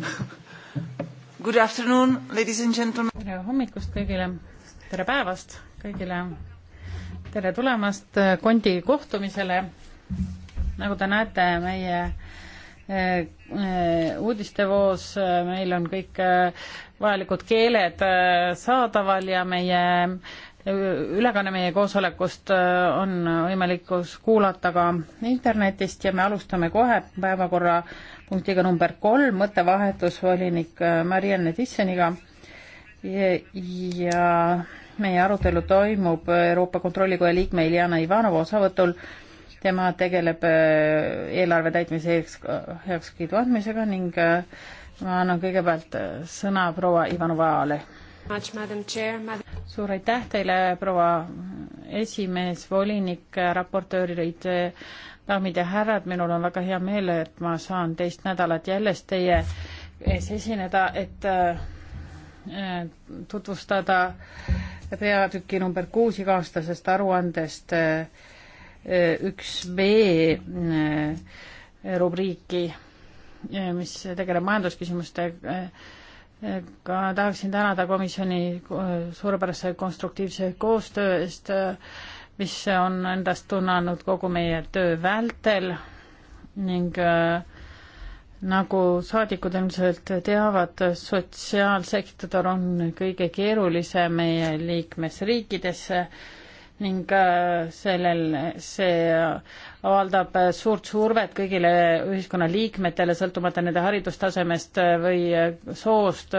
Good afternoon, ladies and gentlemen. tere hommikust kõigile, tere päevast kõigile. tere tulemast äh, Kondi kohtumisele. nagu te näete, meie äh, äh, uudistevoos meil on kõik vajalikud keeled saadaval ja meie ülekanne meie koosolekust äh, on võimalik kuulata ka internetist ja me alustame kohe päevakorrapunktiga number kolm, mõttevahetus volinik äh, Marianne Tisseniga. ja meie arutelu toimub Euroopa Kontrollikoja liikme Iljana Ivanova osavõtul. tema tegeleb äh, eelarve täitmise heakskiidu andmisega ning ma annan kõigepealt sõna proua Ivanovale suur aitäh teile, proua esimees, volinik, raportöörid, daamid ja härrad, minul on väga hea meel, et ma saan teist nädalat jälle teie ees esineda, et äh, tutvustada peatüki number kuus iga-aastasest aruandest äh, üks B äh, rubriiki, mis tegeleb majandusküsimustega ka tahaksin tänada komisjoni äh, suurepärase konstruktiivse koostöö eest, äh, mis on endast tunnanud kogu meie töö vältel ning äh, nagu saadikud ilmselt teavad, sotsiaalsektor on kõige keerulisem meie liikmesriikidesse ning äh, sellel, see avaldab suurt survet kõigile ühiskonnaliikmetele, sõltumata nende haridustasemest äh, või äh, soost.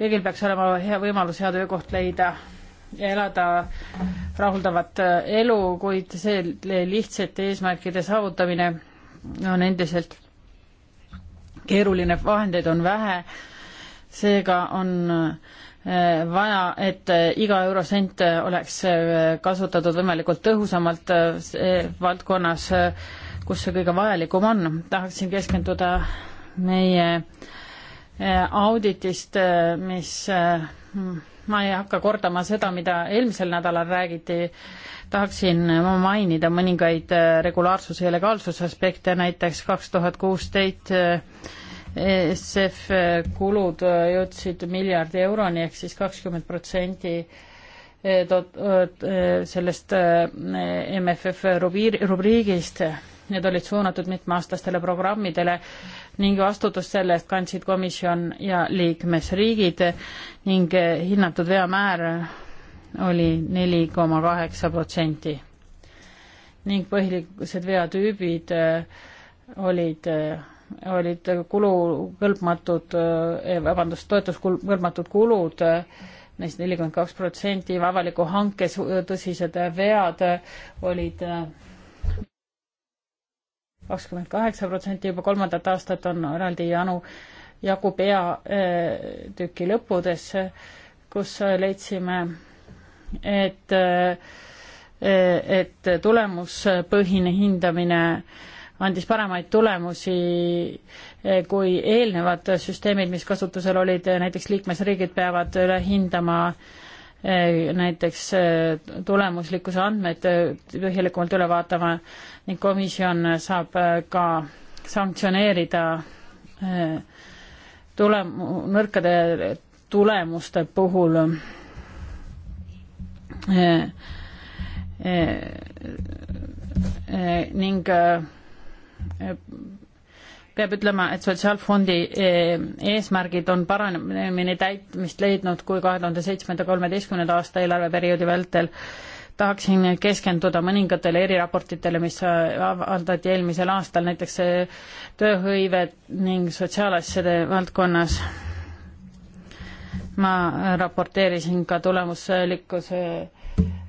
kõigil peaks olema hea võimalus hea töökoht leida ja elada rahuldavat elu, kuid selle lihtsate eesmärkide saavutamine on endiselt keeruline, vahendeid on vähe, seega on äh, vaja, et iga eurosent oleks kasutatud võimalikult tõhusamalt valdkonnas, kus see kõige vajalikum on. tahaksin keskenduda meie auditist, mis ma ei hakka kordama seda, mida eelmisel nädalal räägiti, tahaksin ma mainida mõningaid regulaarsuse ja legaalsuse aspekte, näiteks kaks tuhat kuusteist ESF kulud äh, jõudsid miljardi euroni ehk siis kakskümmend protsenti äh, äh, sellest MFF rubriigist. Need olid suunatud mitmeaastastele programmidele ning vastutust selle eest kandsid komisjon ja liikmesriigid ning hinnatud veamäär oli neli koma kaheksa protsenti. ning põhilised veatüübid olid olid kulukõlbmatud, eh, vabandust, toetuskõlbmatud kulud, eh, neist nelikümmend kaks protsenti, avaliku hankes tõsised vead eh, olid kakskümmend kaheksa protsenti, juba kolmandat aastat on eraldi janu, jagu peatüki lõppudes, kus leidsime, et, et tulemuspõhine hindamine äh, andis paremaid tulemusi eh, kui eelnevad süsteemid, mis kasutusel olid, eh, näiteks liikmesriigid peavad üle hindama eh, näiteks tulemuslikkuse andmed põhjalikumalt üle vaatama ning komisjon saab ka sanktsioneerida tulem-, nõrkade tulemuste puhul ning peab ütlema, et Sotsiaalfondi eh, eesmärgid on paremini täitmist leidnud kui kahe tuhande seitsmenda, kolmeteistkümnenda aasta eelarveperioodi vältel. tahaksin keskenduda mõningatele eriraportitele, mis avaldati eelmisel aastal, näiteks tööhõive ning sotsiaalasjade valdkonnas. ma raporteerisin ka tulemuslikkuse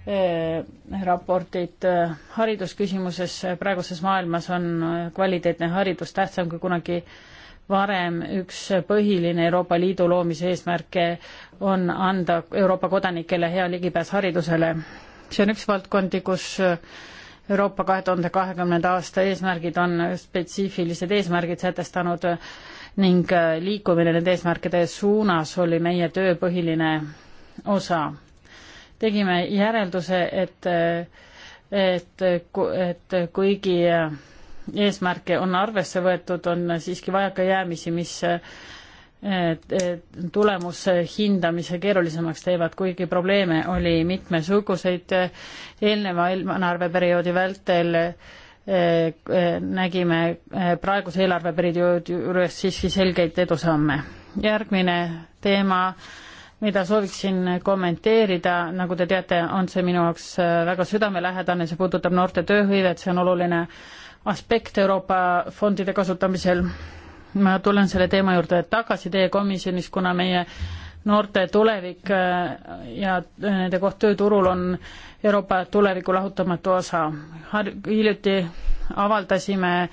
Äh, raportit äh, haridusküsimuses äh, praeguses maailmas on kvaliteetne haridus tähtsam kui kunagi varem üks põhiline Euroopa Liidu loomise eesmärke on anda Euroopa kodanikele hea ligipääs haridusele. see on üks valdkondi, kus Euroopa kahe tuhande kahekümnenda aasta eesmärgid on spetsiifilised eesmärgid sätestanud ning liikumine nende eesmärkide suunas oli meie töö põhiline osa tegime järelduse, et, et, et kuigi eesmärke on arvesse võetud, on siiski vajakajäämisi, mis tulemushindamise keerulisemaks teevad, kuigi probleeme oli mitmesuguseid eelneva eelarveperioodi vältel eh, nägime eh, praeguse eelarveperioodi juures siiski selgeid edusamme. järgmine teema mida sooviksin kommenteerida, nagu te teate, on see minu jaoks äh, väga südamelähedane, see puudutab noorte tööhõivet, see on oluline aspekt Euroopa fondide kasutamisel. ma tulen selle teema juurde tagasi teie komisjonis, kuna meie noorte tulevik äh, ja äh, nende koht tööturul on Euroopa tuleviku lahutamatu osa. hiljuti avaldasime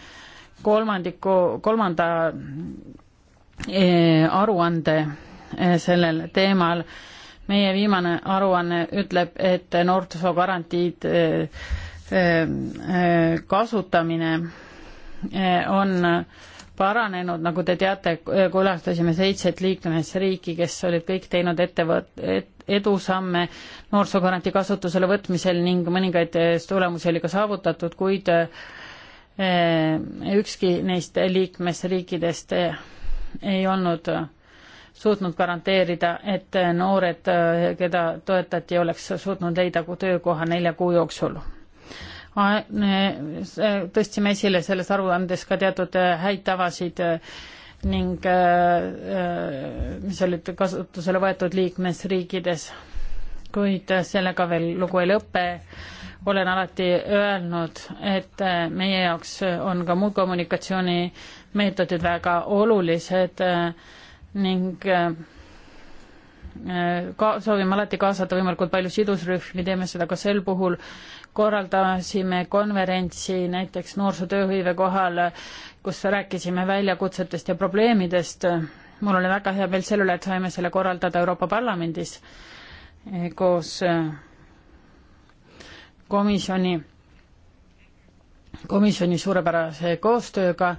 kolmandiku, kolmanda aruande Eh, sellel teemal. meie viimane aruanne ütleb, et noortesoo garantiid eh, eh, kasutamine on paranenud, nagu te teate, külastasime seitset liikmesriiki, kes olid kõik teinud ettevõt-, et edusamme noorsoogarantii kasutusele võtmisel ning mõningaid tulemusi oli ka saavutatud, kuid ükski neist liikmesriikidest ei olnud suutnud garanteerida, et noored, keda toetati, oleks suutnud leida töökoha nelja kuu jooksul. tõstsime esile selles aruandes ka teatud häid tavasid ning äh, äh, mis olid kasutusele võetud liikmesriikides, kuid sellega veel lugu ei lõpe olen alati öelnud, et meie jaoks on ka muud kommunikatsioonimeetodid väga olulised äh, ning äh, äh, ka soovime alati kaasata võimalikult palju sidusrühmi, teeme seda ka sel puhul, korraldasime konverentsi näiteks noorsootööhõive kohal, kus rääkisime väljakutsetest ja probleemidest. mul oli väga hea meel selle üle, et saime selle korraldada Euroopa Parlamendis eh, koos äh, komisjoni, komisjoni suurepärase koostööga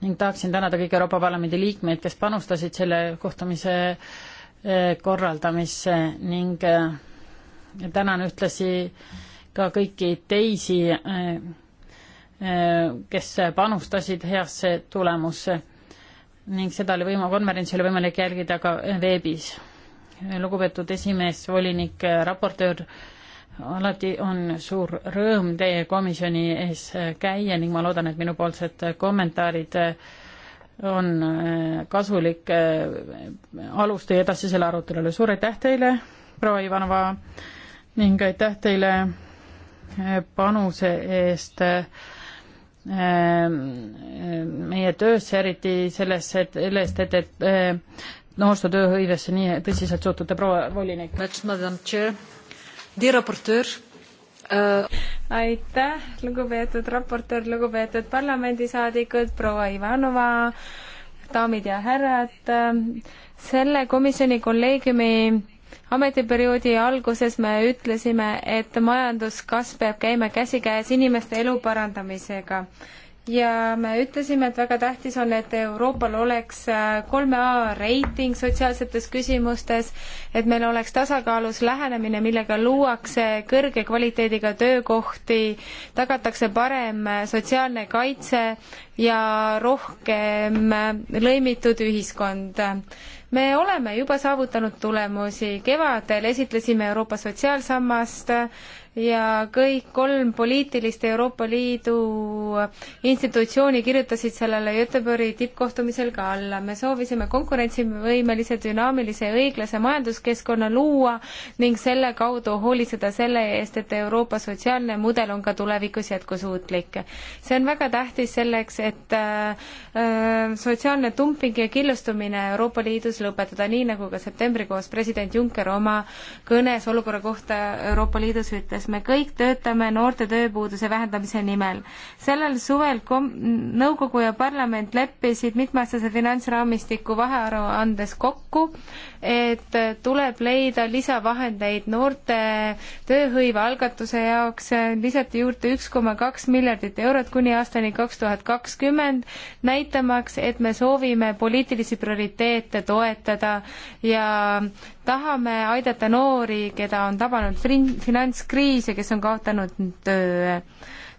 ning tahaksin tänada kõiki Euroopa Parlamendi liikmeid, kes panustasid selle kohtumise eh, korraldamisse ning eh, tänan ühtlasi ka kõiki teisi, eh, kes panustasid heasse tulemusse ning seda oli võima-, konverentsi oli võimalik jälgida ka veebis. lugupeetud esimees, volinik, raportöör alati on suur rõõm teie komisjoni ees äh, käia ning ma loodan, et minupoolsed äh, kommentaarid äh, on kasulik alus teie edasisele arutelule. suur aitäh teile, proua Ivanova ning aitäh teile panuse eest meie töösse, eriti sellesse, et, sellest, et, et noorsootööhõivesse nii tõsiselt suhtute, proua volinik de raportöör äh.... Uh, aitäh, lugupeetud raportöör, lugupeetud parlamendisaadikud, proua Ivanova, daamid ja härrad. selle komisjoni kolleegiumi ametiperioodi alguses me ütlesime, et majanduskasv peab käima käsikäes inimeste elu parandamisega ja me ütlesime, et väga tähtis on, et Euroopal oleks äh, kolme A reiting sotsiaalsetes küsimustes, et meil oleks tasakaalus lähenemine, millega luuakse kõrge kvaliteediga töökohti, tagatakse parem äh, sotsiaalne kaitse ja rohkem äh, lõimitud ühiskond me oleme juba saavutanud tulemusi, kevadel esitlesime Euroopa sotsiaalsammast, ja kõik kolm poliitilist Euroopa Liidu institutsiooni kirjutasid sellele Göteborgi tippkohtumisel ka alla. me soovisime konkurentsivõimelise, dünaamilise ja õiglase majanduskeskkonna luua ning selle kaudu hoolitseda selle eest, et Euroopa sotsiaalne mudel on ka tulevikus jätkusuutlik. see on väga tähtis selleks, et äh, äh sotsiaalne dumping ja killustumine Euroopa Liidus lõpetada, nii nagu ka septembrikuus president Juncker oma kõnes olukorra kohta Euroopa Liidus ütles Euroopas. me kõik töötame noorte tööpuuduse vähendamise nimel. sellel suvel kom-, nõukogu ja parlament leppisid mitmeaastase finantsraamistiku vahearuandes kokku, et tuleb leida lisavahendeid noorte tööhõive algatuse jaoks, lisati juurde üks koma kaks miljardit eurot kuni aastani kaks tuhat kakskümmend, näitamaks, et me soovime poliitilisi prioriteete toetada ja tahame aidata noori, keda on tabanud fin-, finantskriis, viis ja kes on kaotanud töö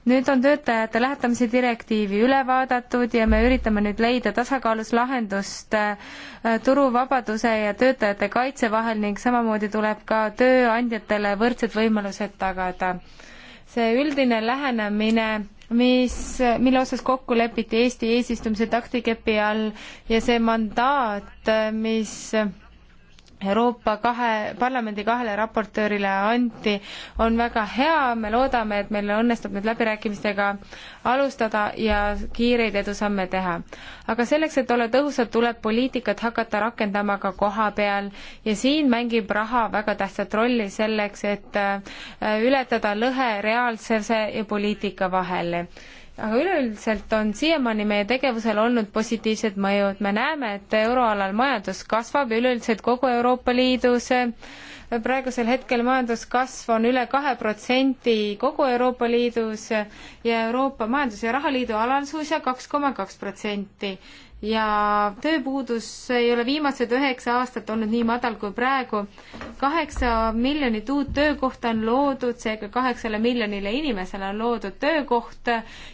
nüüd on töötajate lähetamise direktiivi üle vaadatud ja me üritame nüüd leida tasakaalus lahendust äh, turuvabaduse ja töötajate kaitse vahel ning samamoodi tuleb ka tööandjatele võrdsed võimalused tagada. see üldine lähenemine mis, mille osas kokku lepiti Eesti eesistumise taktikepi all ja see mandaat, äh, mis Euroopa kahe, parlamendi kahele raportöörile anti, on väga hea, me loodame, et meil õnnestub nüüd läbirääkimistega alustada ja kiireid edusamme teha. aga selleks, et olla tõhusad, tuleb poliitikat hakata rakendama ka koha peal ja siin mängib raha väga tähtsat rolli selleks, et äh, ületada lõhe reaalsuse ja poliitika vahel aga üleüldiselt on siiamaani meie tegevusel olnud positiivsed mõjud. me näeme, et euroalal majandus kasvab ja üleüldiselt kogu Euroopa Liidus eh, praegusel hetkel majanduskasv on üle kahe protsendi kogu Euroopa Liidus eh, ja Euroopa Majandus- ja Rahaliidu alal suisa kaks koma kaks protsenti ja tööpuudus ei ole viimased üheksa aastat olnud nii madal kui praegu. kaheksa miljonit uut töökohta on loodud, seega kaheksale miljonile inimesele on loodud töökoht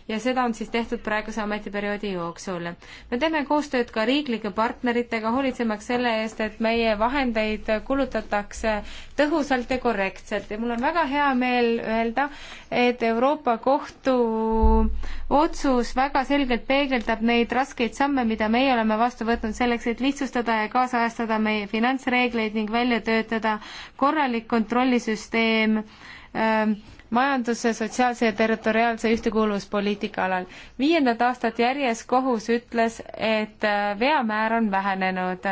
ja seda on siis tehtud praeguse ametiperioodi jooksul. me teeme koostööd ka riiklike partneritega, hoolitsemaks selle eest, et meie vahendeid kulutatakse tõhusalt ja korrektselt ja mul on väga hea meel öelda, et Euroopa Kohtu otsus väga selgelt peegeldab neid raskeid samme, mida meie oleme vastu võtnud selleks, et lihtsustada ja kaasajastada meie finantsreegleid ning välja töötada korralik kontrollisüsteem ähm, majanduse, sotsiaalse ja territoriaalse ühtekuuluvuspoliitika alal. viiendat aastat järjest kohus ütles, et äh, veamäär on vähenenud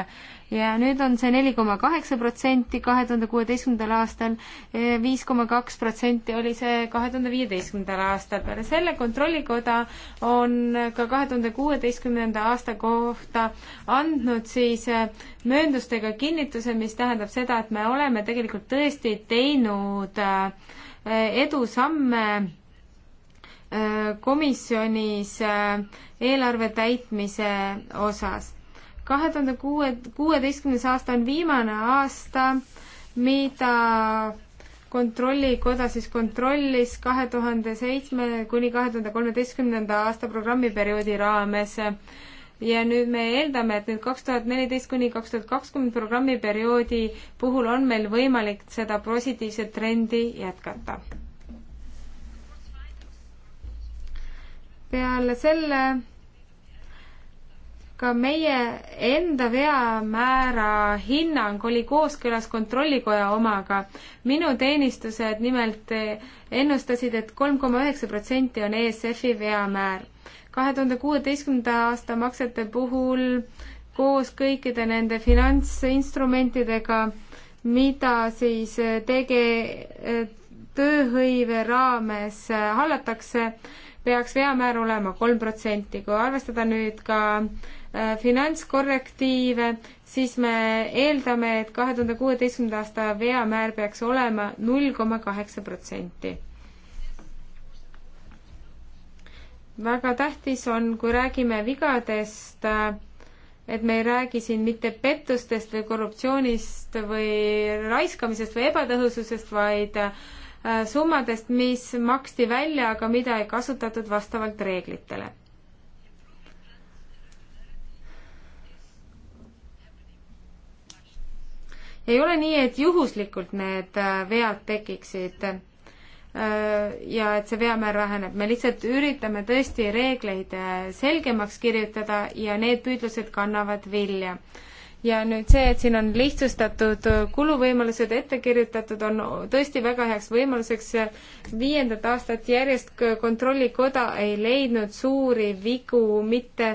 ja nüüd on see neli koma kaheksa protsenti kahe tuhande kuueteistkümnendal aastal, e, viis koma kaks protsenti oli see kahe tuhande viieteistkümnendal aastal. peale selle Kontrollikoda on ka kahe tuhande kuueteistkümnenda aasta kohta andnud siis e, mööndustega kinnituse, mis tähendab seda, et me oleme tegelikult tõesti teinud e, edusamme komisjonis eelarve täitmise osas kahe tuhande kuue, kuueteistkümnes aasta on viimane aasta, mida kontrollikoda siis kontrollis kahe tuhande seitsme kuni kahe tuhande kolmeteistkümnenda aasta programmiperioodi raames. ja nüüd me eeldame, et nüüd kaks tuhat neliteist kuni kaks tuhat kakskümmend programmiperioodi puhul on meil võimalik seda positiivset trendi jätkata. peale selle ka meie enda veamäära hinnang oli kooskõlas Kontrollikoja omaga. minu teenistused nimelt ennustasid et, et kolm koma üheksa protsenti on ESF-i veamäär. kahe tuhande kuueteistkümnenda aasta maksete puhul koos kõikide nende finantsinstrumentidega, mida siis tege-, tööhõive raames hallatakse, peaks veamäär olema kolm protsenti, kui arvestada nüüd ka äh, Äh, finantskorrektiive, siis me eeldame, et kahe tuhande kuueteistkümnenda aasta veamäär peaks olema null koma kaheksa protsenti. väga tähtis on, kui räägime vigadest, äh, et me ei räägi siin mitte pettustest või korruptsioonist või raiskamisest või ebatõhususest, vaid äh, summadest, mis maksti välja, aga mida ei kasutatud vastavalt reeglitele ei ole nii, et juhuslikult need äh, vead tekiksid äh, ja et see veamäär väheneb, me lihtsalt üritame tõesti reegleid äh, selgemaks kirjutada ja need püüdlused kannavad vilja. ja nüüd see, et siin on lihtsustatud kuluvõimalused ette kirjutatud, on tõesti väga heaks võimaluseks. viiendat aastat järjest Kontrollikoda ei leidnud suuri vigu mitte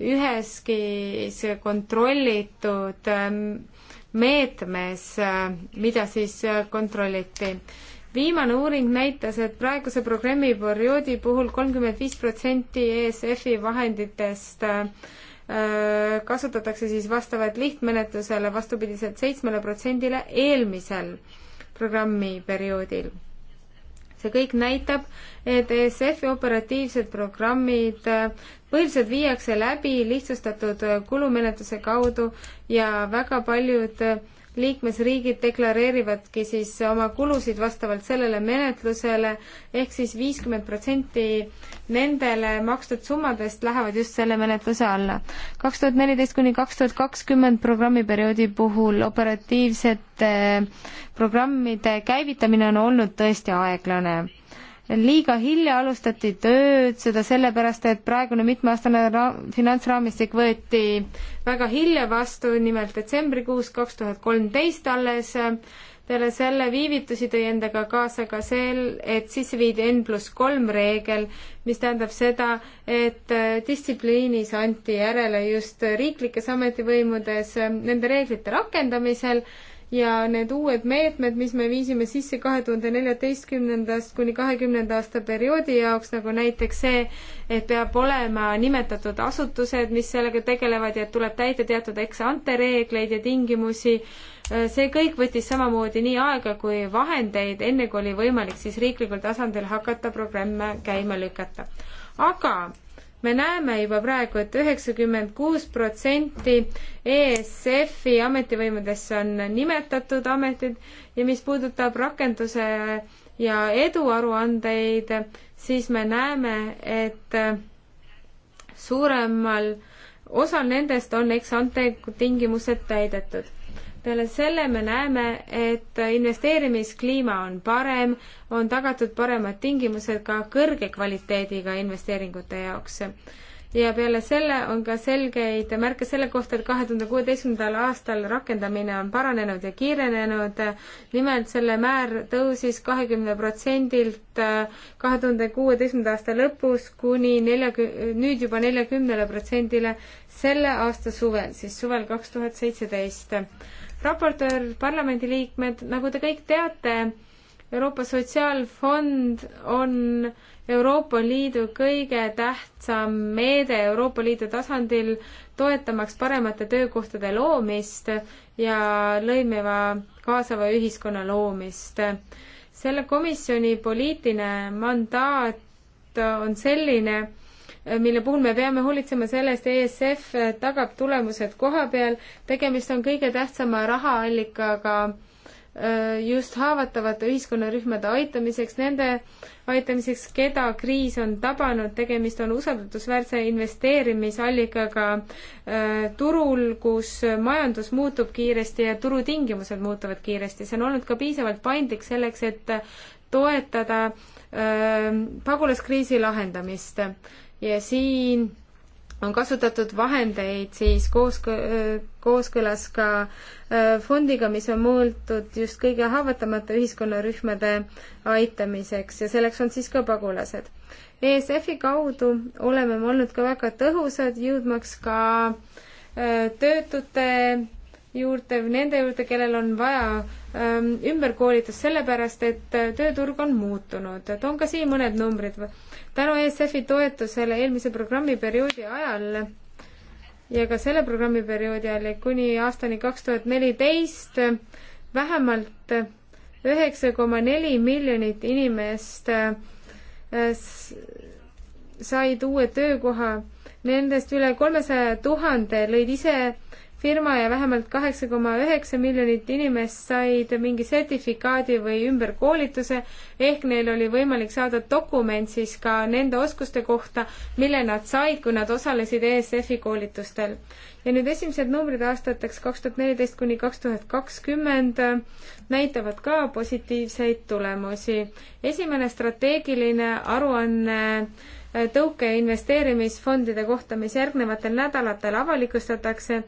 üheski kontrollitud ähm, meetmes, mida siis kontrolliti. viimane uuring näitas, et praeguse programmi perioodi puhul kolmkümmend viis protsenti ESF-i vahenditest äh, kasutatakse siis vastavalt lihtmenetlusele vastupidiselt seitsmele protsendile eelmisel programmiperioodil see kõik näitab, et ESF-i operatiivsed programmid äh, põhiliselt viiakse läbi lihtsustatud kulumenetluse kaudu ja väga paljud äh, liikmesriigid deklareerivadki siis oma kulusid vastavalt sellele menetlusele, ehk siis viiskümmend protsenti nendele makstud summadest lähevad just selle menetluse alla. kaks tuhat neliteist kuni kaks tuhat kakskümmend programmiperioodi puhul operatiivsete programmide käivitamine on olnud tõesti aeglane liiga hilja alustati tööd, seda sellepärast, et praegune mitmeaastane ra-, finantsraamistik võeti väga hilja vastu, nimelt detsembrikuus kaks tuhat kolmteist alles. peale selle viivitusi tõi endaga kaasa ka sel, et sisse viidi N pluss kolm reegel, mis tähendab seda, et distsipliinis anti järele just riiklikes ametivõimudes nende reeglite rakendamisel ja need uued meetmed, mis me viisime sisse kahe tuhande neljateistkümnendast kuni kahekümnenda aasta perioodi jaoks, nagu näiteks see, et peab olema nimetatud asutused, mis sellega tegelevad ja et tuleb täita teatud ex-ante reegleid ja tingimusi, see kõik võttis samamoodi nii aega kui vahendeid, enne kui oli võimalik siis riiklikul tasandil hakata programme käima lükata. aga me näeme juba praegu et, et üheksakümmend kuus protsenti ESF-i ametivõimudesse on nimetatud ametid ja mis puudutab rakenduse ja eduaruandeid, siis me näeme, et suuremal osal nendest on eksante tingimused täidetud peale selle me näeme, et investeerimiskliima on parem, on tagatud paremad tingimused ka kõrge kvaliteediga investeeringute jaoks. ja peale selle on ka selgeid märke selle kohta, et kahe tuhande kuueteistkümnendal aastal rakendamine on paranenud ja kiirenenud. nimelt selle määr tõusis kahekümne protsendilt äh, kahe tuhande kuueteistkümnenda aasta lõpus kuni neljakümne, nüüd juba neljakümnele protsendile selle aasta suvel, siis suvel kaks tuhat seitseteist raportöör, parlamendiliikmed, nagu te kõik teate, Euroopa Sotsiaalfond on Euroopa Liidu kõige tähtsam meede Euroopa Liidu tasandil, toetamaks paremate töökohtade loomist ja lõimiva kaasava ühiskonna loomist. selle komisjoni poliitiline mandaat on selline, mille puhul me peame hoolitsema selle eest, ESF tagab tulemused koha peal, tegemist on kõige tähtsama rahaallikaga äh, just haavatavate ühiskonnarühmade aitamiseks, nende aitamiseks, keda kriis on tabanud, tegemist on usaldusväärse investeerimisallikaga äh, turul, kus majandus muutub kiiresti ja turutingimused muutuvad kiiresti. see on olnud ka piisavalt paindlik selleks, et toetada äh, pagulaskriisi lahendamist ja siin on kasutatud vahendeid siis koos, kooskõlas ka äh, fondiga, mis on mõeldud just kõige haavatavamate ühiskonnarühmade aitamiseks ja selleks on siis ka pagulased. ESF-i kaudu oleme me olnud ka väga tõhusad, jõudmaks ka äh, töötute juurde, nende juurde, kellel on vaja ähm, ümberkoolitust, sellepärast et äh, tööturg on muutunud. toon ka siin mõned numbrid. tänu ESF-i toetusele eelmise programmiperioodi ajal ja ka selle programmiperioodi ajal ja kuni aastani kaks tuhat neliteist vähemalt üheksa koma neli miljonit inimest äh, said uue töökoha. Nendest üle kolmesaja tuhande lõid ise firma ja vähemalt kaheksa koma üheksa miljonit inimest said mingi sertifikaadi või ümberkoolituse, ehk neil oli võimalik saada dokument siis ka nende oskuste kohta, mille nad said, kui nad osalesid ESF-i koolitustel. ja nüüd esimesed numbrid aastateks kaks tuhat neliteist kuni kaks tuhat kakskümmend näitavad ka positiivseid tulemusi. esimene strateegiline aruanne äh, tõuke investeerimisfondide kohta, mis järgnevatel nädalatel avalikustatakse,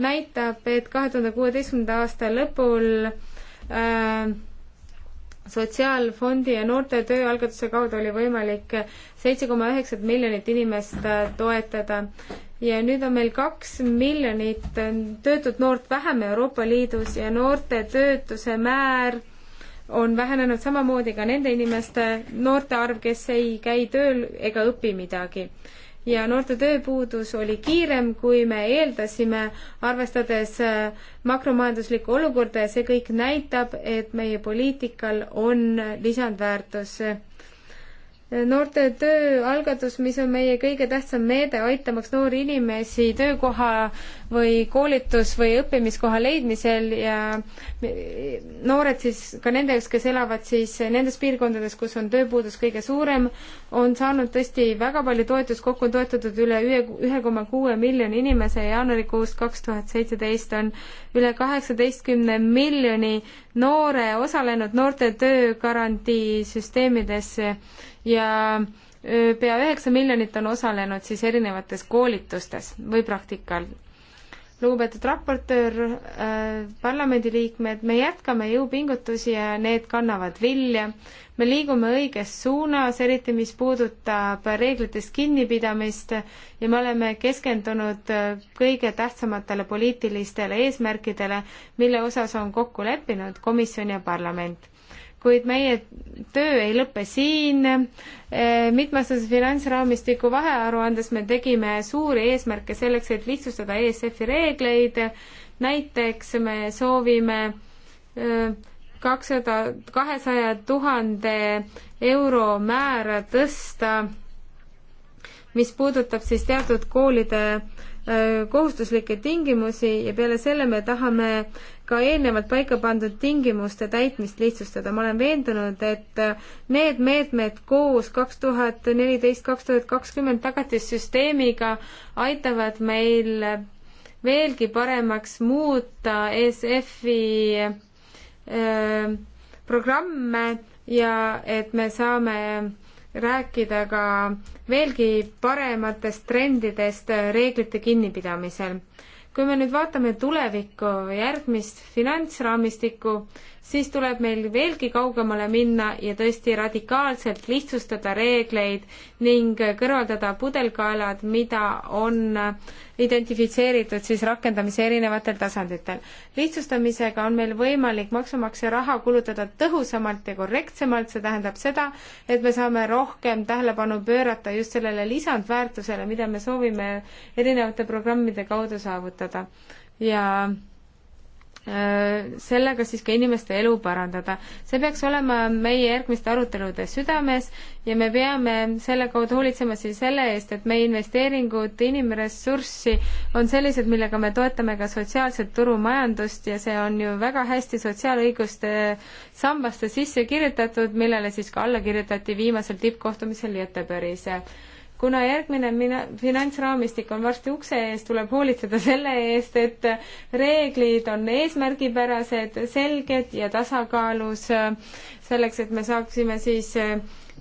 näitab, et kahe tuhande kuueteistkümnenda aasta lõpul äh, sotsiaalfondi ja noorte tööalgatuse kaudu oli võimalik seitse koma üheksat miljonit inimest äh, toetada. ja nüüd on meil kaks miljonit äh, töötut noort vähem Euroopa Liidus ja noorte töötuse määr on vähenenud samamoodi ka nende inimeste, noorte arv, kes ei käi tööl ega õpi midagi. ja noorte tööpuudus oli kiirem, kui me eeldasime, arvestades äh, makromajanduslikku olukorda ja see kõik näitab, et meie poliitikal on lisandväärtus noorte tööalgatus, mis on meie kõige tähtsam meede, aitamaks noori inimesi töökoha või koolitus või õppimiskoha leidmisel ja noored siis, ka nende jaoks, kes elavad siis nendes piirkondades, kus on tööpuudus kõige suurem, on saanud tõesti väga palju toetust, kokku on toetatud üle ühe, ühe koma kuue miljoni inimese ja jaanuarikuust kaks tuhat seitseteist on üle kaheksateistkümne miljoni noore osalenud noorte töögarantiisüsteemidesse ja pea üheksa miljonit on osalenud siis erinevates koolitustes või praktikal. lugupeetud raportöör äh,, parlamendiliikmed, me jätkame jõupingutusi ja need kannavad vilja. me liigume õiges suunas, eriti mis puudutab reeglitest kinnipidamist ja me oleme keskendunud kõige tähtsamatele poliitilistele eesmärkidele, mille osas on kokku leppinud komisjon ja parlament kuid meie töö ei lõpe siin. Eh, mitmeaastase finantsraamistiku vahearuandes me tegime suuri eesmärke selleks, et lihtsustada ESF-i reegleid. näiteks me soovime eh, kakssada, kahesaja tuhande euro määra tõsta, mis puudutab siis teatud koolide äh, Äh, kohustuslikke tingimusi ja peale selle me tahame ka eelnevalt paika pandud tingimuste täitmist lihtsustada. ma olen veendunud, et need meetmed koos kaks tuhat neliteist, kaks tuhat kakskümmend tagatissüsteemiga aitavad meil veelgi paremaks muuta ESF-i äh, programme ja et me saame rääkida ka veelgi parematest trendidest reeglite kinnipidamisel. kui me nüüd vaatame tulevikku, järgmist finantsraamistikku, siis tuleb meil veelgi kaugemale minna ja tõesti radikaalselt lihtsustada reegleid ning kõrvaldada pudelkaelad, mida on identifitseeritud siis rakendamise erinevatel tasanditel. lihtsustamisega on meil võimalik maksumaksja raha kulutada tõhusamalt ja korrektsemalt, see tähendab seda, et me saame rohkem tähelepanu pöörata just sellele lisandväärtusele, mida me soovime erinevate programmide kaudu saavutada ja Äh, sellega siis ka inimeste elu parandada. see peaks olema meie järgmiste arutelude südames ja me peame selle kaudu hoolitsema siis selle eest, et meie investeeringud inimressurssi on sellised, millega me toetame ka sotsiaalset turumajandust ja see on ju väga hästi sotsiaalõiguste sambasse sisse kirjutatud, millele siis ka alla kirjutati viimasel tippkohtumisel Göteborgis kuna järgmine mina-, finantsraamistik on varsti ukse ees, tuleb hoolitseda selle eest, et reeglid on eesmärgipärased, selged ja tasakaalus selleks, et me saaksime siis eh,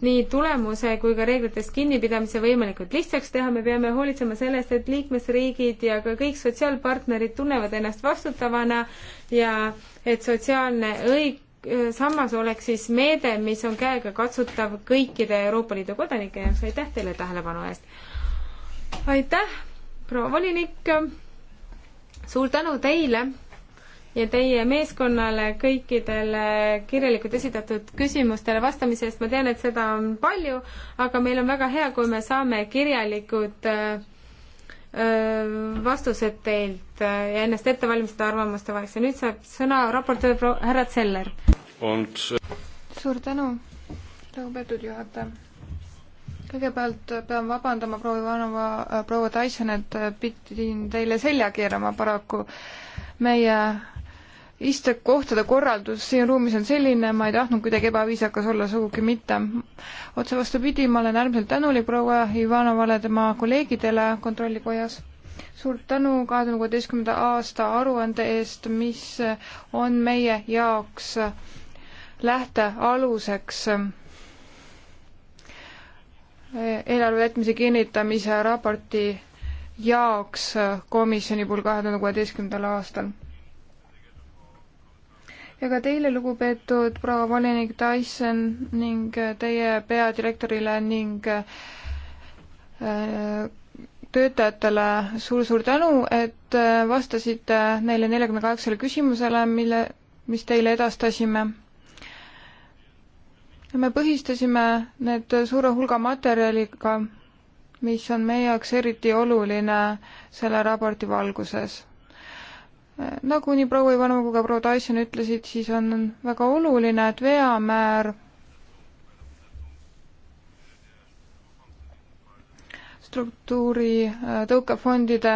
nii tulemuse kui ka reeglitest kinnipidamise võimalikult lihtsaks teha, me peame hoolitsema sellest, et liikmesriigid ja ka kõik sotsiaalpartnerid tunnevad ennast vastutavana ja et sotsiaalne õig-, sammas oleks siis meede, mis on käegakatsutav kõikide Euroopa Liidu kodanike jaoks. aitäh teile tähelepanu eest. aitäh, proua volinik. suur tänu teile ja teie meeskonnale kõikidele kirjalikult esitatud küsimustele vastamise eest. ma tean, et seda on palju, aga meil on väga hea, kui me saame kirjalikud äh, vastused teilt ja ennast ette valmistada arvamuste vaheks ja nüüd saab sõna raportöör härra Zeller. Äh, suur tänu, lugupeetud juhataja. kõigepealt pean vabandama proua Ivanova, äh, proua Tyson, et pidin teile selja keerama paraku meie istekohtade korraldus siin ruumis on selline, ma ei tahtnud kuidagi ebaviisakas olla, sugugi mitte. otse vastupidi, ma olen äärmiselt tänulik proua Ivanovale, tema kolleegidele Kontrollikojas. suur tänu kahe tuhande kuueteistkümnenda aasta aruande eest, mis on meie jaoks lähtealuseks eelarve jätmise kinnitamise raporti jaoks komisjoni puhul kahe tuhande kuueteistkümnendal aastal ja ka teile, lugupeetud proua volinik Tyson ning äh, teie peadirektorile ning äh, töötajatele suur-suur tänu, et äh, vastasite neile neljakümne kaheksale küsimusele, mille, mis teile edastasime. me põhistasime need suure hulga materjaliga, mis on meie jaoks eriti oluline selle raporti valguses nagu nii proua Ivanova kui ka proua Tyson ütlesid, siis on väga oluline, et veamäär struktuuri äh, tõukefondide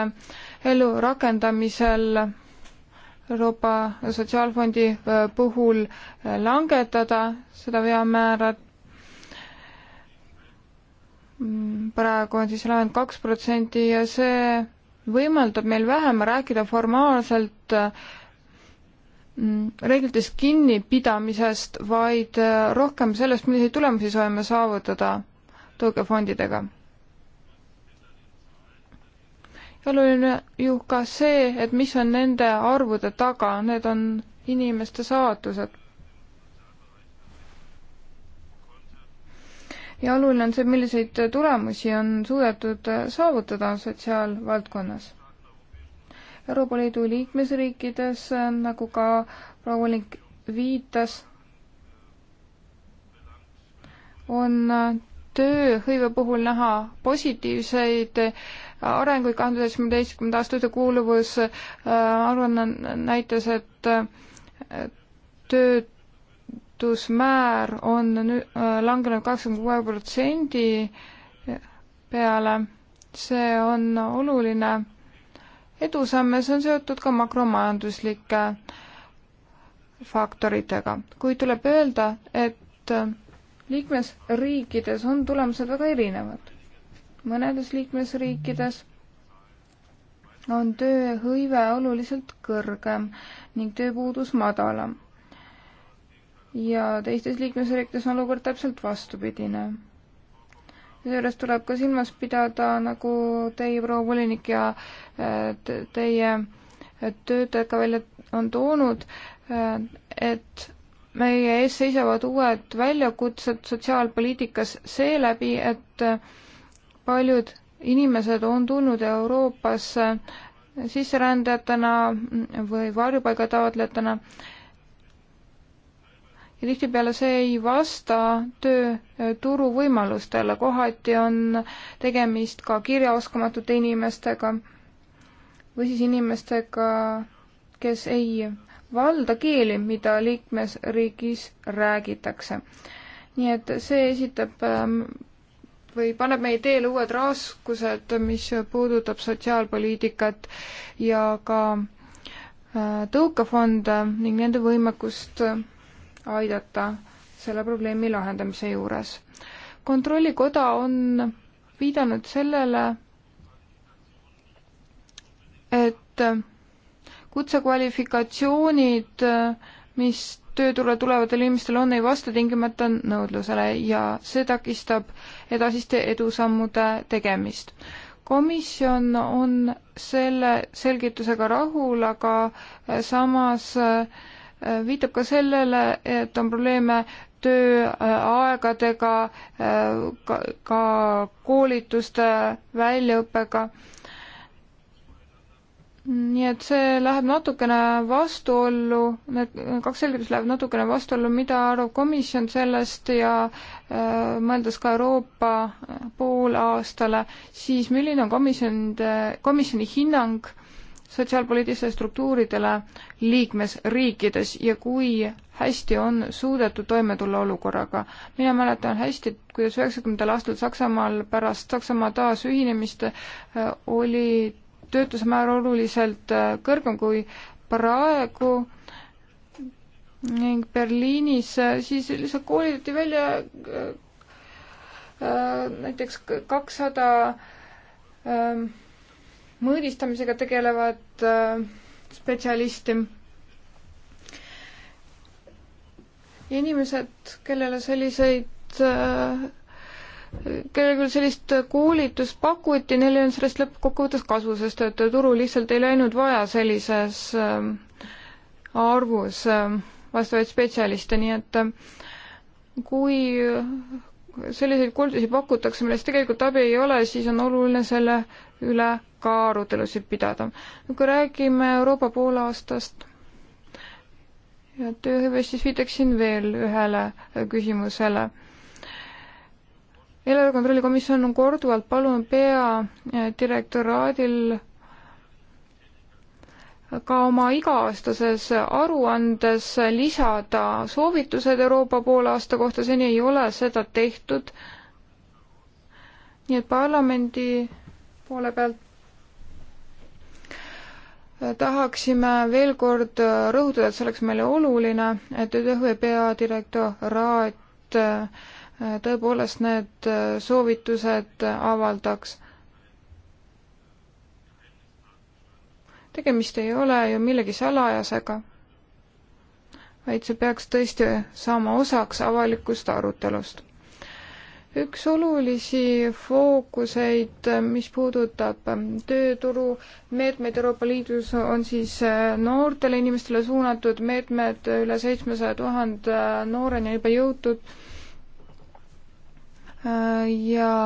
elu rakendamisel Euroopa Sotsiaalfondi äh, puhul äh, langetada seda veamäära. Mm, praegu on siis laen kaks protsenti ja see võimaldab meil vähem rääkida formaalselt mm, reeglitest kinnipidamisest, vaid äh, rohkem sellest, milliseid tulemusi soovime saavutada tõukefondidega. ja oluline ju ka see, et mis on nende arvude taga, need on inimeste saatused. ja oluline on see, milliseid tulemusi on suudetud saavutada sotsiaalvaldkonnas. Euroopa Liidu liikmesriikides, nagu ka proua Volink viitas, on tööhõive puhul näha positiivseid arenguid kahe tuhande seitsmeteistkümnenda aasta ühtekuuluvus äh, aruanne näitas, et äh, töö katusmäär on nüüd äh, langenud kakskümmend kuue protsendi peale. see on oluline edusamm ja see on seotud ka makromajanduslike faktoritega, kuid tuleb öelda, et liikmesriikides on tulemused väga erinevad. mõnedes liikmesriikides on tööhõive oluliselt kõrgem ning tööpuudus madalam ja teistes liikmesriikides on olukord täpselt vastupidine. seejuures tuleb ka silmas pidada, nagu teie, proua volinik ja äh, teie äh, töötajad ka välja on toonud, äh, et meie ees seisavad uued väljakutsed sotsiaalpoliitikas seeläbi, et paljud inimesed on tulnud Euroopasse sisserändajatena või varjupaiga taotlejatena ja tihtipeale see ei vasta tööturu võimalustele, kohati on tegemist ka kirjaoskamatute inimestega või siis inimestega, kes ei valda keeli, mida liikmesriigis räägitakse. nii et see esitab ähm, või paneb meie teele uued raskused, mis puudutab sotsiaalpoliitikat ja ka äh, tõukefonde ning nende võimekust aidata selle probleemi lahendamise juures. kontrollikoda on viidanud sellele, et kutsekvalifikatsioonid, mis tööturule tulevatel inimestel on, ei vasta tingimata nõudlusele ja see takistab edasiste edusammude tegemist. komisjon on selle selgitusega rahul, aga samas äh, viitab ka sellele, et on probleeme tööaegadega, ka, ka koolituste väljaõppega. nii et see läheb natukene vastuollu, need kaks selgitust lähevad natukene vastuollu, mida arvab komisjon sellest ja äh, mõeldes ka Euroopa poolaastale, siis milline on komisjon, komisjoni hinnang sotsiaalpoliitilistele struktuuridele liikmesriikides ja kui hästi on suudetud toime tulla olukorraga. mina mäletan hästi, kuidas üheksakümnendal aastal Saksamaal pärast Saksamaa taasühinemist äh, oli töötuse määr oluliselt äh, kõrgem kui praegu ning Berliinis äh, siis lihtsalt koolitati välja näiteks kakssada 200 ähm, mõõdistamisega tegelevat äh, spetsialisti. inimesed, kellele selliseid, äh, kellele küll sellist koolitust pakuti, neil ei olnud sellest lõppkokkuvõttes kasu, sest et turu lihtsalt ei läinud vaja sellises äh, arvus vastavaid spetsialiste, nii et kui selliseid koolitusi pakutakse, millest tegelikult abi ei ole, siis on oluline selle üle ka arutelusid pidada. kui räägime Euroopa poolaastast ja tööhõivest, siis viitaksin veel ühele äh, küsimusele eelarve kontrolli komisjon on korduvalt palunud peadirektoraadil ka oma iga-aastases aruandes lisada soovitused Euroopa poolaasta kohta, seni ei ole seda tehtud. nii et parlamendi poole pealt tahaksime veel kord rõhutada, et see oleks meile oluline, et ÜDHÜ peadirektoraat äh, tõepoolest need äh, soovitused avaldaks. tegemist ei ole ju millegi salajasega, vaid see peaks tõesti saama osaks avalikust arutelust üks olulisi fookuseid, mis puudutab tööturu meetmeid Euroopa Liidus, on siis äh, noortele inimestele suunatud meetmed, üle seitsmesaja tuhande äh, nooreni on juba jõutud. Äh, ja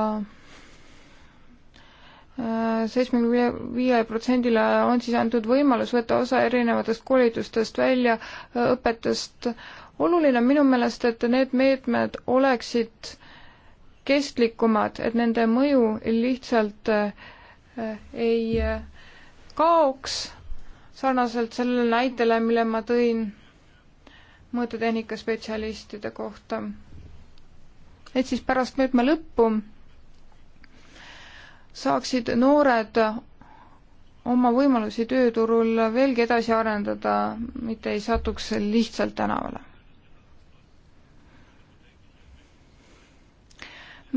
seitsmekümne viiele protsendile on siis antud võimalus võtta osa erinevatest koolitustest välja, õpetest. oluline on minu meelest, et need meetmed oleksid äh, kestlikumad, et nende mõju lihtsalt äh, ei äh, kaoks, sarnaselt sellele näitele, mille ma tõin mõõtetehnika spetsialistide kohta. et siis pärast meetme lõppu saaksid noored oma võimalusi tööturul veelgi edasi arendada, mitte ei satuks lihtsalt tänavale.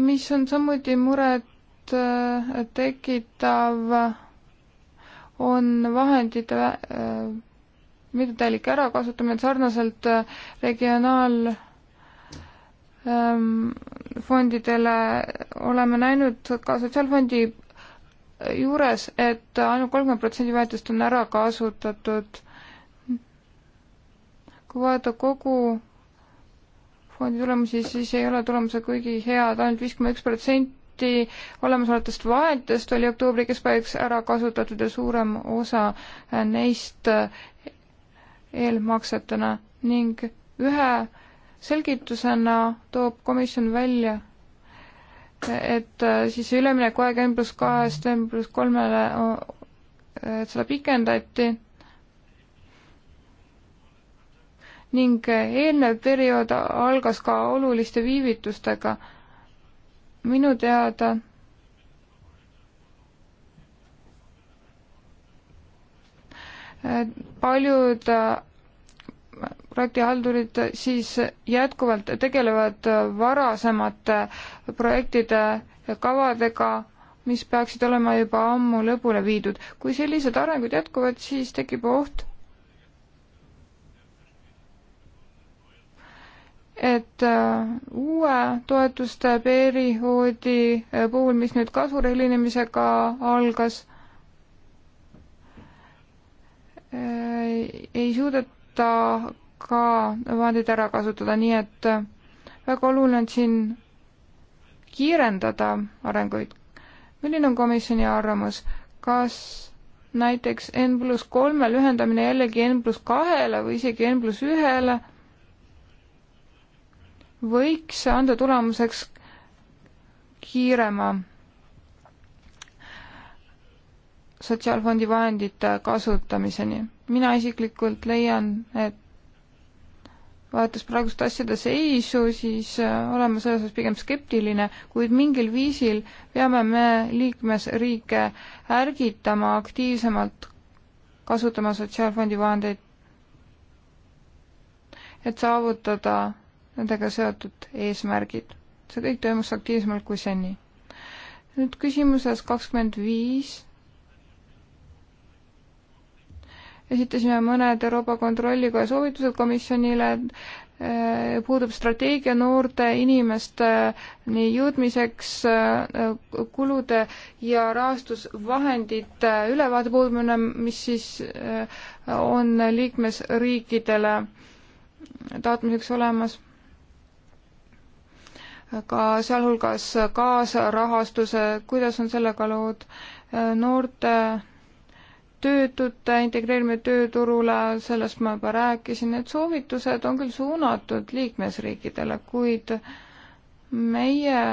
mis on samuti muret äh, tekitav, on vahendite äh, mittetäielik ärakasutamine sarnaselt äh, regionaal- ähm, fondidele oleme näinud ka Sotsiaalfondi juures et, et ainult kolmkümmend protsenti väetest on ära kasutatud. kui vaadata kogu fondi tulemusi, siis ei ole tulemused kuigi head ainult, ainult viis koma üks protsenti olemasolevatest vahetest oli oktoobri keskpaigaks ära kasutatud ja suurem osa neist eelmaksetena ning ühe selgitusena toob komisjon välja, et siis üleminekuaeg N pluss kahest N pluss kolmele, et seda pikendati ning eelnev periood algas ka oluliste viivitustega. minu teada paljud projektihaldurid siis jätkuvalt tegelevad varasemate projektide ja kavadega, mis peaksid olema juba ammu lõpule viidud. kui sellised arengud jätkuvad, siis tekib oht, et äh, uue toetuste perioodi äh, puhul, mis nüüd kasvure hilinemisega algas, äh, ei suudeta ka vahendid ära kasutada, nii et väga oluline on siin kiirendada arenguid. milline on komisjoni arvamus, kas näiteks N pluss kolme lühendamine jällegi N pluss kahele või isegi N pluss ühele võiks anda tulemuseks kiirema sotsiaalfondi vahendite kasutamiseni. mina isiklikult leian, et vaadates praegust asjade seisu, siis äh, olen ma selles osas pigem skeptiline, kuid mingil viisil peame me liikmesriike ärgitama aktiivsemalt kasutama sotsiaalfondi vahendeid, et saavutada nendega seotud eesmärgid. see kõik toimus aktiivsemalt kui seni. nüüd küsimuses kakskümmend viis esitasime mõned Euroopa Kontrollikoja soovitused komisjonile, äh, puudub strateegia noorte inimesteni äh, jõudmiseks, äh, kulude ja rahastusvahendite ülevaate puudumine, mis siis on liikmesriikidele taotlemiseks olemas ka sealhulgas kaasrahastuse, kuidas on sellega lood, noorte töötute integreerimine tööturule, sellest ma juba rääkisin, need soovitused on küll suunatud liikmesriikidele, kuid meie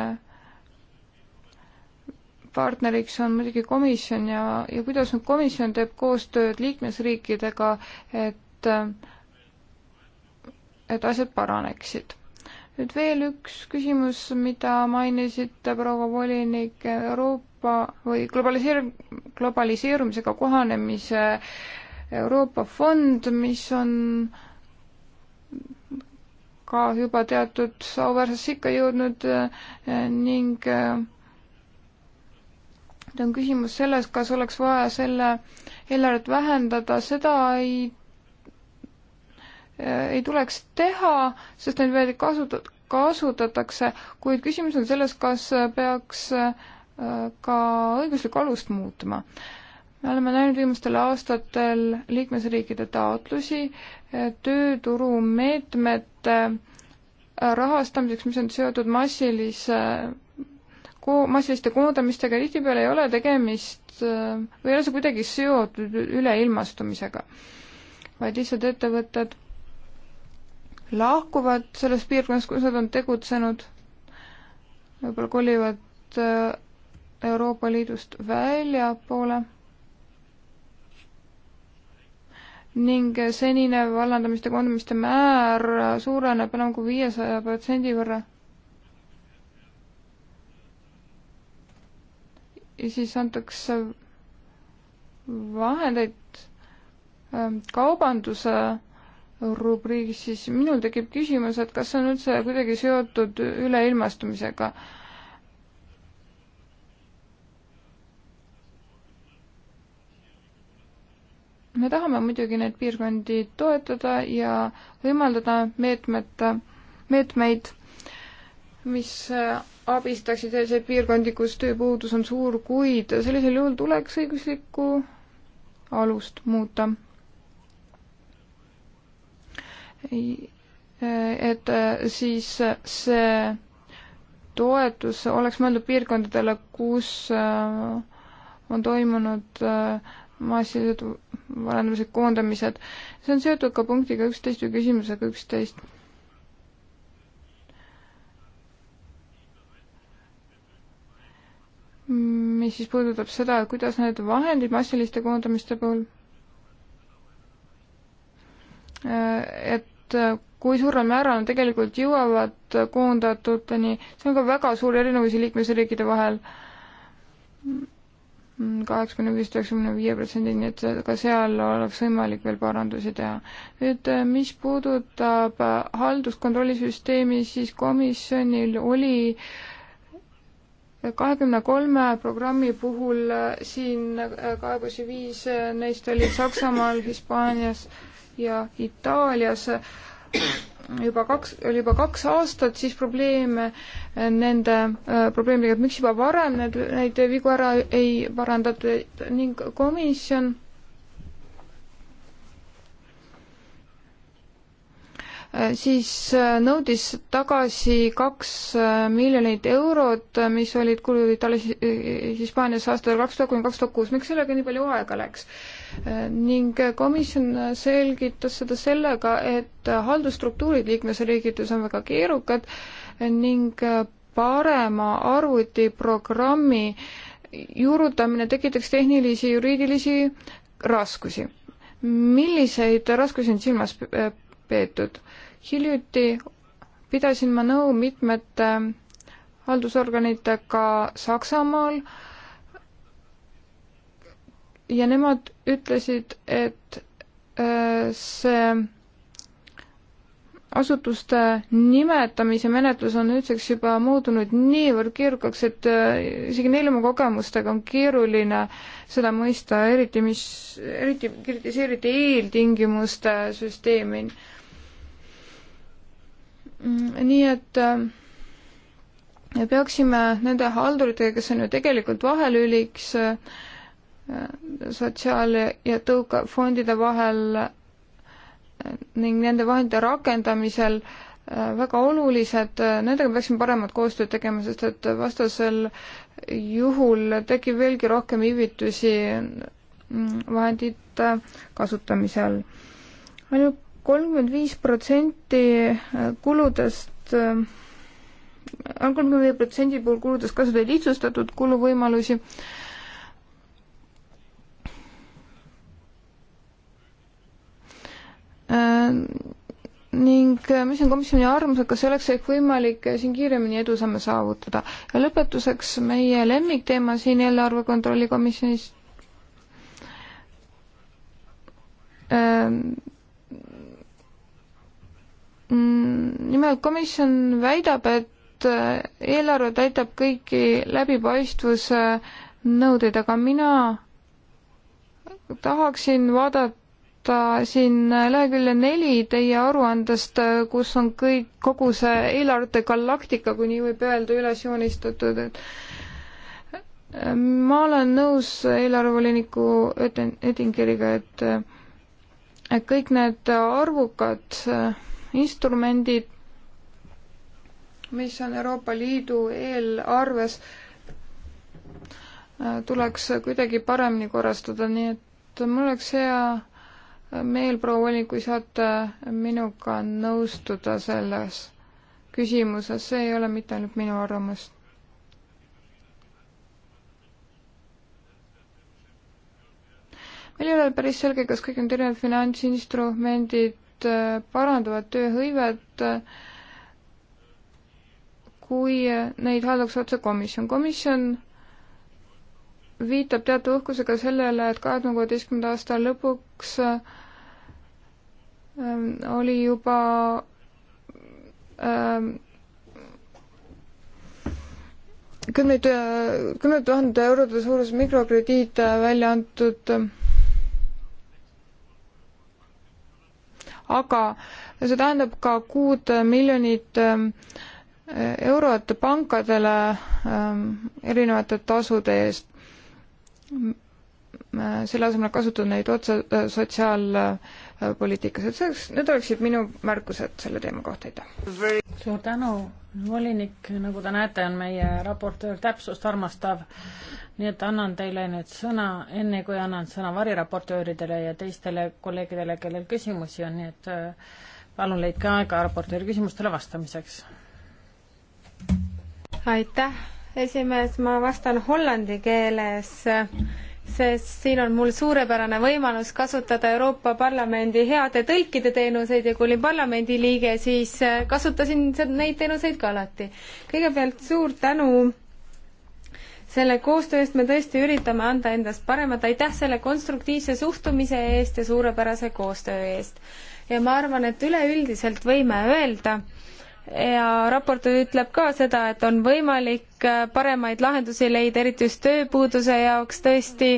partneriks on muidugi komisjon ja, ja kuidas nüüd komisjon teeb koostööd liikmesriikidega, et, et asjad paraneksid nüüd veel üks küsimus, mida mainisite, proua volinik, Euroopa või globaliseer-, globaliseerumisega kohanemise Euroopa fond, mis on ka juba teatud auväärsesse ikka jõudnud eh, ning eh, on küsimus selles, kas oleks vaja selle eelarvet vähendada, seda ei Äh, ei tuleks teha, sest neid veel kasutat-, kasutatakse, kuid küsimus on selles, kas äh, peaks äh, ka õiguslikku alust muutma. me oleme näinud viimastel aastatel liikmesriikide taotlusi tööturumeetmete rahastamiseks, mis on seotud massilise ko-, massiliste koondamistega, tihtipeale ei ole tegemist või ei ole see kuidagi seotud üleilmastumisega, vaid lihtsalt ettevõtted lahkuvad sellest piirkonnast, kus nad on tegutsenud, võib-olla kolivad äh, Euroopa Liidust väljapoole ning senine vallandamiste koondamiste määr suureneb enam kui viiesaja protsendi võrra. ja siis antakse vahendeid ähm, kaubanduse rubriigis, siis minul tekib küsimus, et kas see on üldse kuidagi seotud üleilmastumisega. me tahame muidugi neid piirkondi toetada ja võimaldada meetmete, meetmeid, mis äh, abistaksid selliseid piirkondi, kus tööpuudus on suur, kuid sellisel juhul tuleks õiguslikku alust muuta et äh, siis äh, see toetus oleks mõeldud piirkondadele, kus äh, on toimunud massilised valendamised, koondamised. see on seotud ka punktiga üksteist või küsimusega üksteist. mis siis puudutab seda, kuidas need vahendid massiliste koondamiste puhul Äh, et äh, kui suurel määral nad tegelikult jõuavad koondatuteni, see on ka väga suuri erinevusi liikmesriikide vahel, kaheksakümne viis, üheksakümne viie protsendini, nii et ka seal oleks võimalik veel parandusi teha. nüüd äh, mis puudutab halduskontrollisüsteemi, siis komisjonil oli kahekümne kolme programmi puhul siin kaebusi viis, neist olid Saksamaal, Hispaanias äh,, ja Itaalias juba kaks, oli juba kaks aastat siis probleeme eh, nende äh, probleemidega, et miks juba varem need, neid vigu ära ei parandatud ning komisjon Äh, siis äh, nõudis tagasi kaks äh, miljonit eurot, mis olid kulud Itaalias, Hispaanias aastal kaks tuhat kuni kaks tuhat kuus, miks sellega nii palju aega läks? ning komisjon selgitas seda sellega, et haldusstruktuurid liikmesriikides on väga keerukad ning parema arvutiprogrammi juurutamine tekitaks tehnilisi juriidilisi raskusi. milliseid raskusi on silmas peetud? hiljuti pidasin ma nõu mitmete äh, haldusorganitega Saksamaal ja nemad ütlesid, et äh, see asutuste nimetamise menetlus on nüüdseks juba muutunud niivõrd keerukaks, et äh, isegi neil oma kogemustega on keeruline seda mõista, eriti mis, eriti kritiseeriti eeltingimuste süsteemi. Mm, nii et ähm, me peaksime nende halduritega, kes on ju tegelikult vahelüliks äh, äh, sotsiaal- ja tõukefondide vahel äh, ning nende vahendite rakendamisel väga olulised, nendega peaksime paremat koostööd tegema, sest et vastasel juhul tekib veelgi rohkem viivitusi mm, vahendite kasutamisel. ainult kolmkümmend viis protsenti äh, kuludest äh, on kolmekümne viie protsendi puhul kuludest kasutada lihtsustatud kuluvõimalusi. Äh, ning mis on komisjoni arvamus, et kas oleks ehk võimalik siin kiiremini edusamme saavutada? ja lõpetuseks meie lemmikteema siin eelarve kontrolli komisjonis Mm, nimelt komisjon väidab, et äh, eelarve täidab kõiki läbipaistvuse nõudeid, aga mina tahaksin vaadata siin äh, lehekülje neli teie aruandest, äh, kus on kõik, kogu see eelarvete galaktika, kui nii võib öelda, üles joonistatud, et ma olen nõus eelarvevoliniku Oettingeriga, et et kõik need arvukad äh, instrumendid, mis on Euroopa Liidu eelarves, tuleks kuidagi paremini korrastada, nii et mul oleks hea meel, proua Oli, kui saate minuga nõustuda selles küsimuses, see ei ole mitte ainult minu arvamus. meil ei ole päris selge, kas kõik need erinevad finantsinstrumendid meetmed äh, parandavad tööhõivet, äh, kui neid haldaks otse komisjon. komisjon viitab teatud uhkusega sellele, et kahe tuhande kuueteistkümnenda aasta lõpuks äh, oli juba kümneid, kümne tuhande eurode suurus mikrokrediit välja antud aga see tähendab ka kuud miljonit ähm, eurot pankadele ähm, erinevate tasude eest. Äh, selle asemel kasutada neid otse äh, sotsiaalpoliitikas, et see oleks, need oleksid minu märkused selle teema kohta, aitäh. suur tänu, volinik, nagu te näete, on meie raportöör täpsust armastav nii et annan teile nüüd sõna, enne kui annan sõna variraportööridele ja teistele kolleegidele, kellel küsimusi on, nii et äh, palun leidke aega raportööri küsimustele vastamiseks. aitäh, esimees, ma vastan hollandi keeles, sest siin on mul suurepärane võimalus kasutada Euroopa Parlamendi heade tõlkide teenuseid ja kui olin parlamendi liige, siis äh, kasutasin neid teenuseid ka alati. kõigepealt suur tänu selle koostöö eest me tõesti üritame anda endast paremat, aitäh selle konstruktiivse suhtumise eest ja suurepärase koostöö eest. ja ma arvan, et üleüldiselt võime öelda, ja raport ütleb ka seda, et on võimalik äh, paremaid lahendusi leida, eriti just tööpuuduse jaoks tõesti.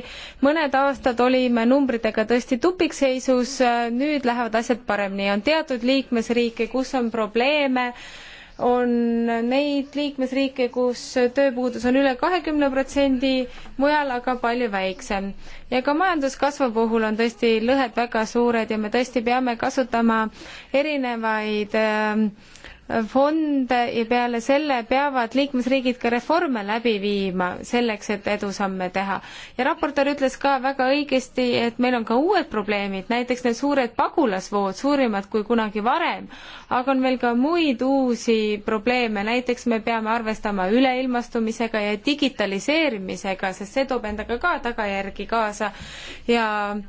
mõned aastad olime numbritega tõesti tupikseisus, äh, nüüd lähevad asjad paremini, on teatud liikmesriike, kus on probleeme äh, on neid liikmesriike, kus tööpuudus on üle kahekümne protsendi, mujal aga palju väiksem. ja ka majanduskasvu puhul on tõesti lõhed väga suured ja me tõesti peame kasutama erinevaid äh, fonde ja peale selle peavad liikmesriigid ka reforme läbi viima selleks, et edusamme teha. ja raportöör ütles ka väga õigesti, et meil on ka uued probleemid, näiteks need suured pagulasvood, suurimad kui kunagi varem, aga on veel ka muid uusi probleeme, näiteks me peame arvestama üleilmastumisega ja digitaliseerimisega, sest see toob endaga ka tagajärgi kaasa ja äh,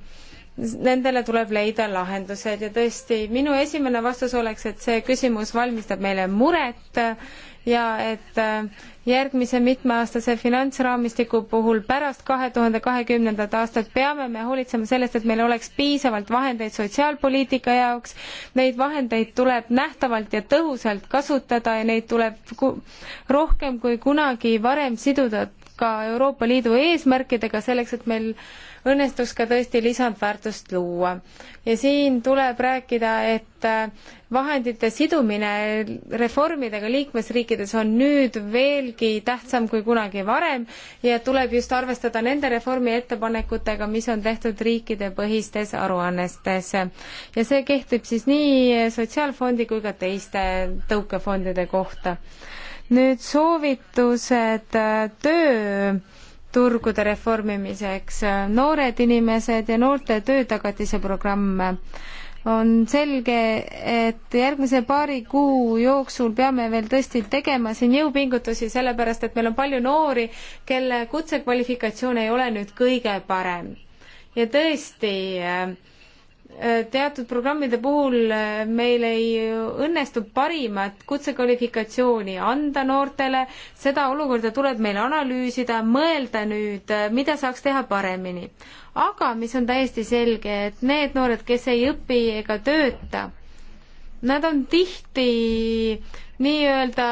nendele tuleb leida lahendused ja tõesti, minu esimene vastus oleks, et see küsimus valmistab meile muret ja et järgmise mitmeaastase finantsraamistiku puhul pärast kahe tuhande kahekümnendat aastat peame me hoolitsema sellest, et meil oleks piisavalt vahendeid sotsiaalpoliitika jaoks, neid vahendeid tuleb nähtavalt ja tõhusalt kasutada ja neid tuleb ku rohkem kui kunagi varem siduda ka Euroopa Liidu eesmärkidega, selleks et meil äh, õnnestus ka tõesti lisandväärtust luua. ja siin tuleb rääkida, et äh, vahendite sidumine reformidega liikmesriikides on nüüd veelgi tähtsam kui kunagi varem ja tuleb just arvestada nende reformi ettepanekutega, mis on tehtud riikidepõhistes aruannetes. ja see kehtib siis nii Sotsiaalfondi kui ka teiste tõukefondide kohta. nüüd soovitused äh, töö turgude reformimiseks. noored inimesed ja noorte töötagatise programm. on selge, et järgmise paari kuu jooksul peame veel tõesti tegema siin jõupingutusi, sellepärast et meil on palju noori, kelle kutsekvalifikatsioon ei ole nüüd kõige parem. ja tõesti äh, Äh, teatud programmide puhul äh, meil ei õnnestu parimat kutsekvalifikatsiooni anda noortele, seda olukorda tuleb meil analüüsida, mõelda nüüd, äh, mida saaks teha paremini. aga mis on täiesti selge, et need noored, kes ei õpi ega tööta, nad on tihti nii-öelda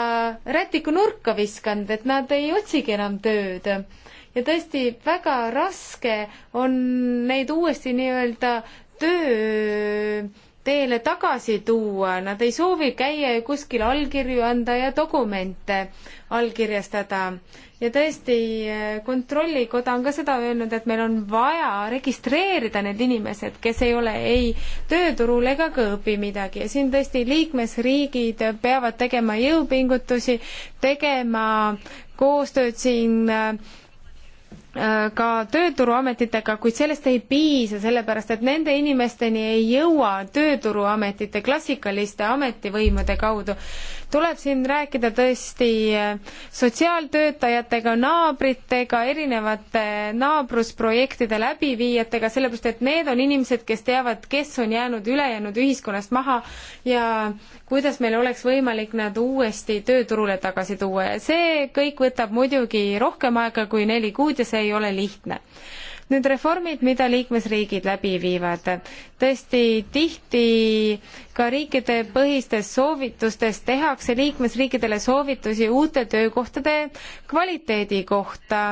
rätikunurka viskanud, et nad ei otsigi enam tööd ja tõesti väga raske on neid uuesti nii-öelda töö teele tagasi tuua, nad ei soovi käia ja kuskil allkirju anda ja dokumente allkirjastada. ja tõesti, eh, Kontrollikoda on ka seda öelnud, et meil on vaja registreerida need inimesed, kes ei ole ei tööturul ega ka õpi midagi ja siin tõesti liikmesriigid peavad tegema jõupingutusi, tegema koostööd siin äh, Äh, ka tööturuametitega, kuid sellest ei piisa, sellepärast et nende inimesteni ei jõua tööturuametite klassikaliste ametivõimude kaudu tuleb siin rääkida tõesti eh, sotsiaaltöötajatega, naabritega, erinevate eh, naabrusprojektide läbiviijatega, sellepärast et need on inimesed, kes teavad, kes on jäänud ülejäänud ühiskonnast maha ja kuidas meil oleks võimalik nad uuesti tööturule tagasi tuua ja see kõik võtab muidugi rohkem aega kui neli kuud ja see ei ole lihtne Need reformid, mida liikmesriigid läbi viivad, tõesti tihti ka riikide põhistes soovitustes tehakse liikmesriikidele soovitusi uute töökohtade kvaliteedi kohta.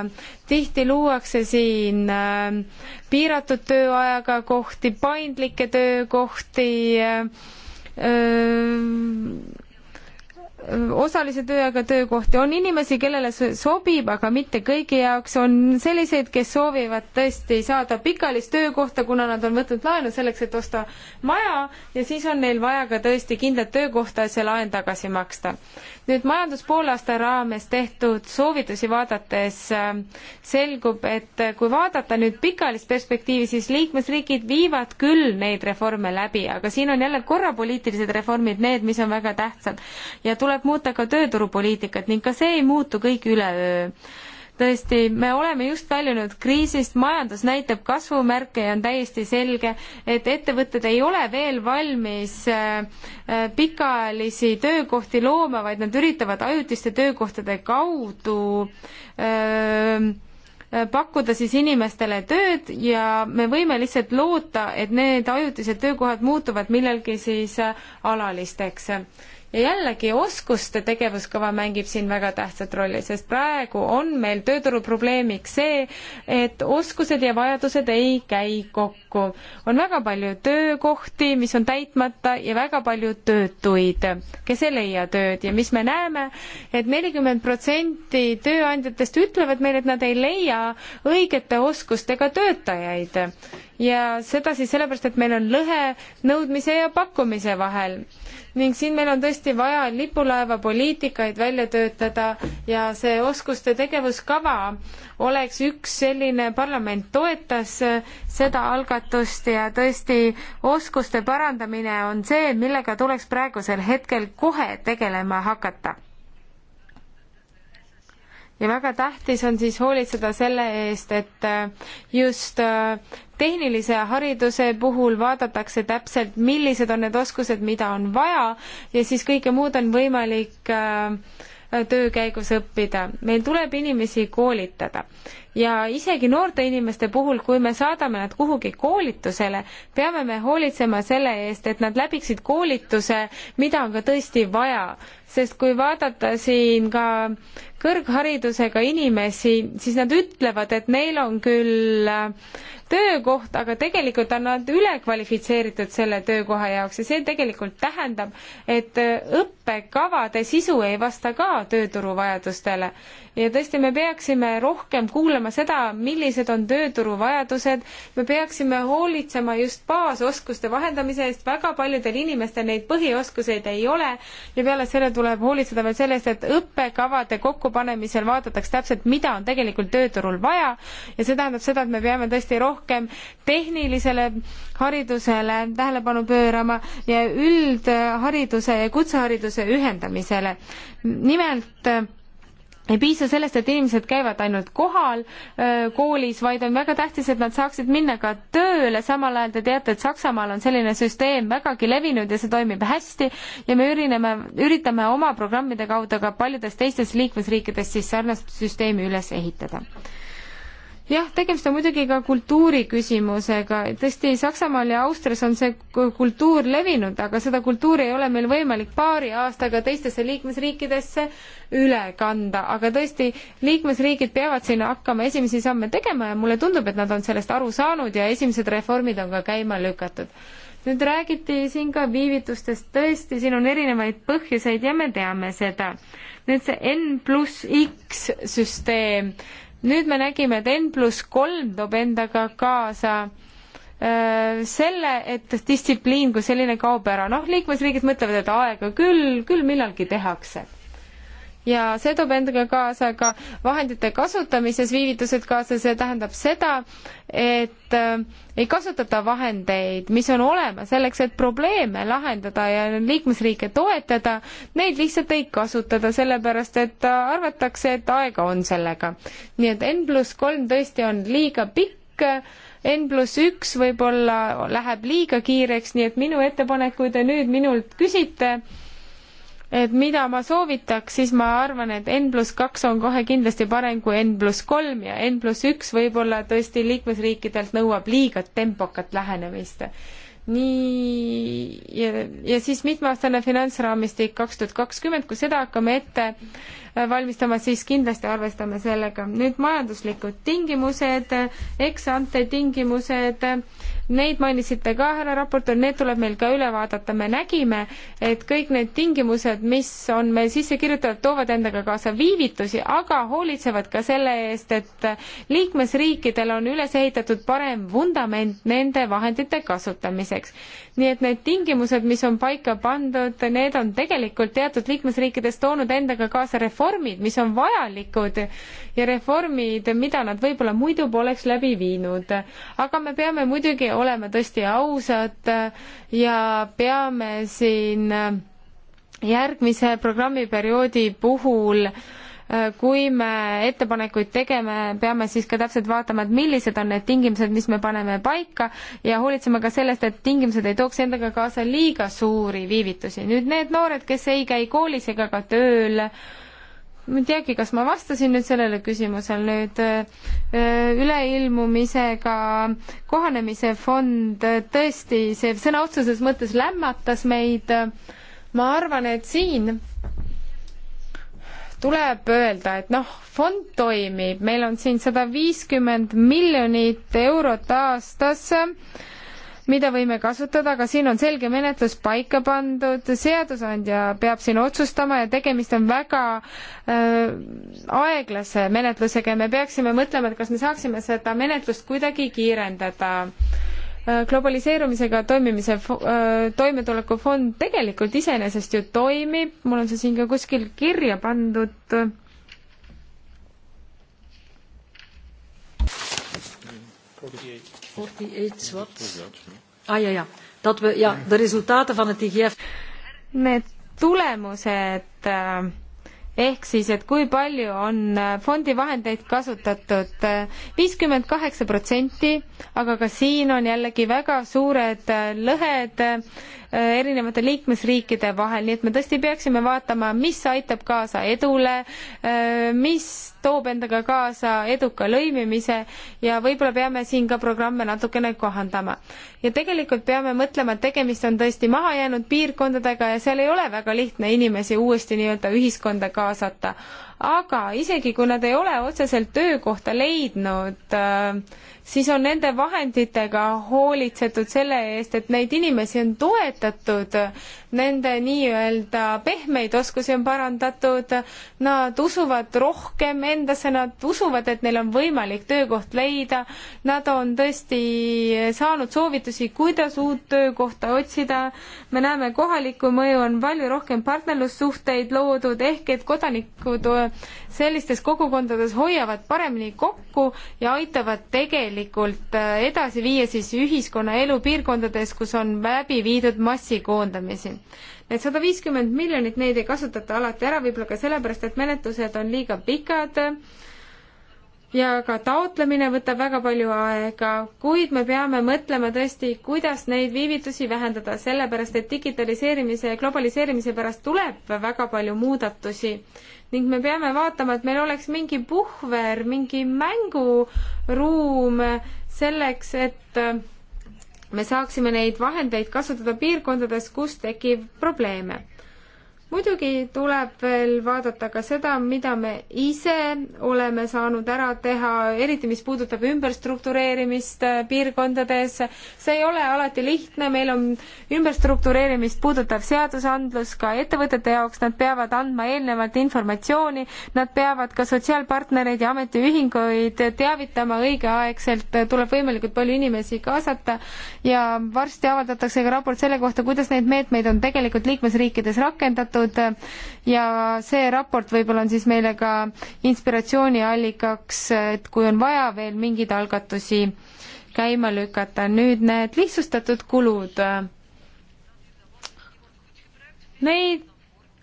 tihti luuakse siin äh, piiratud tööajaga kohti, paindlikke töökohti öö, äh, osalise tööajaga töökohti, on inimesi, kellele see sobib, aga mitte kõigi jaoks, on selliseid, kes soovivad tõesti saada pikalist töökohta, kuna nad on võtnud laenu selleks, et osta maja ja siis on neil vaja ka tõesti kindlat töökohta ja see laen tagasi maksta. nüüd majanduspoolaasta raames tehtud soovitusi vaadates äh, selgub, et äh, kui vaadata nüüd pikalist perspektiivi, siis liikmesriigid viivad küll neid reforme läbi, aga siin on jälle korra poliitilised reformid need, mis on väga tähtsad ja tuleb tuleb muuta ka tööturupoliitikat ning ka see ei muutu kõik üleöö tõesti, me oleme just väljunud kriisist, majandus näitab kasvumärke ja on täiesti selge, et ettevõtted ei ole veel valmis äh, äh, pikaajalisi töökohti looma, vaid nad üritavad ajutiste töökohtade kaudu öö, äh, pakkuda siis inimestele tööd ja me võime lihtsalt loota, et need ajutised töökohad muutuvad millalgi siis alalisteks ja jällegi oskuste tegevuskava mängib siin väga tähtsat rolli, sest praegu on meil tööturul probleemiks see, et oskused ja vajadused ei käi kokku. on väga palju töökohti, mis on täitmata ja väga palju töötuid, kes ei leia tööd ja mis me näeme et, et nelikümmend protsenti tööandjatest ütlevad meile, et nad ei leia õigete oskustega töötajaid ja seda siis sellepärast, et meil on lõhe nõudmise ja pakkumise vahel ning siin meil on tõesti vaja lipulaevapoliitikaid välja töötada ja see oskuste tegevuskava oleks üks selline, parlament toetas seda algatust ja tõesti oskuste parandamine on see, millega tuleks praegusel hetkel kohe tegelema hakata ja väga tähtis on siis hoolitseda selle eest, et äh, just äh, tehnilise hariduse puhul vaadatakse täpselt, millised on need oskused, mida on vaja ja siis kõike muud on võimalik äh, töö käigus õppida. meil tuleb inimesi koolitada ja isegi noorte inimeste puhul, kui me saadame nad kuhugi koolitusele, peame me hoolitsema selle eest, et nad läbiksid koolituse, mida on ka tõesti vaja sest kui vaadata siin ka kõrgharidusega inimesi, siis nad ütlevad, et neil on küll äh, töökoht, aga tegelikult on nad ülekvalifitseeritud selle töökoha jaoks ja see tegelikult tähendab, et äh, õppekavade sisu ei vasta ka tööturu vajadustele. ja tõesti, me peaksime rohkem kuulama seda, millised on tööturu vajadused, me peaksime hoolitsema just baasoskuste vahendamise eest, väga paljudel inimestel neid põhioskuseid ei ole ja peale selle tuleb tuleb hoolitseda veel sellest, et õppekavade kokkupanemisel vaadatakse täpselt, mida on tegelikult tööturul vaja ja see tähendab seda, et me peame tõesti rohkem tehnilisele haridusele tähelepanu pöörama ja üldhariduse ja kutsehariduse ühendamisele. nimelt ei piisa sellest, et inimesed käivad ainult kohal öö, äh, koolis, vaid on väga tähtis, et nad saaksid minna ka tööle, samal ajal te teate, et Saksamaal on selline süsteem vägagi levinud ja see toimib hästi ja me ürineme, üritame oma programmide kaudu ka paljudes teistes liikmesriikides siis sarnast süsteemi üles ehitada jah, tegemist on muidugi ka kultuuri küsimusega, tõesti Saksamaal ja Austrias on see kultuur levinud, aga seda kultuuri ei ole meil võimalik paari aastaga teistesse liikmesriikidesse üle kanda, aga tõesti, liikmesriigid peavad siin hakkama esimesi samme tegema ja mulle tundub, et nad on sellest aru saanud ja esimesed reformid on ka käima lükatud. nüüd räägiti siin ka viivitustest, tõesti, siin on erinevaid põhjuseid ja me teame seda. nüüd see N pluss X süsteem nüüd me nägime, et N pluss kolm toob endaga kaasa äh, selle, et distsipliin kui selline kaob ära, noh, liikmesriigid mõtlevad, et aega küll, küll millalgi tehakse ja see toob endaga kaasa ka vahendite kasutamises viivitused kaasa, see tähendab seda, et äh, ei kasutata vahendeid, mis on olemas selleks, et probleeme lahendada ja liikmesriike toetada, neid lihtsalt ei kasutada, sellepärast et äh, arvatakse, et aega on sellega. nii et N pluss kolm tõesti on liiga pikk N pluss üks võib-olla läheb liiga kiireks, nii et minu ettepanek, kui te nüüd minult küsite, et mida ma soovitaks, siis ma arvan, et N pluss kaks on kohe kindlasti parem kui N pluss kolm ja N pluss üks võib-olla tõesti liikmesriikidelt nõuab liiga tempokat lähenemist. nii, ja, ja siis mitmeaastane finantsraamistik kaks tuhat kakskümmend, kui seda hakkame ette valmistama, siis kindlasti arvestame sellega. nüüd majanduslikud tingimused, ex-ante tingimused Neid mainisite ka, härra raportöör, need tuleb meil ka üle vaadata. me nägime, et kõik need tingimused, mis on meil sisse kirjutatud, toovad endaga kaasa viivitusi, aga hoolitsevad ka selle eest, et liikmesriikidel on üles ehitatud parem vundament nende vahendite kasutamiseks. nii et need tingimused, mis on paika pandud, need on tegelikult teatud liikmesriikides toonud endaga kaasa reformid, mis on vajalikud ja reformid, mida nad võib-olla muidu poleks läbi viinud. aga me peame muidugi olema tõesti ausad ja peame siin järgmise programmiperioodi puhul kui me ettepanekuid tegeme, peame siis ka täpselt vaatama, et millised on need tingimused, mis me paneme paika ja hoolitsema ka sellest, et tingimused ei tooks endaga kaasa liiga suuri viivitusi. nüüd need noored, kes ei käi koolis ega ka tööl, ma ei teagi, kas ma vastasin nüüd sellele küsimusele, nüüd äh, äh, üleilmumisega kohanemise fond äh, tõesti, see sõna otseses mõttes lämmatas meid. ma arvan, et siin tuleb öelda, et noh, fond toimib, meil on siin sada viiskümmend miljonit eurot aastas äh, mida võime kasutada, aga siin on selge menetlus paika pandud, seadusandja peab siin otsustama ja tegemist on väga äh, aeglase menetlusega ja me peaksime mõtlema, et kas me saaksime seda menetlust kuidagi kiirendada äh, globaliseerumisega toimimise, äh, toimetulekufond tegelikult iseenesest ju toimib, mul on see siin ka kuskil kirja pandud. Forty-eight. 48 wat? Ah ja, ja. Dat we, ja, de resultaten van het IGF. Need tulemused eh, ehk siis, et kui palju on eh, fondi vahendeid kasutatud, eh, viiskümmend kaheksa protsenti, aga ka siin on jällegi väga suured lõhed Äh, erinevate liikmesriikide vahel, nii et me tõesti peaksime vaatama, mis aitab kaasa edule, äh, mis toob endaga kaasa eduka lõimimise ja võib-olla peame siin ka programme natukene kohandama. ja tegelikult peame mõtlema, et tegemist on tõesti mahajäänud piirkondadega ja seal ei ole väga lihtne inimesi uuesti nii-öelda ühiskonda kaasata aga isegi kui nad ei ole otseselt töökohta leidnud, äh, siis on nende vahenditega hoolitsetud selle eest, et neid inimesi on toetatud nende nii-öelda pehmeid oskusi on parandatud, nad usuvad rohkem endasse, nad usuvad, et neil on võimalik töökoht leida, nad on tõesti saanud soovitusi, kuidas uut töökohta otsida, me näeme, kohalikku mõju on palju rohkem partnerlussuhteid loodud, ehk et kodanikud sellistes kogukondades hoiavad paremini kokku ja aitavad tegelikult edasi viia siis ühiskonnaelu piirkondades, kus on läbi viidud massikoondamisi. Need sada viiskümmend miljonit, neid ei kasutata alati ära, võib-olla ka sellepärast, et menetlused on liiga pikad ja ka taotlemine võtab väga palju aega, kuid me peame mõtlema tõesti, kuidas neid viivitusi vähendada, sellepärast et digitaliseerimise ja globaliseerimise pärast tuleb väga palju muudatusi ning me peame vaatama, et meil oleks mingi puhver, mingi mänguruum selleks, et me saaksime neid vahendeid kasutada piirkondades, kus tekib probleeme muidugi tuleb veel vaadata ka seda, mida me ise oleme saanud ära teha, eriti mis puudutab ümberstruktureerimist äh, piirkondades. see ei ole alati lihtne, meil on ümberstruktureerimist puudutav seadusandlus ka ettevõtete jaoks, nad peavad andma eelnevalt informatsiooni, nad peavad ka sotsiaalpartnereid ja ametiühinguid teavitama õigeaegselt, tuleb võimalikult palju inimesi kaasata ja varsti avaldatakse ka raport selle kohta, kuidas neid meetmeid on tegelikult liikmesriikides rakendatud kaasatud ja see raport võib-olla on siis meile ka inspiratsiooniallikaks, et kui on vaja veel mingeid algatusi käima lükata. nüüd need lihtsustatud kulud. Neid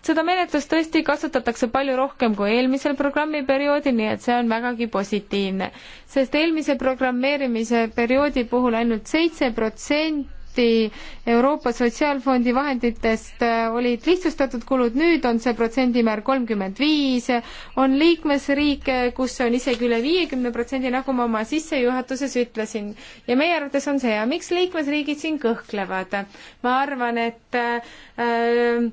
seda menetlust tõesti kasutatakse palju rohkem kui eelmisel programmiperioodil, nii et see on vägagi positiivne. sest eelmise programmeerimise perioodi puhul ainult seitse protsenti protsenti Euroopa Sotsiaalfondi vahenditest äh, olid lihtsustatud kulud, nüüd on see protsendimäär kolmkümmend viis, on liikmesriike, kus on isegi üle viiekümne protsendi, nagu ma oma sissejuhatuses ütlesin. ja meie arvates on see hea, miks liikmesriigid siin kõhklevad? ma arvan, et äh,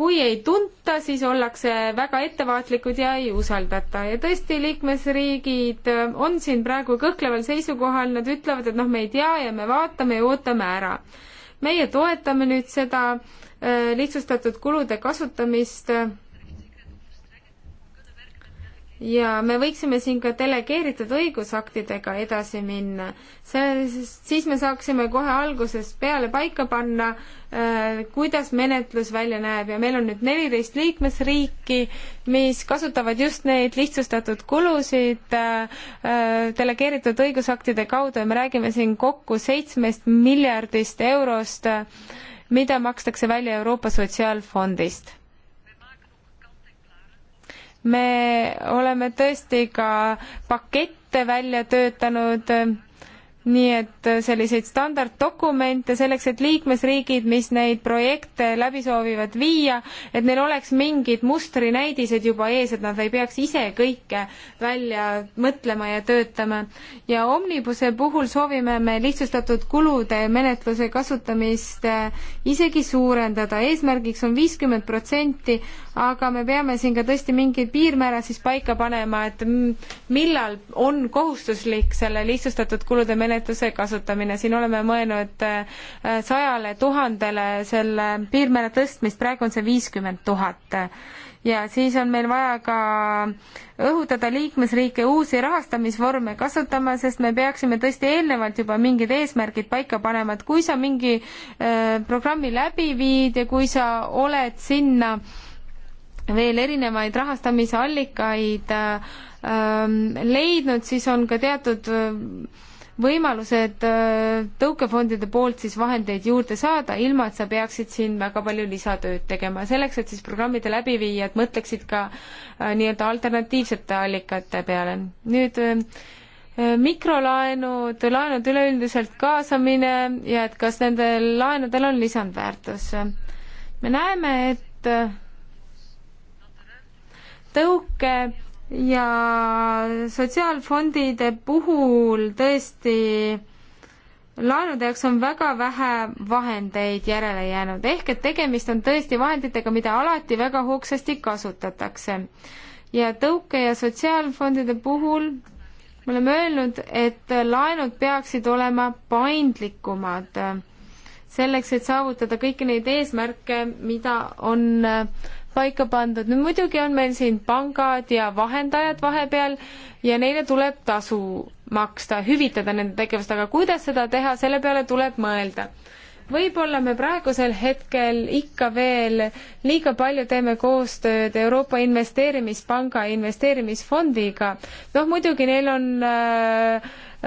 kui ei tunta, siis ollakse väga ettevaatlikud ja ei usaldata ja tõesti, liikmesriigid äh, on siin praegu kõhkleval seisukohal, nad ütlevad, et noh, me ei tea ja me vaatame ja ootame ära. meie toetame nüüd seda äh, lihtsustatud kulude kasutamist äh, ja me võiksime siin ka delegeeritud õigusaktidega edasi minna, sest siis me saaksime kohe algusest peale paika panna, äh, kuidas menetlus välja näeb ja meil on nüüd neliteist liikmesriiki, mis kasutavad just neid lihtsustatud kulusid äh, äh, delegeeritud õigusaktide kaudu ja me räägime siin kokku seitsmest miljardist eurost, mida makstakse välja Euroopa Sotsiaalfondist me oleme tõesti ka pakette välja töötanud nii et äh, selliseid standarddokumente selleks, et liikmesriigid, mis neid projekte läbi soovivad viia, et neil oleks mingid mustrinäidised juba ees, et nad ei peaks ise kõike välja mõtlema ja töötama. ja Omnibuse puhul soovime me lihtsustatud kulude menetluse kasutamist äh, isegi suurendada, eesmärgiks on viiskümmend protsenti, aga me peame siin ka tõesti mingeid piirmäära siis paika panema, et millal on kohustuslik selle lihtsustatud kulude menetluse piirmenetluse kasutamine, siin oleme mõelnud äh, sajale tuhandele selle piirmäära tõstmist, praegu on see viiskümmend tuhat ja siis on meil vaja ka õhutada liikmesriike uusi rahastamisvorme kasutama, sest me peaksime tõesti eelnevalt juba mingid eesmärgid paika panema, et kui sa mingi äh, programmi läbi viid ja kui sa oled sinna veel erinevaid rahastamise allikaid äh, ähm, leidnud, siis on ka teatud äh, võimalused äh, tõukefondide poolt siis vahendeid juurde saada, ilma et sa peaksid siin väga palju lisatööd tegema, selleks et siis programmide läbiviijad mõtleksid ka äh, nii-öelda alternatiivsete allikate peale. nüüd äh, äh mikrolaenud, laenud üleüldiselt kaasamine ja et kas nendel laenudel on lisandväärtus. me näeme, et äh, tõuke ja sotsiaalfondide puhul tõesti laenude jaoks on väga vähe vahendeid järele jäänud, ehk et tegemist on tõesti vahenditega, mida alati väga hoogsasti kasutatakse. ja tõuke- ja sotsiaalfondide puhul me oleme öelnud, et laenud peaksid olema paindlikumad selleks, et saavutada kõiki neid eesmärke, mida on paika pandud. nüüd muidugi on meil siin pangad ja vahendajad vahepeal ja neile tuleb tasu maksta, hüvitada nende tegevust, aga kuidas seda teha, selle peale tuleb mõelda. võib-olla me praegusel hetkel ikka veel liiga palju teeme koostööd Euroopa Investeerimispanga investeerimisfondiga. noh, muidugi neil on äh,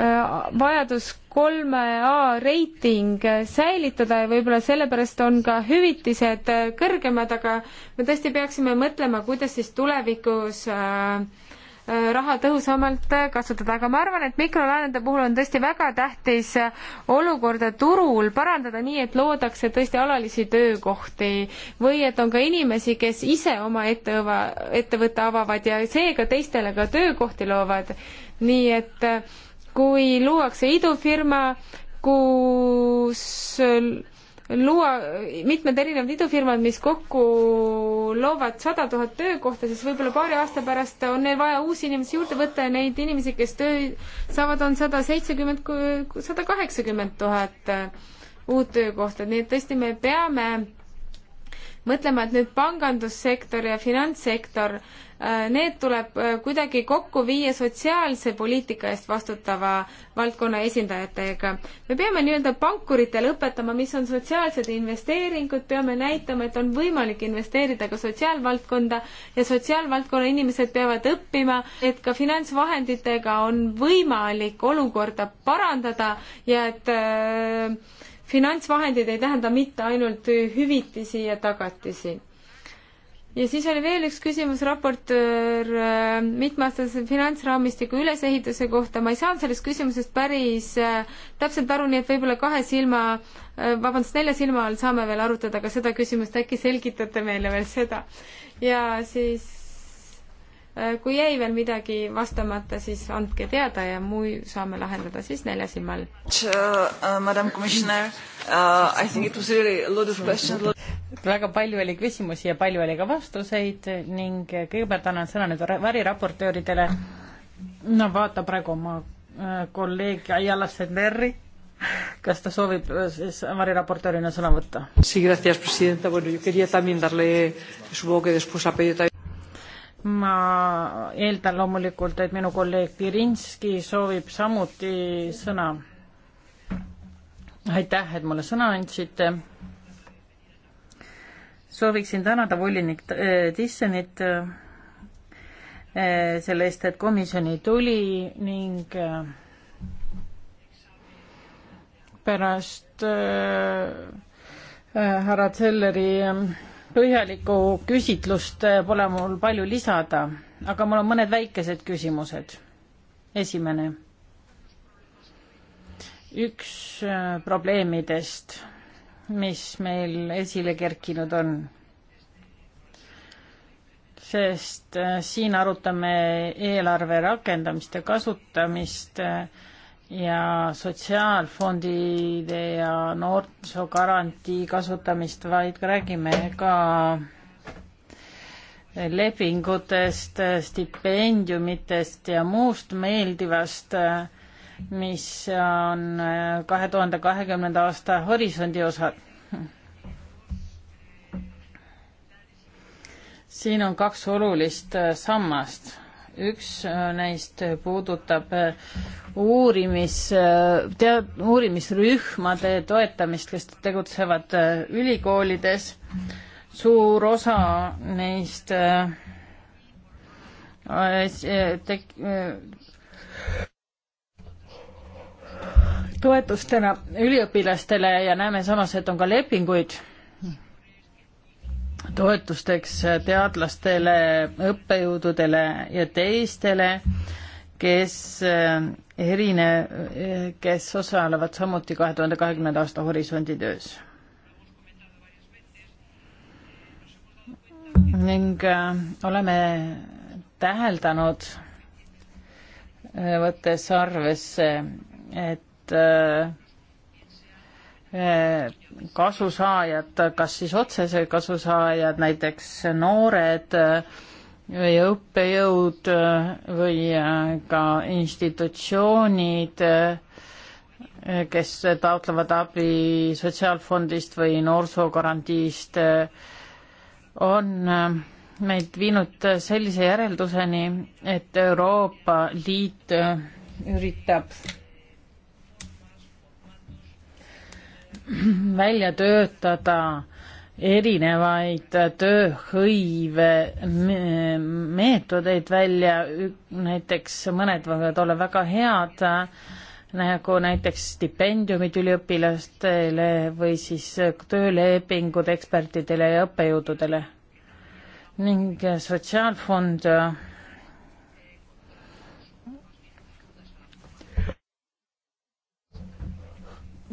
äh vajadus kolme A reiting säilitada ja võib-olla sellepärast on ka hüvitised äh, kõrgemad, aga me tõesti peaksime mõtlema, kuidas siis tulevikus äh, äh, raha tõhusamalt kasutada, aga ma arvan, et mikrolaenude puhul on tõesti väga tähtis olukorda turul parandada nii, et loodakse tõesti alalisi töökohti või et on ka inimesi, kes ise oma etteva, ettevõtte avavad ja seega teistele ka töökohti loovad. nii et äh, kui luuakse idufirma, kus luua mitmed erinevad idufirmad, mis kokku loovad sada tuhat töökohta, siis võib-olla paari aasta pärast on neil vaja uusi inimesi juurde võtta ja neid inimesi, kes töö saavad, on sada seitsekümmend, sada kaheksakümmend tuhat uut töökohta, nii et tõesti me peame mõtlema, et nüüd pangandussektor ja finantssektor äh, Äh, need tuleb äh, kuidagi kokku viia sotsiaalse poliitika eest vastutava valdkonna esindajatega. me peame nii-öelda pankuritele õpetama, mis on sotsiaalsed investeeringud, peame näitama, et on võimalik investeerida ka sotsiaalvaldkonda ja sotsiaalvaldkonna inimesed peavad õppima, et ka finantsvahenditega on võimalik olukorda parandada ja et äh, finantsvahendid ei tähenda mitte ainult hüvitisi ja tagatisi ja siis oli veel üks küsimus raportöör äh, mitmeaastase finantsraamistiku ülesehituse kohta. ma ei saanud sellest küsimusest päris äh, täpselt aru, nii et võib-olla kahe silma, äh, vabandust, nelja silma all saame veel arutada ka seda küsimust, äkki selgitate meile veel seda. ja siis Äh, kui jäi veel midagi vastamata, siis andke teada ja muu saame lahendada siis nelja silma all uh,. väga palju oli küsimusi ja palju oli ka vastuseid ning kõigepealt annan sõna nüüd variraportööridele. no vaata praegu oma kolleeg Ayala Senderri kas ta soovib siis variraportöörina sõna võtta? ma eeldan loomulikult, et minu kolleeg Pirinski soovib samuti sõna. aitäh, et mulle sõna andsite. sooviksin tänada volinik äh, Tissenit äh, selle eest, et komisjoni tuli ning äh, pärast härra Zelleri põhjalikku küsitlust äh, pole mul palju lisada, aga mul on mõned väikesed küsimused. esimene. üks äh, probleemidest, mis meil esile kerkinud on, sest äh, siin arutame eelarve rakendamist ja kasutamist äh, ja sotsiaalfondide ja noorsoogarantii kasutamist, vaid räägime ka lepingutest, stipendiumitest ja muust meeldivast, mis on kahe tuhande kahekümnenda aasta horisondi osad. siin on kaks olulist sammast üks äh, neist puudutab äh, uurimis, äh, tead-, uurimisrühmade toetamist, kes tegutsevad ülikoolides. suur osa neist tek-, toetustena üliõpilastele ja näeme samas, et on ka lepinguid toetusteks teadlastele, õppejõududele ja teistele, kes eh, erine, eh, kes osalevad samuti kahe tuhande kahekümnenda aasta horisondi töös. ning eh, oleme täheldanud, võttes arvesse, et äh, Eh, kasusaajad, kas siis otsese kasusaajad, näiteks noored eh, või õppejõud eh, või ka institutsioonid, kes taotlevad abi Sotsiaalfondist või Noorsoogarantiist, on meid viinud sellise järelduseni, et Euroopa Liit üritab välja töötada erinevaid tööhõive meetodeid välja, näiteks mõned võivad olla väga head, nagu näiteks stipendiumid üliõpilastele või siis töölepingud ekspertidele ja õppejõududele. ning Sotsiaalfond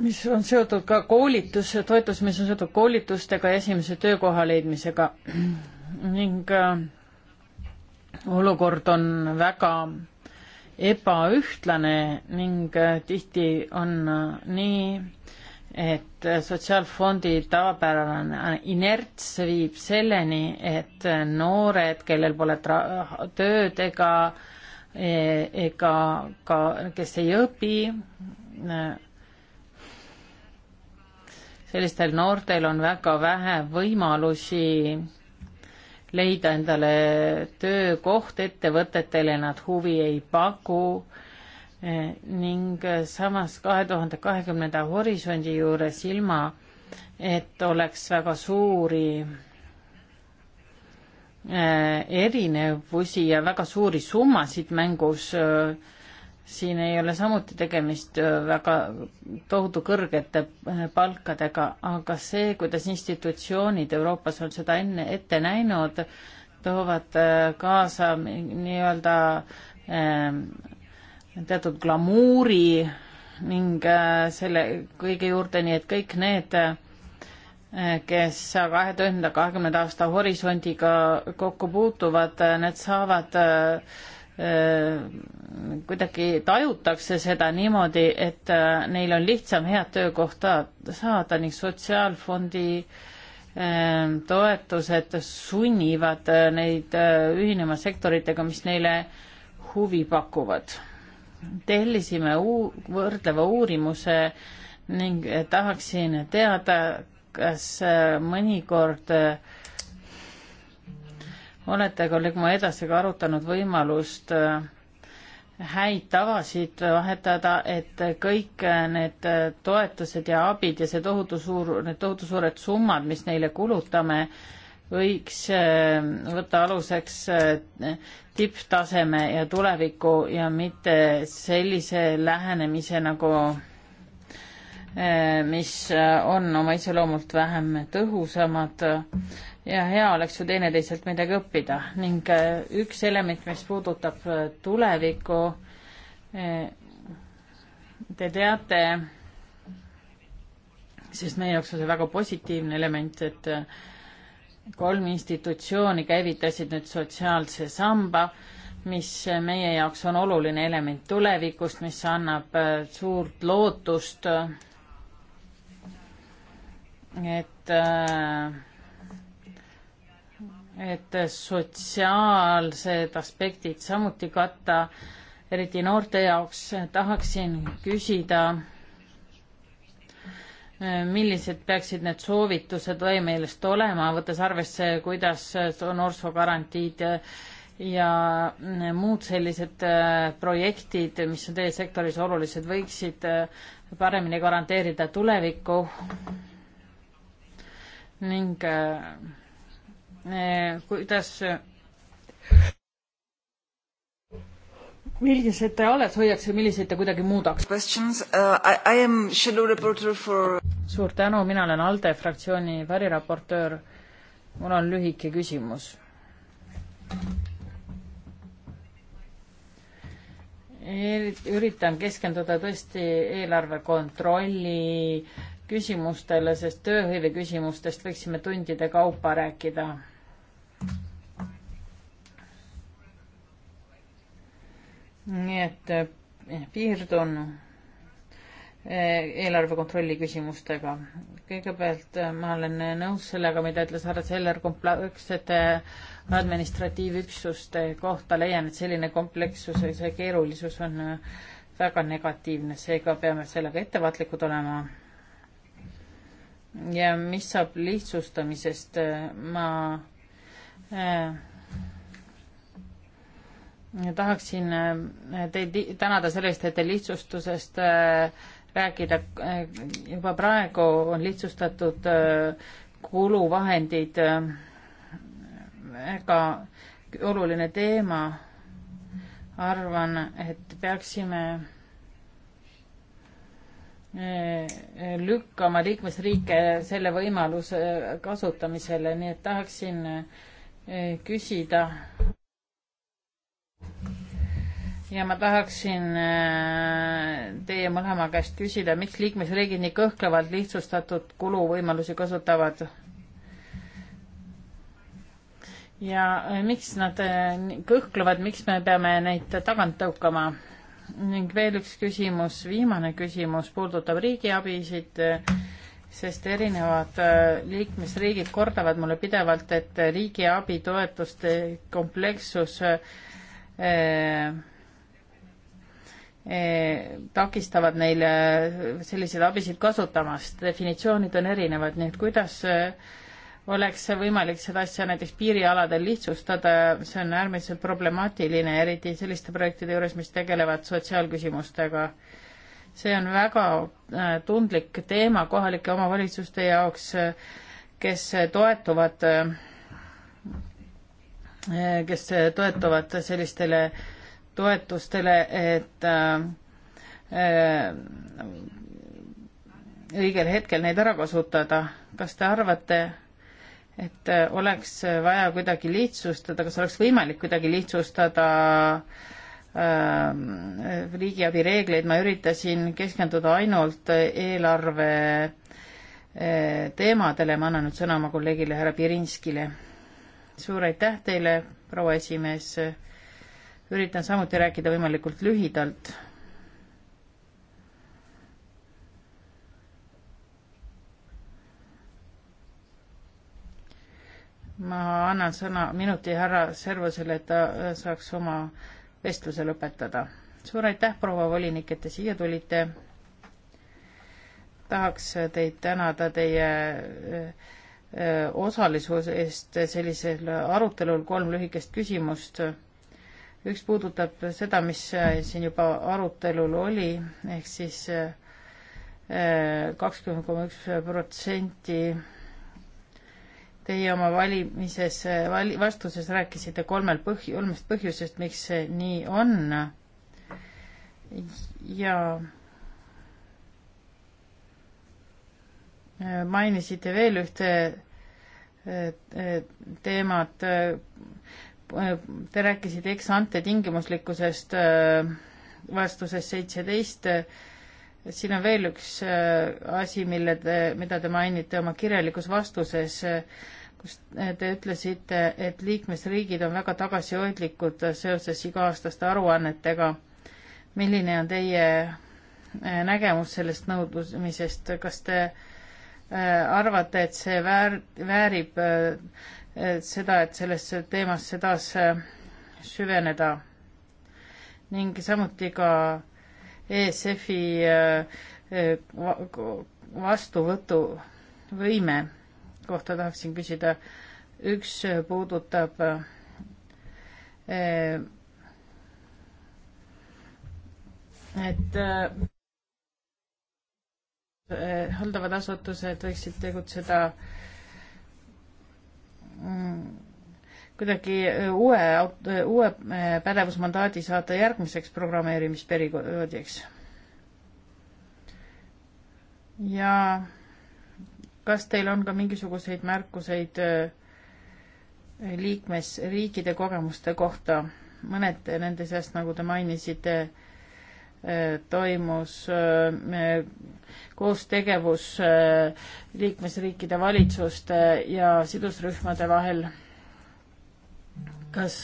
mis on seotud ka koolitus, toetus, mis on seotud koolitustega, esimese töökoha leidmisega ning äh, olukord on väga ebaühtlane ning äh, tihti on äh, nii, et sotsiaalfondi tavapärane inerts viib selleni, et noored, kellel pole tööd ega ega ka, kes ei õpi, sellistel noortel on väga vähe võimalusi leida endale töökoht, ettevõtetele nad huvi ei paku ning samas kahe tuhande kahekümnenda horisondi juures ilma, et oleks väga suuri äh, erinevusi ja väga suuri summasid mängus äh, siin ei ole samuti tegemist äh, väga tohutu kõrgete äh, palkadega, aga see, kuidas institutsioonid Euroopas on seda enne ette näinud, toovad äh, kaasa nii-öelda ähm, teatud glamuuri ning selle kõige juurde, nii et kõik need, kes kahe tuhande kahekümnenda aasta horisondiga kokku puutuvad, need saavad äh, Äh, kuidagi tajutakse seda niimoodi, et äh, neil on lihtsam head töökohta saada ning sotsiaalfondi äh, toetused sunnivad neid ühinema sektoritega, mis neile huvi pakuvad. tellisime uu-, võrdleva uurimuse ning tahaksin teada, kas mõnikord äh, olete kolleeg Moedasega arutanud võimalust äh, häid tavasid vahetada, et kõik äh, need äh, toetused ja abid ja see tohutu suur, need tohutu suured summad, mis neile kulutame, võiks võtta aluseks tipptaseme ja tuleviku ja mitte sellise lähenemise, nagu Eh, mis eh, on oma iseloomult vähem tõhusamad ja hea oleks ju teineteiselt midagi õppida ning eh, üks element, mis puudutab tulevikku, te teate, sest meie jaoks on see väga positiivne element, et kolm institutsiooni käivitasid nüüd sotsiaalse samba, mis meie jaoks on oluline element tulevikust, mis annab suurt lootust äh, et, äh, et sotsiaalsed aspektid samuti katta, eriti noorte jaoks, tahaksin küsida, millised peaksid need soovitused teie meelest olema, võttes arvesse, kuidas noorsoogarantiid ja muud sellised äh, projektid, mis on teie sektoris olulised, võiksid äh, paremini garanteerida tulevikku ning äh, äh, kuidas millised te alles hoiaks ja milliseid te kuidagi muudaks? Uh, for... suur tänu, mina olen ALDE fraktsiooni variraportöör. mul on lühike küsimus. üritan keskenduda tõesti eelarve kontrolli küsimustele, sest tööhõive küsimustest võiksime tundide kaupa rääkida. nii et eh, piirdun eh, eelarve kontrolli küsimustega. kõigepealt eh, ma olen nõus sellega, mida ütles härra Seller komplekssete administratiivüksuste kohta, leian, et selline komplekssus ja see keerulisus on väga negatiivne, seega peame sellega ettevaatlikud olema ja mis saab lihtsustamisest, ma äh, tahaksin äh, teid tänada selle eest, et te lihtsustusest äh, rääkida äh, juba praegu on lihtsustatud äh, kuluvahendid äh, väga oluline teema. arvan, et peaksime Eh, lükkama liikmesriike selle võimaluse kasutamisele, nii et tahaksin eh, küsida. ja ma tahaksin eh, teie mõlema käest küsida, miks liikmesriigid nii kõhklevalt lihtsustatud kuluvõimalusi kasutavad? ja miks nad kõhklevad, miks me peame neid tagant tõukama? ning veel üks küsimus, viimane küsimus puudutab riigiabisid, sest erinevad äh, liikmesriigid kordavad mulle pidevalt, et riigiabi toetuste komplekssus äh, äh, takistavad neile selliseid abisid kasutamast, definitsioonid on erinevad, nii et kuidas äh, oleks võimalik seda asja näiteks piirialadel lihtsustada, see on äärmiselt problemaatiline, eriti selliste projektide juures, mis tegelevad sotsiaalküsimustega. see on väga äh, tundlik teema kohalike omavalitsuste jaoks, kes toetuvad, äh, kes toetuvad sellistele toetustele, et äh, õigel hetkel neid ära kasutada. kas te arvate, et äh, oleks äh, vaja kuidagi lihtsustada, kas oleks võimalik kuidagi lihtsustada äh, riigiabi reegleid, ma üritasin keskenduda ainult äh, eelarve äh, teemadele, ma annan nüüd sõna oma kolleegile härra Pirinskile. suur aitäh teile, proua esimees, üritan samuti rääkida võimalikult lühidalt ma annan sõna minuti härra Servasele, et ta äh, saaks oma vestluse lõpetada. suur aitäh, proua volinik, et te siia tulite. tahaks teid tänada teie äh, äh, osalisuse eest sellisel arutelul kolm lühikest küsimust. üks puudutab seda, mis siin juba arutelul oli, ehk siis kakskümmend koma üks protsenti Teie oma valimises vali,, vastuses rääkisite kolmel põhj-, kolmest põhjusest, miks see nii on. ja mainisite veel ühte eh, teemat. Te rääkisite ex-ante tingimuslikkusest eh, vastuses seitseteist. siin on veel üks eh, asi, mille te, mida te mainite oma kirjalikus vastuses kus äh, te ütlesite, et liikmesriigid on väga tagasihoidlikud seoses iga-aastaste aruannetega. milline on teie äh, nägemus sellest nõudmisest, kas te äh, arvate, et see väär-, väärib seda, et sellesse teemasse taas süveneda? ning samuti ka ESF-i vastuvõtuvõime kohta tahaksin küsida. üks puudutab eh, et eh, haldavad asutused võiksid tegutseda mm, kuidagi eh, uue, uue pädevusmandaadi saada järgmiseks programmeerimisperioodiks. ja kas teil on ka mingisuguseid märkuseid äh, liikmesriikide kogemuste kohta? mõned nende seast, nagu te mainisite, äh, toimus äh, koostegevus liikmesriikide valitsuste ja sidusrühmade vahel. kas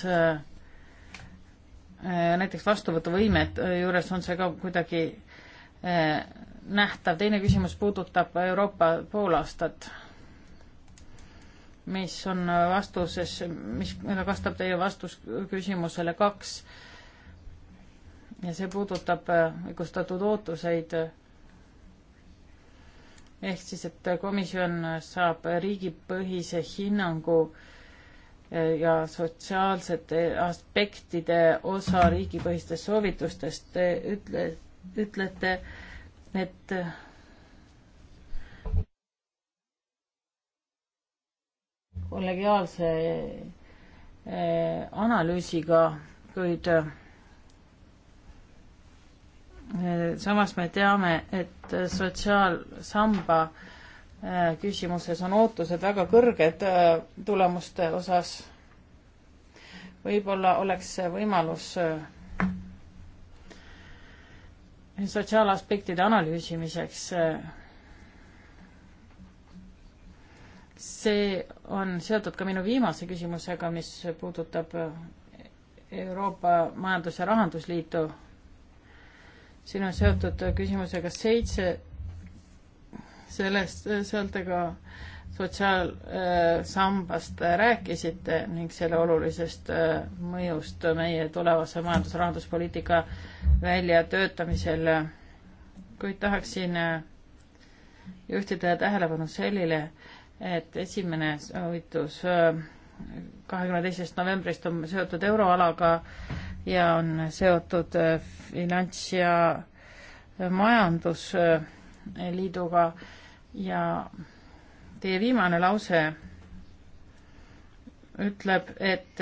näiteks vastuvõtuvõimet juures on see ka kuidagi nähtav. teine küsimus puudutab Euroopa poolaastat, mis on vastuses, mis vastab teie vastus küsimusele kaks. ja see puudutab õigustatud ootuseid. ehk siis, et komisjon saab riigipõhise hinnangu ja sotsiaalsete aspektide osa riigipõhistest soovitustest. Te ütle, ütlete, ütlete Need kollegiaalse eh, analüüsiga, kuid eh, samas me teame, et sotsiaalsamba eh, küsimuses on ootused väga kõrged tulemuste osas. võib-olla oleks võimalus sotsiaalaspektide analüüsimiseks. see on seotud ka minu viimase küsimusega, mis puudutab Euroopa Majandus- ja Rahandusliitu. siin on seotud küsimusega seitse, sellest, sealt aga äh, sotsiaalsambast äh, rääkisite ning selle olulisest äh, mõjust meie tulevase majandus-rahanduspoliitika väljatöötamisel, kuid tahaksin äh, juhtida tähelepanu sellile, et esimene soovitus kahekümne teisest novembrist on seotud euroalaga ja on seotud finants- ja majandusliiduga ja Teie viimane lause ütleb, et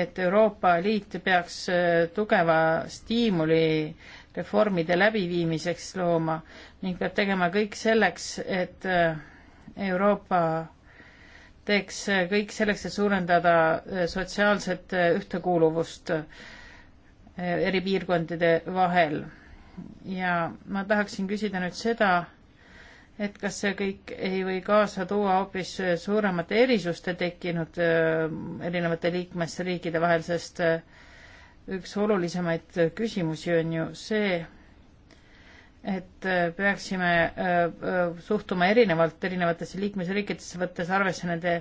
et Euroopa Liit peaks äh, tugeva stiimuli reformide läbiviimiseks looma ning peab tegema kõik selleks, et äh, Euroopa teeks äh, kõik selleks, et suurendada sotsiaalset ühtekuuluvust eri piirkondade vahel. ja ma tahaksin küsida nüüd seda, et kas see kõik ei või kaasa tuua hoopis suuremate erisuste tekkinud äh, erinevate liikmesriikide vahel, sest äh, üks olulisemaid küsimusi on ju see, et äh, peaksime suhtuma erinevalt erinevatesse liikmesriikidesse, võttes arvesse nende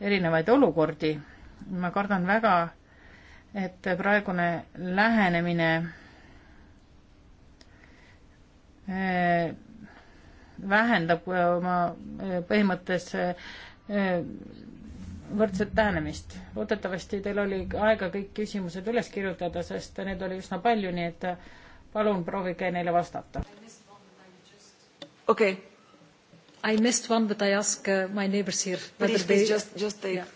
erinevaid olukordi. ma kardan väga, et praegune lähenemine vähendab äh, oma äh, põhimõttes äh, võrdset lähenemist. loodetavasti teil oli aega kõik küsimused üles kirjutada, sest neid oli üsna palju, nii et palun proovige neile vastata. okei okay.. I missed one but I ask uh, my neighbors here. Please, please just, just take yeah..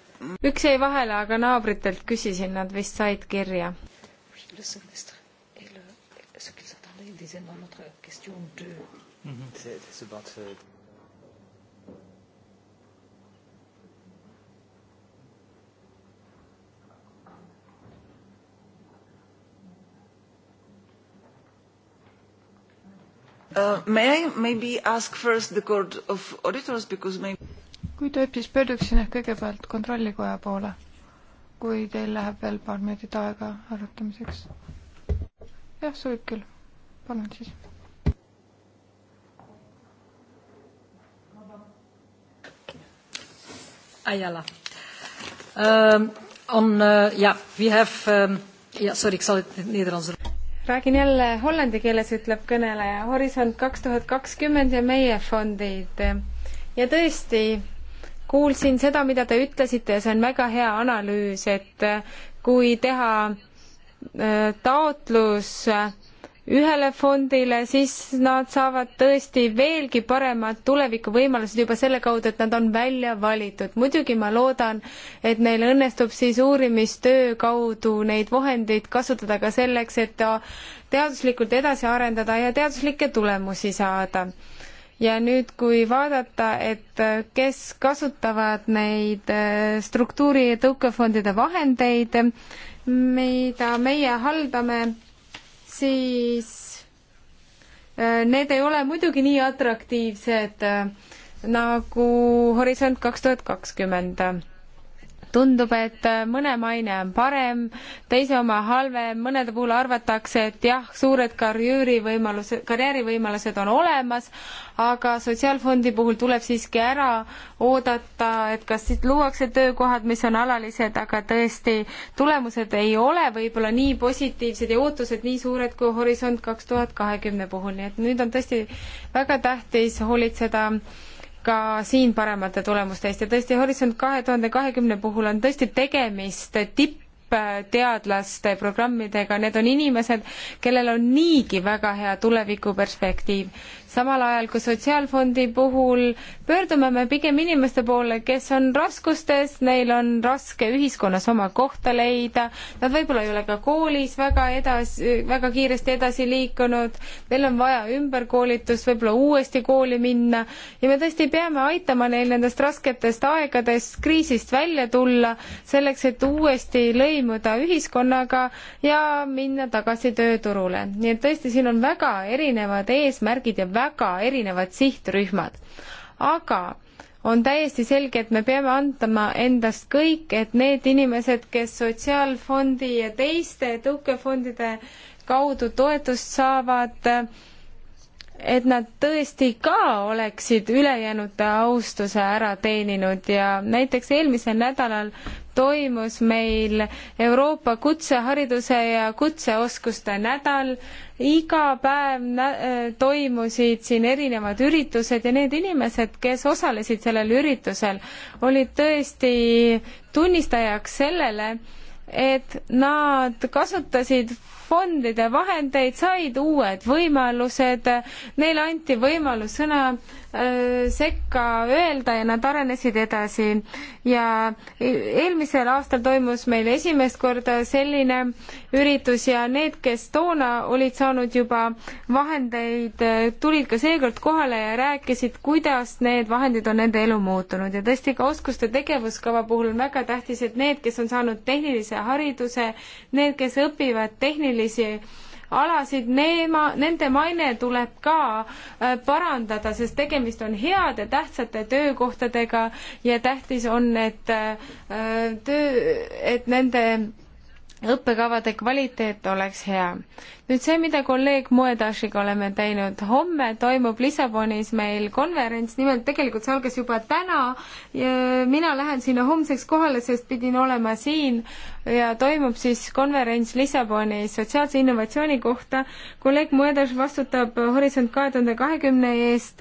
üks jäi vahele, aga naabritelt küsisin, nad vist said kirja. Listen this time disait dans notre question 2. Mm -hmm. It's about uh, Uh, may I maybe ask first the Court of Auditors because maybe kui tohib, siis pöörduksin ehk kõigepealt Kontrollikoja poole, kui teil läheb veel paar minutit aega arutamiseks. jah, sobib küll palun siis. Ayala. Um, on uh,, eh, yeah, we have um,, ehm, yeah, sorry, ik zal het Nederlands räägin jälle hollandi keeles, ütleb kõneleja, Horisont kaks tuhat kakskümmend ja meie fondid. ja tõesti, kuulsin seda, mida te ütlesite ja see on väga hea analüüs, et kui teha eh, taotlus äh, ühele fondile, siis nad saavad tõesti veelgi paremad tulevikuvõimalused juba selle kaudu, et nad on välja valitud. muidugi ma loodan, et neil õnnestub siis uurimistöö kaudu neid vahendeid kasutada ka selleks, et teaduslikult edasi arendada ja teaduslikke tulemusi saada. ja nüüd, kui vaadata, et kes kasutavad neid äh, struktuuri- ja tõukefondide vahendeid, mida meie haldame, siis äh, need ei ole muidugi nii atraktiivsed äh, nagu Horisont kaks tuhat kakskümmend tundub, et mõne maine on parem, teise oma halvem, mõnede puhul arvatakse, et jah, suured karjäärivõimalused, karjäärivõimalused on olemas, aga sotsiaalfondi puhul tuleb siiski ära oodata, et kas siit luuakse töökohad, mis on alalised, aga tõesti, tulemused ei ole võib-olla nii positiivsed ja ootused nii suured kui Horisont kaks tuhat kahekümne puhul, nii et nüüd on tõesti väga tähtis hoolitseda ka siin paremate tulemuste eest ja tõesti Horisont kahe tuhande kahekümne puhul on tõesti tegemist tipp tippteadlaste programmidega, need on inimesed, kellel on niigi väga hea tulevikuperspektiiv samal ajal kui Sotsiaalfondi puhul pöördume me pigem inimeste poole, kes on raskustes, neil on raske ühiskonnas oma kohta leida, nad võib-olla ei ole ka koolis väga edasi, väga kiiresti edasi liikunud, neil on vaja ümberkoolitust, võib-olla uuesti kooli minna ja me tõesti peame aitama neil nendest rasketest aegadest, kriisist välja tulla, selleks et uuesti lõimuda ühiskonnaga ja minna tagasi tööturule. nii et tõesti, siin on väga erinevad eesmärgid ja väga väga erinevad sihtrühmad. aga on täiesti selge, et me peame andma endast kõik, et need inimesed, kes Sotsiaalfondi ja teiste tõukefondide kaudu toetust saavad, et nad tõesti ka oleksid ülejäänute austuse ära teeninud ja näiteks eelmisel nädalal toimus meil Euroopa kutsehariduse ja kutseoskuste nädal. iga päev äh, toimusid siin erinevad üritused ja need inimesed, kes osalesid sellel üritusel, olid tõesti tunnistajaks sellele, et nad kasutasid fondide vahendeid, said uued võimalused, neile anti võimalus sõna äh, sekka öelda ja nad arenesid edasi. ja e-, eelmisel aastal toimus meil esimest korda selline üritus ja need, kes toona olid saanud juba vahendeid, äh, tulid ka seekord kohale ja rääkisid, kuidas need vahendid on nende elu muutunud ja tõesti ka oskuste tegevuskava puhul on väga tähtis, et need, kes on saanud tehnilise hariduse, need, kes õpivad tehnilisi geograafilisi alasid, neema, nende maine tuleb ka äh, parandada, sest tegemist on heade, tähtsate töökohtadega ja tähtis on, et äh, töö, et nende õppekavade kvaliteet oleks hea. nüüd see, mida kolleeg Moedashiga oleme teinud, homme toimub Lissabonis meil konverents, nimelt tegelikult see algas juba täna ja mina lähen sinna homseks kohale, sest pidin olema siin ja toimub siis konverents Lissabonis sotsiaalse innovatsiooni kohta. kolleeg Moedas vastutab Horisont kahe tuhande kahekümne eest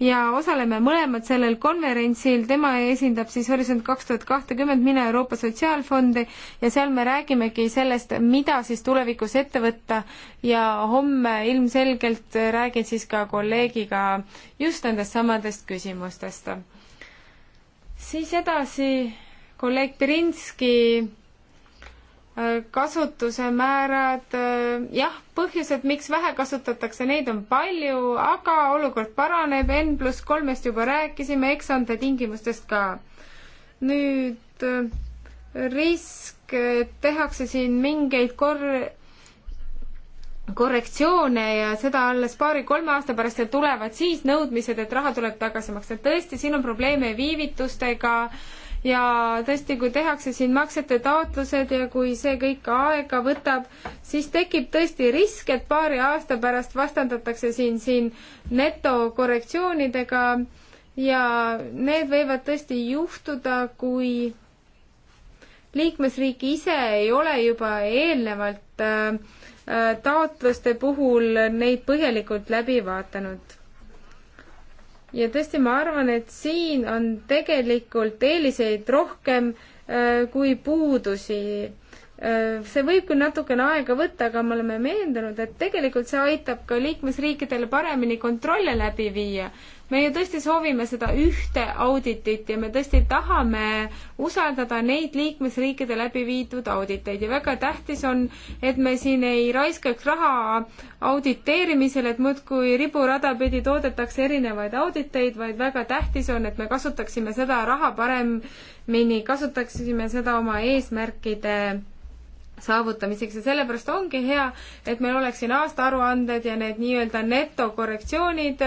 ja osaleme mõlemad sellel konverentsil, tema esindab siis Horisont kaks tuhat kahtekümmend, mina Euroopa Sotsiaalfondi ja seal me räägimegi sellest, mida siis tulevikus ette võtta ja homme ilmselgelt räägin siis ka kolleegiga just nendest samadest küsimustest siis edasi kolleeg Pirinski Äh, kasutuse määrad, äh, jah, põhjused, miks vähe kasutatakse, neid on palju, aga olukord paraneb, N pluss kolmest juba rääkisime, eks anda tingimustest ka. nüüd äh, risk, et tehakse siin mingeid kor-, korrektsioone ja seda alles paari-kolme aasta pärast ja tulevad siis nõudmised, et raha tuleb tagasi maksta. tõesti, siin on probleeme viivitustega äh,, ja tõesti, kui tehakse siin maksete taotlused ja kui see kõik aega võtab, siis tekib tõesti risk, et paari aasta pärast vastandatakse siin, siin netokorrektsioonidega ja need võivad tõesti juhtuda, kui liikmesriik ise ei ole juba eelnevalt äh, äh, taotluste puhul neid põhjalikult läbi vaatanud ja tõesti, ma arvan, et siin on tegelikult eeliseid rohkem äh, kui puudusi äh,. see võib küll natukene aega võtta, aga me oleme meenunud, et tegelikult see aitab ka liikmesriikidele paremini kontrolle läbi viia me ju tõesti soovime seda ühte auditit ja me tõesti tahame usaldada neid liikmesriikide läbi viidud auditeid ja väga tähtis on, et me siin ei raiskaks raha auditeerimisele, et muudkui riburada pidi toodetakse erinevaid auditeid, vaid väga tähtis on, et me kasutaksime seda raha paremini, kasutaksime seda oma eesmärkide saavutamiseks ja sellepärast ongi hea, et meil oleks siin aastaaruanded ja need nii-öelda netokorrektsioonid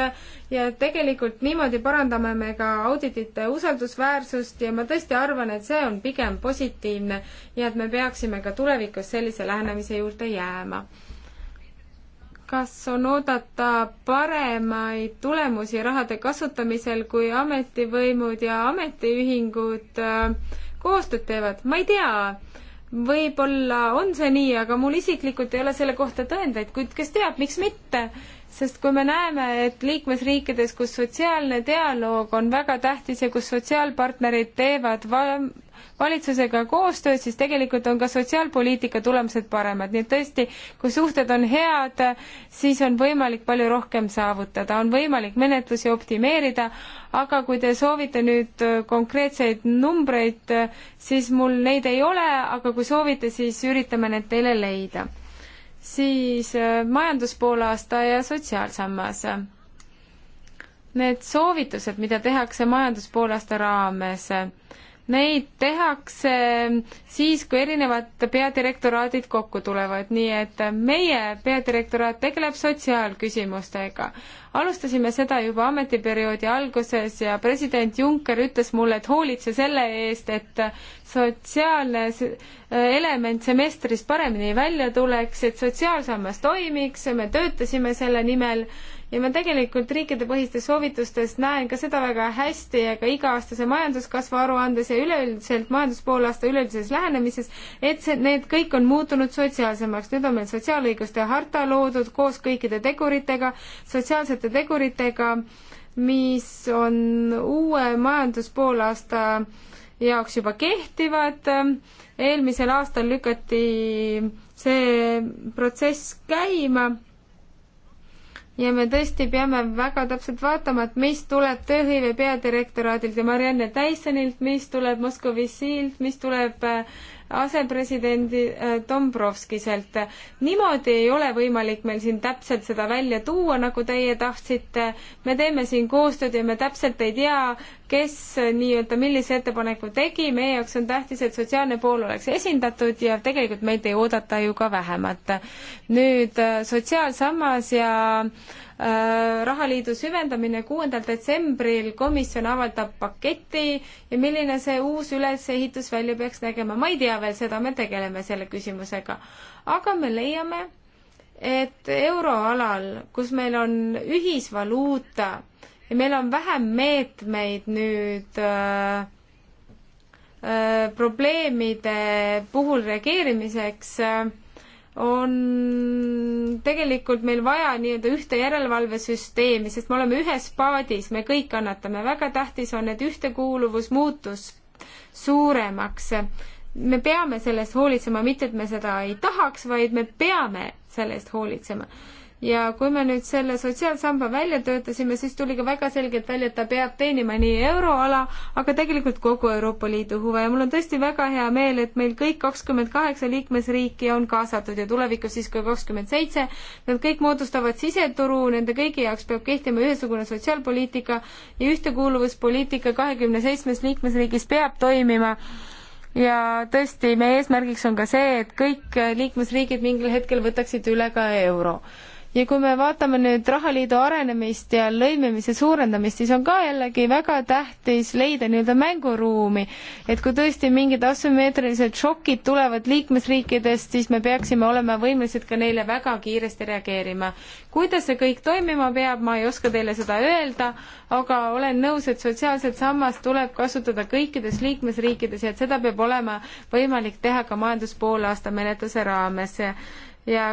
ja tegelikult niimoodi parandame me ka auditite usaldusväärsust ja ma tõesti arvan, et see on pigem positiivne ja et me peaksime ka tulevikus sellise lähenemise juurde jääma. kas on oodata paremaid tulemusi rahade kasutamisel, kui ametivõimud ja ametiühingud äh, koostööd teevad? ma ei tea võib-olla on see nii, aga mul isiklikult ei ole selle kohta tõendeid, kuid kes teab, miks mitte. sest kui me näeme, et liikmesriikides, kus sotsiaalne dialoog on väga tähtis ja kus sotsiaalpartnerid teevad valitsusega koostööd, siis tegelikult on ka sotsiaalpoliitika tulemused paremad, nii et tõesti, kui suhted on head, siis on võimalik palju rohkem saavutada, on võimalik menetlusi optimeerida, aga kui te soovite nüüd äh, konkreetseid numbreid, äh, siis mul neid ei ole, aga kui soovite, siis üritame need teile leida. siis äh, majanduspoolaasta ja sotsiaalsammas need soovitused, mida tehakse majanduspoolaasta raames, Neid tehakse siis, kui erinevad peadirektoraadid kokku tulevad, nii et meie peadirektoraat tegeleb sotsiaalküsimustega. alustasime seda juba ametiperioodi alguses ja president Juncker ütles mulle, et hoolitse selle eest, et sotsiaalne element semestris paremini välja tuleks, et sotsiaalsammas toimiks, me töötasime selle nimel ja ma tegelikult riikidepõhistes soovitustes näen ka seda väga hästi ja ka iga-aastase majanduskasvu aruandes ja üleüldiselt majanduspoolaasta üleüldises lähenemises, et see, need kõik on muutunud sotsiaalsemaks. nüüd on meil sotsiaalõiguste harta loodud koos kõikide teguritega, sotsiaalsete teguritega, mis on uue majanduspoolaasta jaoks juba kehtivad. eelmisel aastal lükati see protsess käima ja me tõesti peame väga täpselt vaatama, et mis tuleb tööhõive peadirektoraadilt ja Marianne Tysonilt, mis tuleb Moskva visiilt, mis tuleb äh, asepresidendi äh, Dombrovskiselt. niimoodi ei ole võimalik meil siin täpselt seda välja tuua, nagu teie tahtsite. me teeme siin koostööd ja me täpselt ei tea, kes äh, nii-öelda millise ettepaneku tegi, meie jaoks on tähtis, et sotsiaalne pool oleks esindatud ja tegelikult meilt ei oodata ju ka vähemat. nüüd äh, sotsiaalsammas ja äh, Äh, rahaliidu süvendamine kuuendal detsembril, komisjon avaldab paketi ja milline see uus ülesehitus välja peaks nägema, ma ei tea veel seda, me tegeleme selle küsimusega. aga me leiame, et euroalal, kus meil on ühisvaluuta ja meil on vähem meetmeid nüüd äh, äh, probleemide puhul reageerimiseks äh,, on tegelikult meil vaja nii-öelda ühte järelevalvesüsteemi, sest me oleme ühes paadis, me kõik kannatame. väga tähtis on, et ühtekuuluvus muutus suuremaks. me peame sellest hoolitsema, mitte et me seda ei tahaks, vaid me peame selle eest hoolitsema ja kui me nüüd selle sotsiaalsamba välja töötasime, siis tuli ka väga selgelt välja, et ta peab teenima nii euroala, aga tegelikult kogu Euroopa Liidu huve ja mul on tõesti väga hea meel, et meil kõik kakskümmend kaheksa liikmesriiki on kaasatud ja tulevikus siis ka kakskümmend seitse. Nad kõik moodustavad siseturu, nende kõigi jaoks peab kehtima ühesugune sotsiaalpoliitika ja ühtekuuluvuspoliitika kahekümne seitsmes liikmesriigis peab toimima ja tõesti, meie eesmärgiks on ka see, et kõik liikmesriigid mingil hetkel võtaksid üle ka euro ja kui me vaatame nüüd rahaliidu arenemist ja lõimimise suurendamist, siis on ka jällegi väga tähtis leida nii-öelda mänguruumi. et kui tõesti mingid asümmeetrilised šokid tulevad liikmesriikidest, siis me peaksime olema võimelised ka neile väga kiiresti reageerima. kuidas see kõik toimima peab, ma ei oska teile seda öelda, aga olen nõus, et sotsiaalset sammast tuleb kasutada kõikides liikmesriikides ja et seda peab olema võimalik teha ka majanduspoolaasta menetluse raames ja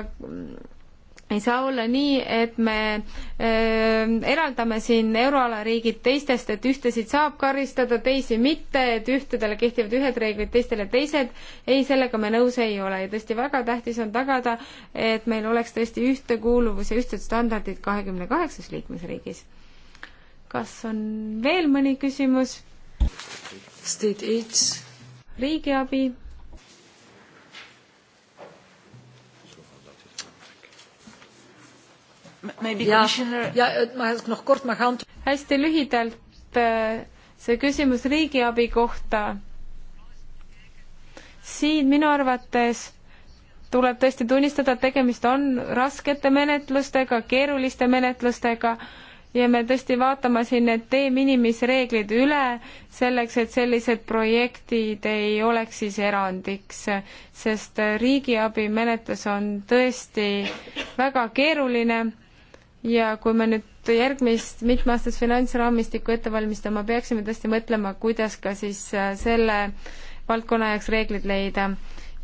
ei saa olla nii, et me äh, eraldame siin euroala riigid teistest, et ühtesid saab karistada, teisi mitte, et ühtedele kehtivad ühed reeglid, teistele teised. ei, sellega me nõus ei ole ja tõesti väga tähtis on tagada, et meil oleks tõesti ühtekuuluvus ja ühtsed standardid kahekümne kaheksas liikmesriigis. kas on veel mõni küsimus? riigiabi ja, ja ma noh, kord ma hand-. hästi lühidalt äh, see küsimus riigiabi kohta. siin minu arvates tuleb tõesti tunnistada, et tegemist on raskete menetlustega, keeruliste menetlustega ja me tõesti vaatame siin need de minimis reeglid üle, selleks et sellised projektid ei oleks siis erandiks, sest riigiabi menetlus on tõesti väga keeruline ja kui me nüüd järgmist mitmeaastast finantsraamistikku ette valmistama, peaksime tõesti mõtlema, kuidas ka siis äh, selle valdkonna jaoks reeglid leida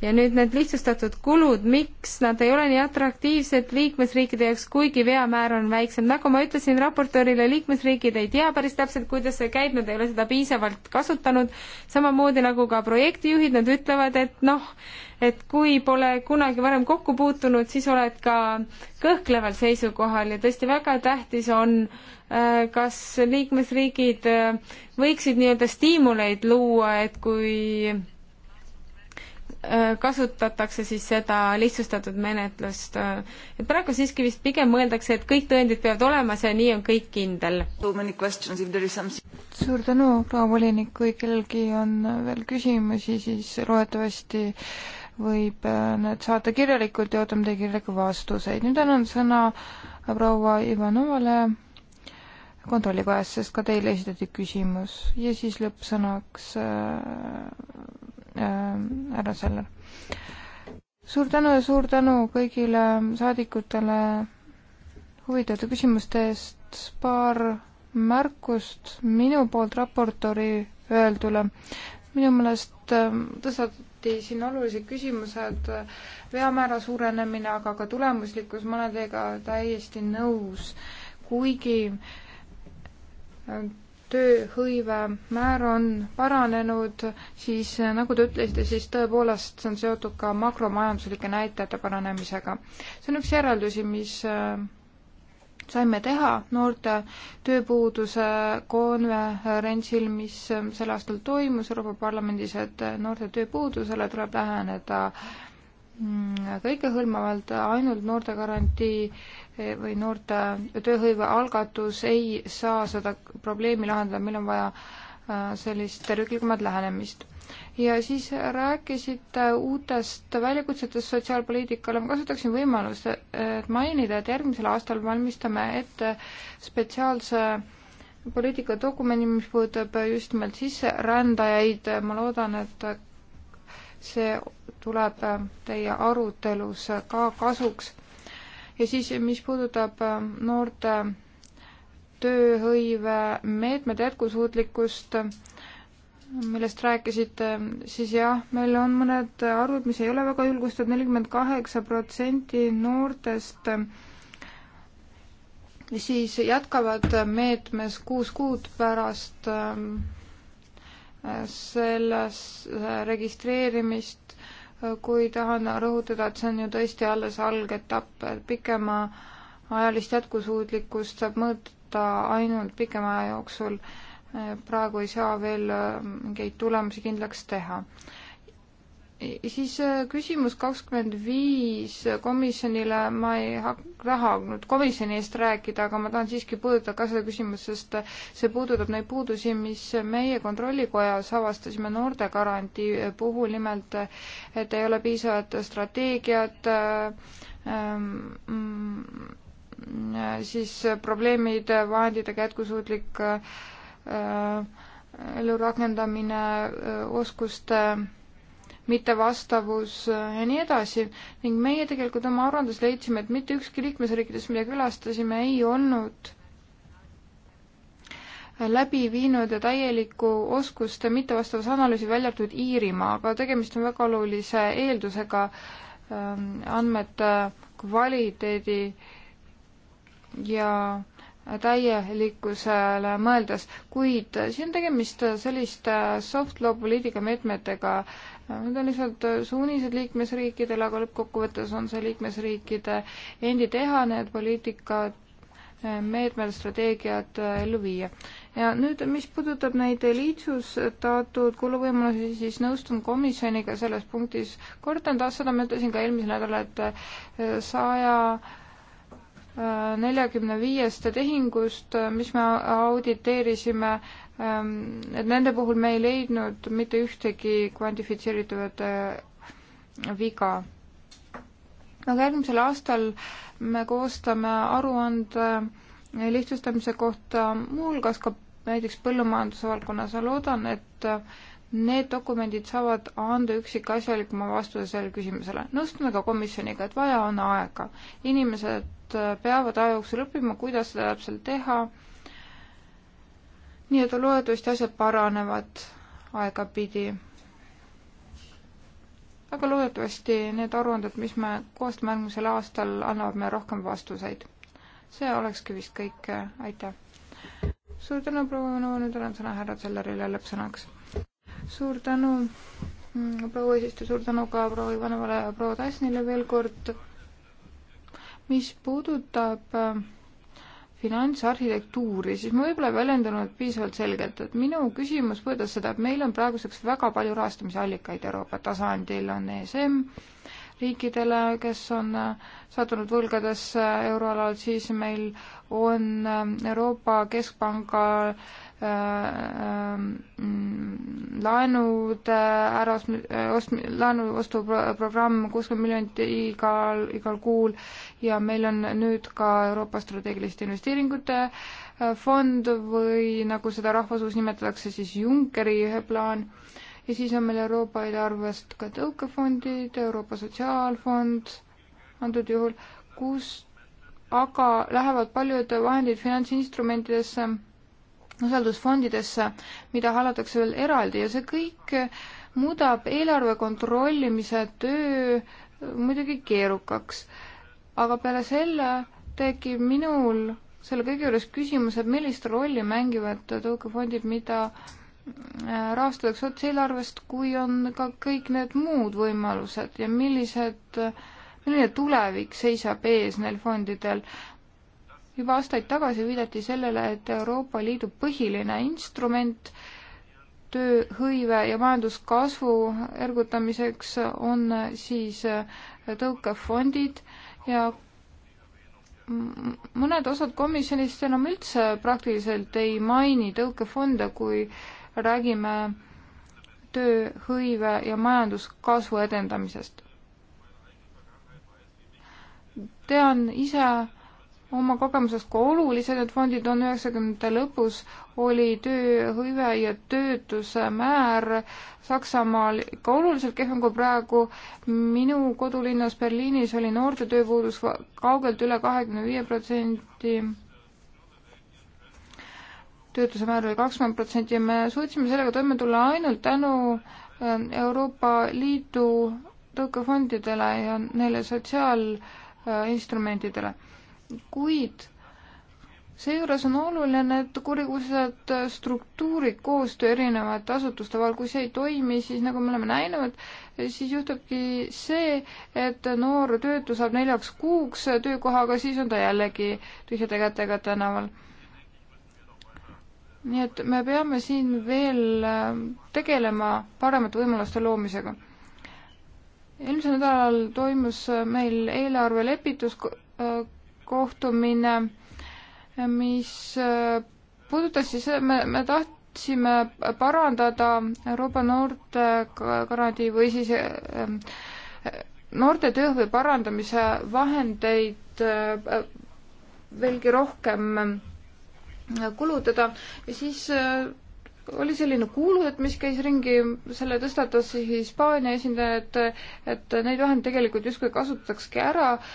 ja nüüd need lihtsustatud kulud, miks nad ei ole nii atraktiivsed liikmesriikide jaoks, kuigi veamäär on väiksem. nagu ma ütlesin raportöörile, liikmesriigid ei tea päris täpselt, kuidas see käib, nad ei ole seda piisavalt kasutanud. samamoodi nagu ka projektijuhid, nad ütlevad, et noh, et kui pole kunagi varem kokku puutunud, siis oled ka kõhkleval seisukohal ja tõesti väga tähtis on, äh, kas liikmesriigid äh, võiksid nii-öelda stiimuleid luua, et kui Äh, kasutatakse siis seda lihtsustatud menetlust. et praegu siiski vist pigem mõeldakse, et kõik tõendid peavad olemas ja nii on kõik kindel. suur tänu, proua volinik, kui kellelgi on veel küsimusi, siis loodetavasti võib äh, need saata kirjalikult ja ootame teie kirjalikke vastuseid. nüüd annan sõna proua Ivanovale kontrollikojast, sest ka teile esitati küsimus ja siis lõppsõnaks äh, Äh, härra Seller. suur tänu ja suur tänu kõigile saadikutele huvitavate küsimuste eest. paar märkust minu poolt raportori öeldule. minu meelest äh, tõstati siin olulised küsimused, äh, veamäära suurenemine, aga ka tulemuslikkus, ma olen teiega täiesti nõus, kuigi tööhõive määr on paranenud, siis nagu te ütlesite, siis tõepoolest see on seotud ka makromajanduslike näitajate paranemisega. see on üks järeldusi, mis äh, saime teha noorte tööpuuduse konverentsil, mis äh, sel aastal toimus Euroopa Parlamendis, et äh, noorte tööpuudusele tuleb läheneda äh, Mm, kõikehõlmavalt, ainult noortegarantii eh, või noorte tööhõive algatus ei saa seda probleemi lahendada, meil on vaja äh, sellist terviklikumat lähenemist. ja siis rääkisite uutest väljakutsetest sotsiaalpoliitikale, ma kasutaksin võimalust, et mainida, et järgmisel aastal valmistame ette spetsiaalse poliitikadokumendi, mis puudutab just nimelt sisserändajaid, ma loodan, et see tuleb äh, teie arutelus äh, ka kasuks. ja siis, äh, mis puudutab noorte tööhõive meetmete jätkusuutlikkust, millest rääkisite, siis jah, meil on mõned arvud, mis ei ole väga julgustavad, nelikümmend kaheksa protsenti noortest siis jätkavad meetmes kuus kuud pärast selles äh, registreerimist, äh, kui tahan rõhutada, et see on ju tõesti alles algetapp, pikemaajalist jätkusuutlikkust saab mõõta ainult pikema aja jooksul. Äh, praegu ei saa veel mingeid tulemusi kindlaks teha siis äh, küsimus kakskümmend viis komisjonile, ma ei taha nüüd komisjoni eest rääkida, aga ma tahan siiski puudutada ka seda küsimust, sest see puudutab neid puudusi, mis meie kontrollikojas avastasime noortegarantii puhul, nimelt et ei ole piisavat strateegiat ähm,, siis probleemid vahenditega jätkusuutlik äh, äh elu rakendamine, äh, oskuste äh, mittevastavus äh, ja nii edasi ning meie tegelikult oma aruandes leidsime, et mitte ükski liikmesriikides, mida külastasime, ei olnud läbi viinud täielikku oskuste mittevastavusanalüüsi välja arvatud Iirimaa, aga tegemist on väga olulise eeldusega ähm, andmete kvaliteedi ja täielikkusele mõeldes, kuid siin on tegemist selliste soft law poliitika meetmetega äh,, Need on lihtsalt äh, suunised liikmesriikidele, aga lõppkokkuvõttes on see liikmesriikide endi teha, need poliitikad, äh, meetmed, strateegiad äh, ellu viia. ja nüüd, mis puudutab neid lihtsustatud kuluvõimalusi, siis nõustun komisjoniga selles punktis. kordan taas seda, ma ütlesin ka eelmisel nädalal, et saja neljakümne viiest tehingust, mis me auditeerisime, Ähm, et nende puhul me ei leidnud mitte ühtegi kvantifitseeritavat äh, viga. aga järgmisel aastal me koostame aruande äh, lihtsustamise kohta muuhulgas ka näiteks põllumajanduse valdkonnas. ma loodan, et äh, need dokumendid saavad anda üksikasjalikuma vastuse sellele küsimusele. nõustume ka komisjoniga, et vaja on aega. inimesed peavad aja jooksul õppima, kuidas seda täpselt teha nii et loodetavasti asjad paranevad aegapidi. aga loodetavasti need aruanded, mis me koostame järgmisel aastal, annavad meile rohkem vastuseid. see olekski vist kõik, aitäh! suur tänu, proua Vanu, nüüd annan sõna härra Sellerile lõppsõnaks. suur tänu, mm, proua eesistuja, suur tänu ka proua Ivanovale ja proua Tassnile veel kord. mis puudutab äh, finantsarhitektuuri, siis ma võib-olla ei väljendanud piisavalt selgelt, et minu küsimus puudutas seda, et meil on praeguseks väga palju rahastamisallikaid Euroopa tasandil, on ESM riikidele, kes on äh, sattunud võlgadesse euroalal, siis meil on ähm, Euroopa Keskpanga äh, äh, laenude äraostmi- äh,, laenu ostuprogramm kuuskümmend miljonit igal, igal kuul äh,, ja meil on nüüd ka Euroopa strateegiliste investeeringute äh, fond või nagu seda rahvasuus nimetatakse, siis Junckeri plaan. ja siis on meil Euroopa eelarvest ka tõukefondid, Euroopa Sotsiaalfond antud juhul, kus aga lähevad paljud vahendid finantsinstrumentidesse, usaldusfondidesse, mida hallatakse veel eraldi ja see kõik muudab eelarve kontrollimise töö muidugi keerukaks aga peale selle tekib minul selle kõige juures küsimus, et millist rolli mängivad tõukefondid, mida äh, rahastatakse otse eelarvest, kui on ka kõik need muud võimalused ja millised, milline tulevik seisab ees neil fondidel. juba aastaid tagasi viidati sellele, et Euroopa Liidu põhiline instrument tööhõive ja majanduskasvu ergutamiseks on siis äh, tõukefondid äh, ja mõned osad komisjonist enam üldse praktiliselt ei maini tõukefonde, kui räägime tööhõive ja majanduskasvu edendamisest. tean ise oma kogemusest, kui olulised need fondid on, üheksakümnendate lõpus oli tööhõive ja töötuse määr Saksamaal ikka oluliselt kehvem kui praegu. minu kodulinnas Berliinis oli noorte tööpuudus kaugelt üle kahekümne viie protsendi. töötuse määr oli kakskümmend protsenti ja me suutsime sellega toime tulla ainult tänu ähm, Euroopa Liidu tõukefondidele ja neile sotsiaalinstrumentidele äh, kuid seejuures on oluline, et kurikuulsad struktuurid, koostöö erinevate asutuste vahel, kui see ei toimi, siis nagu me oleme näinud, siis juhtubki see, et noor töötu saab neljaks kuuks töökohaga, siis on ta jällegi tühjade kätega tänaval. nii et me peame siin veel äh, tegelema paremate võimaluste loomisega. eelmisel nädalal toimus meil eelarvelepitus äh, kohtumine, mis äh, puudutas siis, me, me tahtsime parandada Euroopa noortegarantii või siis äh, äh, noorte tööhõive parandamise vahendeid veelgi rohkem kulutada ja siis oli selline kuulujutt, mis käis ringi, selle tõstatas Hispaania esindaja, et, et neid vahendeid tegelikult justkui kasutakski ära äh,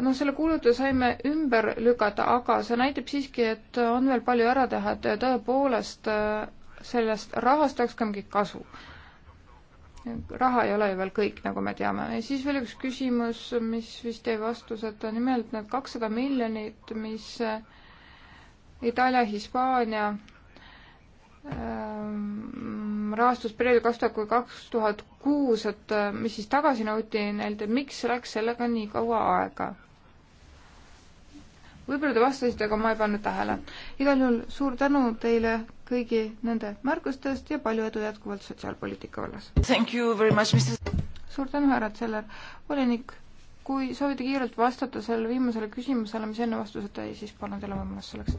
noh, selle kuulutuse saime ümber lükata, aga see näitab siiski, et on veel palju ära teha, et tõepoolest äh, sellest rahast oleks ka mingit kasu. raha ei ole ju veel kõik, nagu me teame. ja siis veel üks küsimus, mis vist jäi vastuseta, nimelt need kakssada miljonit, mis äh, Itaalia, Hispaania Ehm, rahastusperioodi kaks tuhat kui kaks tuhat kuus, et äh, mis siis tagasi nõuti neilt, et miks läks sellega nii kaua aega? võib-olla te vastasite, aga ma ei pannud tähele. igal juhul suur tänu teile kõigi nende märkustest ja palju edu jätkuvalt sotsiaalpoliitika vallas! suur tänu, härra Zeller, volinik kui soovite kiirelt vastata sellele viimasele küsimusele, mis enne vastuseta jäi, siis palun teile võimalus selleks.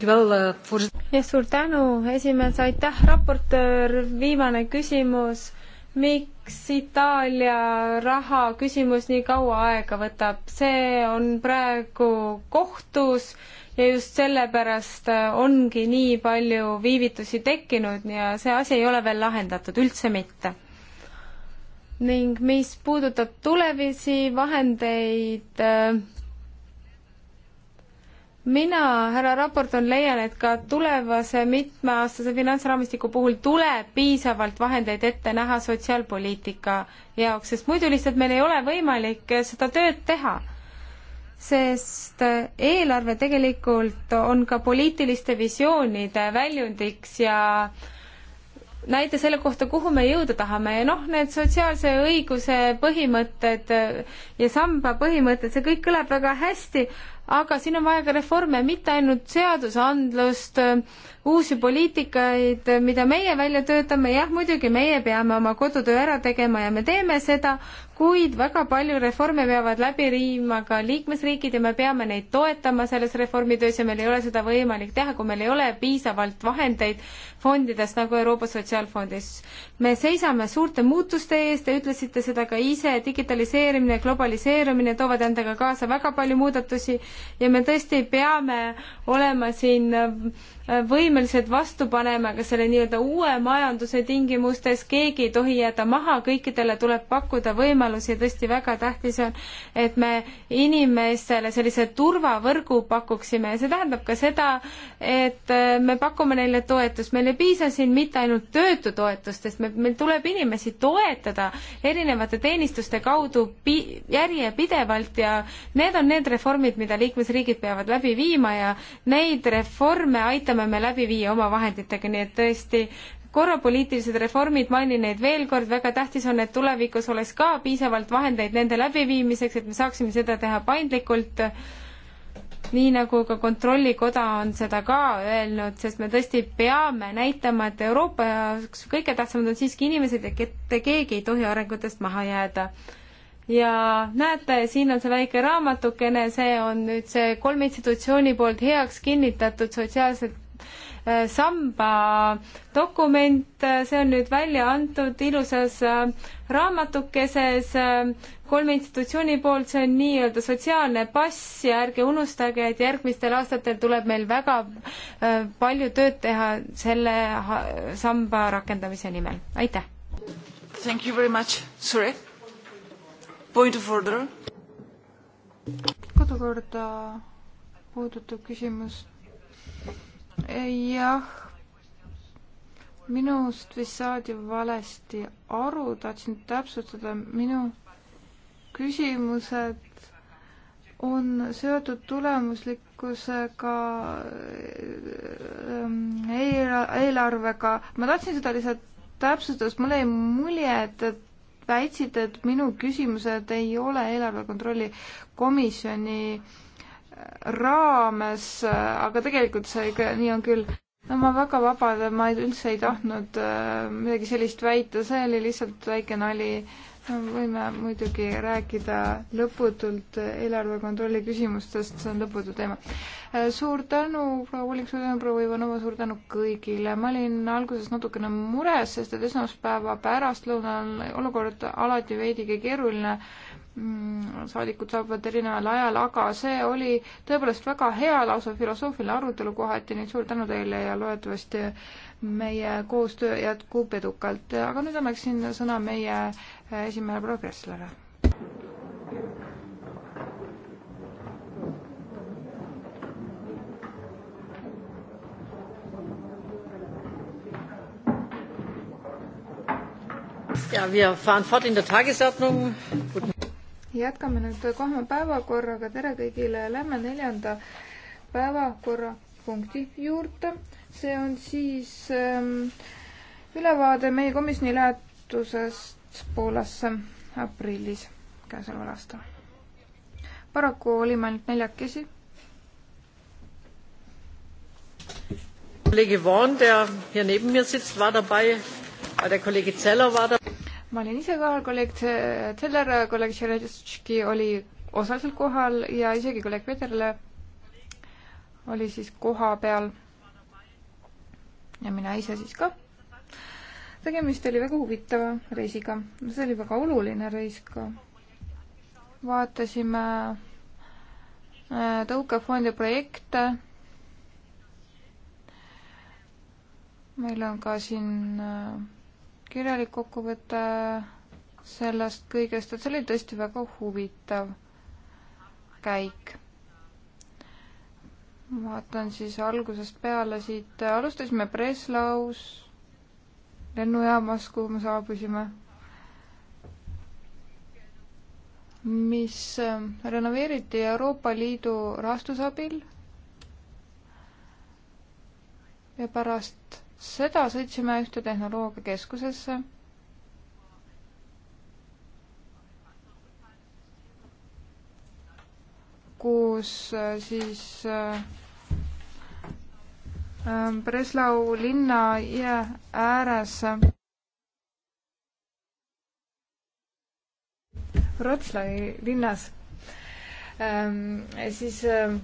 jah, suur tänu, esimees, aitäh, raportöör, viimane küsimus. miks Itaalia raha küsimus nii kaua aega võtab? see on praegu kohtus ja just sellepärast äh, ongi nii palju viivitusi tekkinud ja see asi ei ole veel lahendatud, üldse mitte ning mis puudutab tulevisi vahendeid, äh, mina, härra Raporton, leian, et ka tulevase mitmeaastase finantsraamistiku puhul tuleb piisavalt vahendeid ette näha sotsiaalpoliitika jaoks, sest muidu lihtsalt meil ei ole võimalik seda tööd teha. sest äh, eelarve tegelikult on ka poliitiliste visioonide väljundiks ja äh, näite selle kohta, kuhu me jõuda tahame ja noh, need sotsiaalse õiguse põhimõtted ja samba põhimõtted, see kõik kõlab väga hästi, aga siin on vaja ka reforme, mitte ainult seadusandlust äh,, uusi poliitikaid, mida meie välja töötame, jah, muidugi meie peame oma kodutöö ära tegema ja me teeme seda, kuid väga palju reforme peavad läbi viima ka liikmesriigid ja me peame neid toetama selles reformitöös ja meil ei ole seda võimalik teha, kui meil ei ole piisavalt vahendeid fondidest nagu Euroopa Sotsiaalfondis. me seisame suurte muutuste eest, te ütlesite seda ka ise, digitaliseerimine, globaliseerumine toovad endaga kaasa väga palju muudatusi ja me tõesti peame olema siin äh, võimelised võimelised vastu panema ka selle nii-öelda uue majanduse tingimustes, keegi ei tohi jääda maha, kõikidele tuleb pakkuda võimalusi ja tõesti väga tähtis on, et me inimestele sellise turvavõrgu pakuksime ja see tähendab ka seda, et äh, me pakume neile toetust, meil ei piisa siin mitte ainult töötutoetustest, meil tuleb inimesi toetada erinevate teenistuste kaudu pi-, järjepidevalt ja need on need reformid, mida liikmesriigid peavad läbi viima ja neid reforme aitame me läbi läbi viia oma vahenditega, nii et tõesti korra poliitilised reformid, mainin neid veel kord, väga tähtis on, et tulevikus oleks ka piisavalt vahendeid nende läbiviimiseks, et me saaksime seda teha paindlikult, nii nagu ka Kontrollikoda on seda ka öelnud, sest me tõesti peame näitama, et Euroopa jaoks kõige tähtsamad on siiski inimesed ja mitte keegi ei tohi arengutest maha jääda ja näete, siin on see väike raamatukene, see on nüüd see kolme institutsiooni poolt heaks kinnitatud sotsiaalselt samba dokument, see on nüüd välja antud ilusas äh, raamatukeses äh, kolme institutsiooni poolt, see on nii-öelda sotsiaalne pass ja ärge unustage, et järgmistel aastatel tuleb meil väga äh, palju tööd teha selle samba rakendamise nimel, aitäh! Thank you very much, sorry, point of order. kodukorda puudutab küsimus jah, minust vist saadi valesti aru, tahtsin täpsustada, minu küsimused on seotud tulemuslikkusega ehm, eelarvega. ma tahtsin seda lihtsalt täpsustada, sest mulle jäi mulje, et, et väitsite, et minu küsimused ei ole eelarve kontrolli komisjoni äh, raames, aga tegelikult see ikka nii on küll. no ma väga vabandan, ma ei, üldse ei tahtnud äh, midagi sellist väita, see oli lihtsalt väike nali. no võime muidugi rääkida lõputult eelarve kontrolli küsimustest, see on lõputu teema. Äh, suur tänu, proua Kullik, suur tänu, proua Ivanova, suur tänu kõigile. ma olin alguses natukene mures, sest et esmaspäeva pärastlõunal olukord alati veidike keeruline Mm, saadikud saabuvad erineval ajal, aga see oli tõepoolest väga hea lausa filosoofiline arutelu kohati, nii et suur tänu teile ja loodetavasti meie koostöö jätkub edukalt. aga nüüd annaksin sõna meie eh, esimehele proua Kresslale. ja, wir fahren fort in der Tagesordnung. Guten jätkame nüüd kahe päevakorraga, tere kõigile, lähme neljanda päevakorrapunkti juurde. see on siis ähm, ülevaade meie komisjoni lähetusest Poolasse aprillis käesoleval aastal. paraku olime ainult neljakesi. kolleeg Yvonne, der hier neben mir sitzt, war dabei, der kolleeg Zeller war dabei ma olin ise kohal, kolleeg Zeller, kolleeg Tšeretški oli osaliselt kohal ja isegi kolleeg Peterle oli siis koha peal. ja mina ise siis ka. tegemist oli väga huvitava reisiga, see oli väga oluline reis ka. vaatasime äh, tõukefondi projekte. meil on ka siin äh, kirjalik kokkuvõte sellest kõigest, et see oli tõesti väga huvitav käik. vaatan siis algusest peale siit, alustasime Breslaus, lennujaamas, kuhu me saabusime, mis äh, renoveeriti Euroopa Liidu rahastusabil ja pärast seda sõitsime ühte tehnoloogiakeskusesse kus äh, siis äh, ähm, Breslau linna jää ääres Wroclawi linnas ähm, siis äh,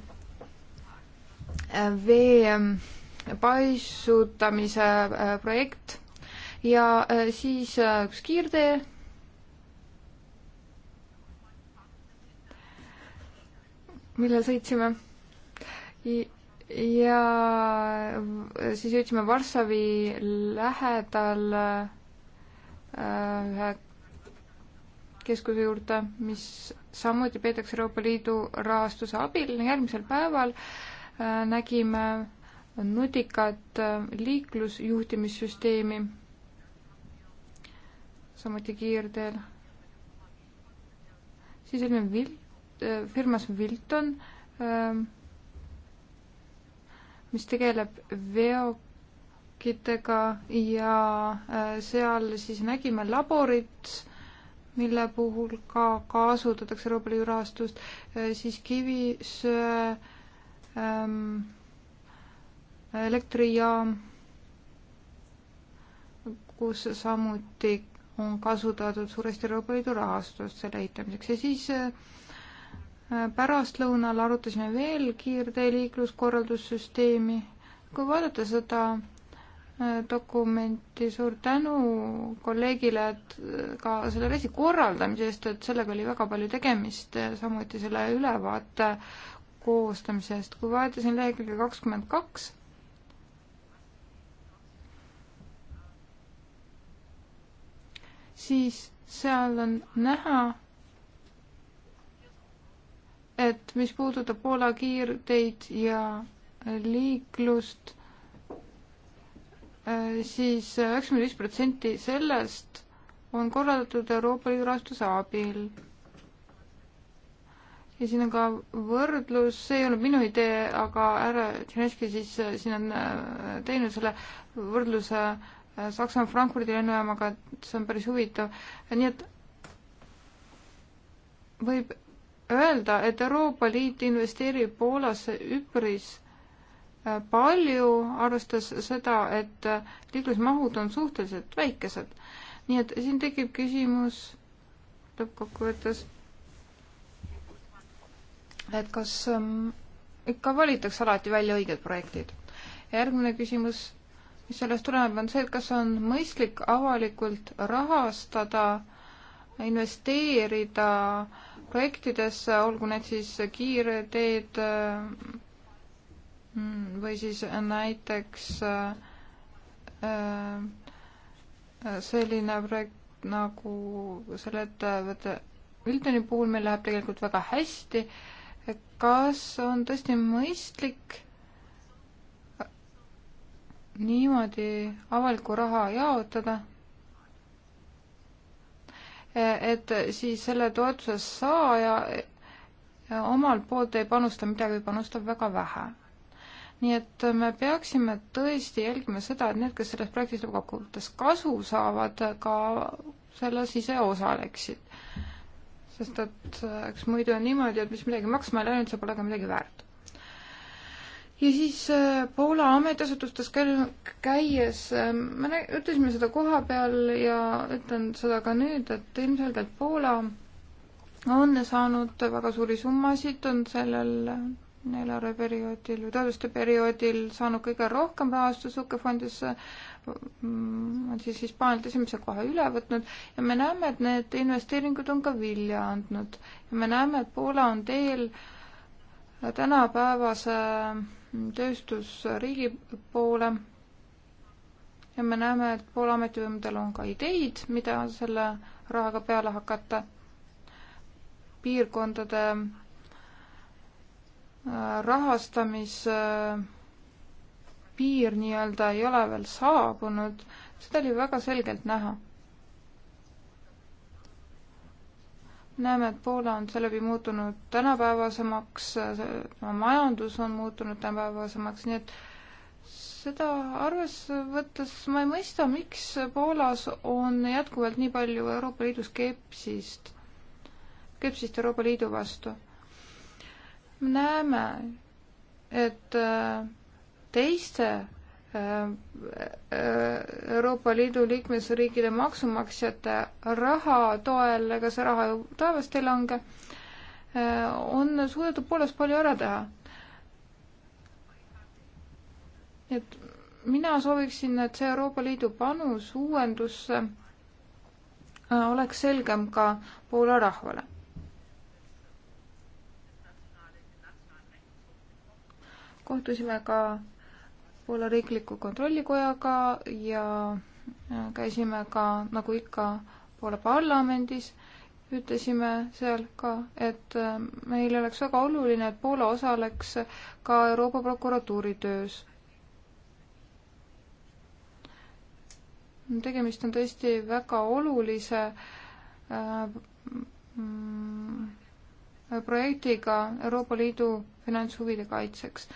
vee ähm, paisutamise äh, projekt ja äh, siis äh, üks kiirtee. millel sõitsime. ja siis jõudsime Varssavi lähedal ühe keskuse juurde, mis samuti peetakse Euroopa Liidu rahastuse abil. järgmisel päeval nägime nutikat äh, liiklusjuhtimissüsteemi, samuti kiirteel. siis oli meil Vil-, äh, firmas Wilton, ähm, mis tegeleb veokitega ja äh, seal siis nägime laborit, mille puhul ka kasutatakse Euroopa Liidu rahastust, siis kivisöe ähm, elektrijaam, kus samuti on kasutatud suuresti Euroopa Liidu rahastust selle ehitamiseks ja siis äh, pärastlõunal arutasime veel kiirtee liikluskorraldussüsteemi. kui vaadata seda äh, dokumenti, suur tänu kolleegile, et äh, ka selle reisi korraldamise eest, et sellega oli väga palju tegemist, samuti selle ülevaate koostamise eest. kui vaatasin lehekülge kakskümmend kaks, siis seal on näha, et mis puudutab Poola kiirteid ja liiklust, äh, siis üheksakümmend viis protsenti sellest on korraldatud Euroopa Liidu rahastuse abil. ja siin on ka võrdlus, see ei olnud minu idee, aga härra Tšerneski siis äh, siin on äh, teinud selle võrdluse äh, Saksamaa Frankfurdi lennujaamaga, et see on päris huvitav. nii et võib öelda, et Euroopa Liit investeerib Poolasse üpris äh, palju, arvestades seda, et äh, liiklusmahud on suhteliselt väikesed. nii et siin tekib küsimus lõppkokkuvõttes, et kas ähm, ikka valitakse alati välja õiged projektid. järgmine küsimus mis sellest tuleneb, on see, et kas on mõistlik avalikult rahastada, investeerida projektidesse, olgu need siis kiirteed mm, või siis näiteks äh, äh, selline projekt nagu selle ettevõtte Wiltoni puhul meil läheb tegelikult väga hästi. kas on tõesti mõistlik niimoodi avalikku raha jaotada, e, et siis selle toetuse saaja e, omalt poolt ei panusta midagi või panustab väga vähe. nii et me peaksime tõesti jälgima seda, et need, kes sellest projektist lõppkokkuvõttes kasu saavad, ka selles ise osaleksid. sest et eks muidu on niimoodi, et mis midagi maksma ei läinud, see pole ka midagi väärt ja siis äh, Poola ametiasutustes käies äh, me ütlesime seda koha peal ja ütlen seda ka nüüd, et ilmselgelt Poola on saanud väga suuri summasid, on sellel eelarveperioodil või toetuste perioodil saanud kõige rohkem rahastust hukefondisse, mm, on siis Hispaanialt esimese koha üle võtnud ja me näeme, et need investeeringud on ka vilja andnud ja me näeme, et Poola on teel tänapäevase äh, tööstusriigi poole. ja me näeme, et Poola ametivõimudel on ka ideid, mida selle rahaga peale hakata. piirkondade äh, rahastamise äh, piir nii-öelda ei ole veel saabunud, seda oli väga selgelt näha näeme, et Poola on seeläbi muutunud tänapäevasemaks, majandus on muutunud tänapäevasemaks, nii et seda arvesse võttes ma ei mõista, miks Poolas on jätkuvalt nii palju Euroopa Liidu skepsist, skepsist Euroopa Liidu vastu. me näeme, et äh, teiste Euroopa Liidu liikmesriikide maksumaksjate raha toel, ega see raha ju taevast ei lange, on suudetud poolest palju ära teha. et mina sooviksin, et see Euroopa Liidu panus uuendusse äh, oleks selgem ka Poola rahvale. kohtusime ka Poola riikliku kontrollikojaga ja äh, käisime ka, nagu ikka, Poola parlamendis, ütlesime seal ka, et äh, meil oleks väga oluline, et Poola osaleks ka Euroopa prokuratuuri töös. tegemist on tõesti väga olulise äh, mm, projektiga Euroopa Liidu finantshuvide kaitseks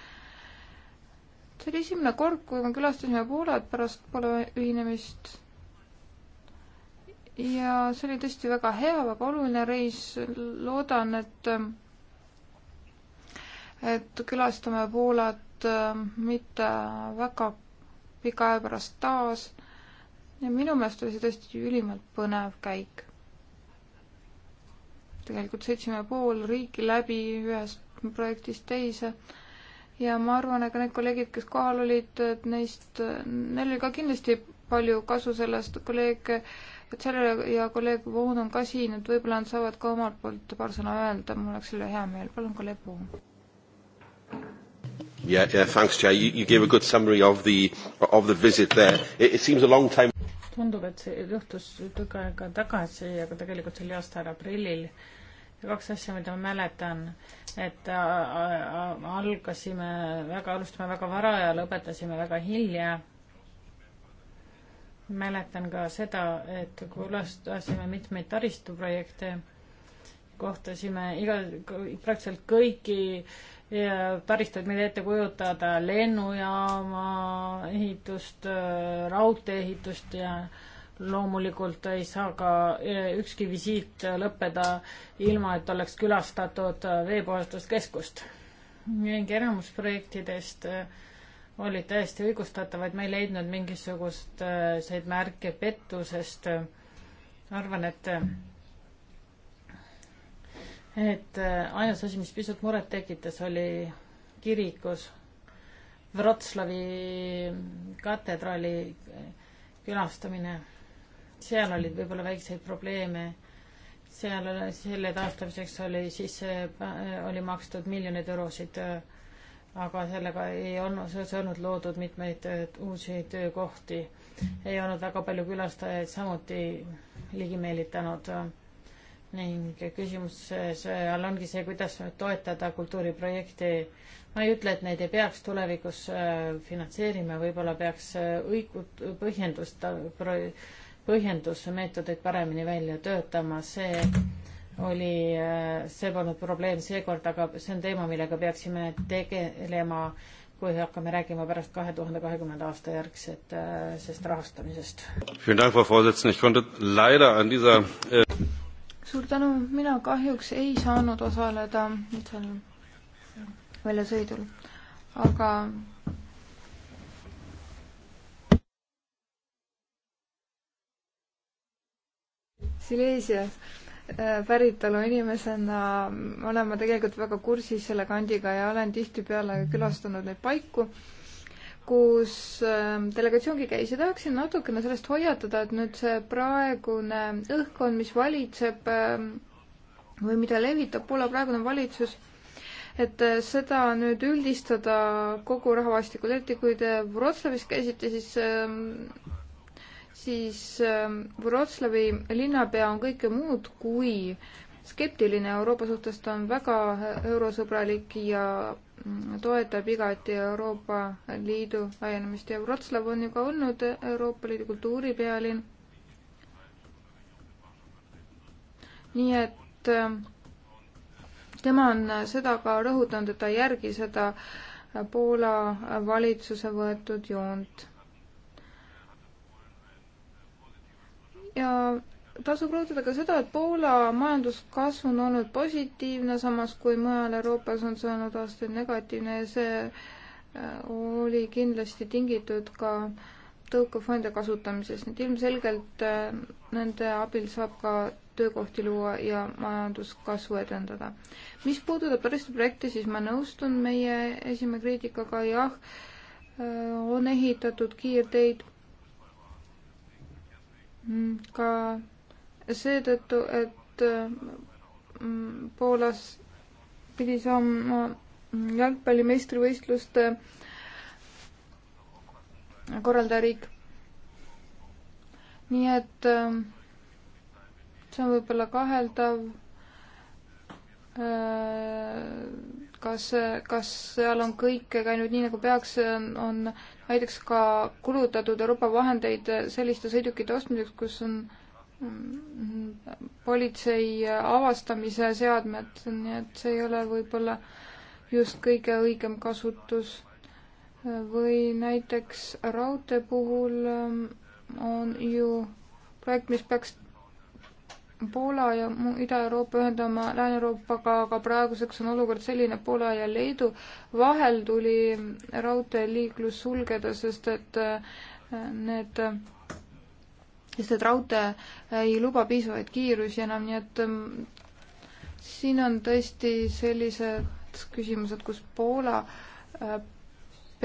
see oli esimene kord, kui me külastasime Poolat pärast Poola ühinemist. ja see oli tõesti väga hea, väga oluline reis. loodan, et, et külastame Poolat äh, mitte väga pika aja pärast taas. ja minu meelest oli see tõesti ülimalt põnev käik. tegelikult sõitsime pool riiki läbi ühest projektist teise ja ma arvan, et ka need kolleegid, kes kohal olid, et neist, neil oli ka kindlasti palju kasu sellest, kolleeg Tseller ja kolleeg Voon on ka siin, et võib-olla nad saavad ka omalt poolt paar sõna öelda, mul oleks selle hea meel, palun kolleeg Voon. Yeah, yeah, thanks, Chair. You, you gave a good summary of the of the visit there. It, it seems a long time. tundub, et see juhtus tükk aega tagasi, aga tegelikult see oli aasta ära aprillil kaks asja, mida ma mäletan, et äh, äh, äh, algasime väga, alustame väga vara ja lõpetasime väga hilja. mäletan ka seda, et külastasime mitmeid taristuprojekte, kohtasime iga, praktiliselt kõiki taristuid, mida ette kujutada, lennujaama ehitust, raudtee ehitust ja äh, loomulikult ei saa ka eh, ükski visiit lõppeda ilma, et oleks külastatud eh, veepuhastuskeskust. ning enamusprojektidest eh, olid täiesti õigustatavad, ma ei leidnud mingisugust selliseid märke pettusest. arvan, et et ainus asi, mis pisut muret tekitas, oli kirikus Wroclawi katedraali külastamine seal oli võib-olla väikseid probleeme. seal, selle taastamiseks oli sisse, oli makstud miljoneid eurosid, aga sellega ei olnud, selles ei olnud loodud mitmeid uusi töökohti. ei olnud väga palju külastajaid samuti ligi meelitanud ning küsimus seal ongi see, kuidas nüüd toetada kultuuriprojekti. ma ei ütle, et neid ei peaks tulevikus äh, finantseerima, võib-olla peaks äh, õigut põhjendust äh, põhjendusmeetodeid paremini välja töötama, see oli, äh, see polnud probleem seekord, aga see on teema, millega peaksime tegelema, kui hakkame rääkima pärast kahe tuhande kahekümnenda aasta järgset, äh, sest rahastamisest. Äh, suur tänu, mina kahjuks ei saanud osaleda sellel väljasõidul, aga Sileesias äh, päritolu inimesena olen ma tegelikult väga kursis selle kandiga ja olen tihtipeale külastanud neid paiku, kus ähm, delegatsioongi käis ja tahaksin natukene sellest hoiatada, et nüüd see praegune õhkkond, mis valitseb ähm, või mida levitab Poola praegune valitsus, et äh, seda nüüd üldistada kogu rahvastikul, eriti kui te Wroclawis käisite, siis ähm, siis Vroclavi ähm, linnapea on kõike muud kui skeptiline Euroopa suhtes, ta on väga eurosõbralik ja mm, toetab igati Euroopa Liidu laienemist ja Vroclav on ju ka olnud Euroopa Liidu kultuuripealinn. nii et ähm, tema on seda ka rõhutanud, et ta ei järgi seda Poola valitsuse võetud joont ja tasub rõhutada ka seda, et Poola majanduskasv on olnud positiivne, samas kui mujal Euroopas on see olnud aastaid negatiivne ja see äh, oli kindlasti tingitud ka tõukefonde kasutamisest, nii et ilmselgelt äh, nende abil saab ka töökohti luua ja majanduskasvu edendada. mis puudutab taristuprojekte, siis ma nõustun meie esimene kriitikaga, jah, äh, on ehitatud kiirteid ka seetõttu, et mm, Poolas pidi saama jalgpalli meistrivõistluste korraldajariik. nii et mm, see on võib-olla kaheldav. Äh, kas, kas seal on kõik käinud nii, nagu peaks, on näiteks ka kulutatud Euroopa vahendeid selliste sõidukite ostmiseks, kus on mm, politsei avastamise seadmed, nii et see ei ole võib-olla just kõige õigem kasutus. või näiteks raudtee puhul mm, on ju projekt, mis peaks Poola ja Ida-Euroopa ühendama Lääne-Euroopaga, aga praeguseks on olukord selline, et Poola ja Leedu vahel tuli raudteeliiklus sulgeda, sest et äh, need, sest et raudtee ei luba piisavaid kiirusi enam, nii et mm, siin on tõesti sellised küsimused, kus Poola äh,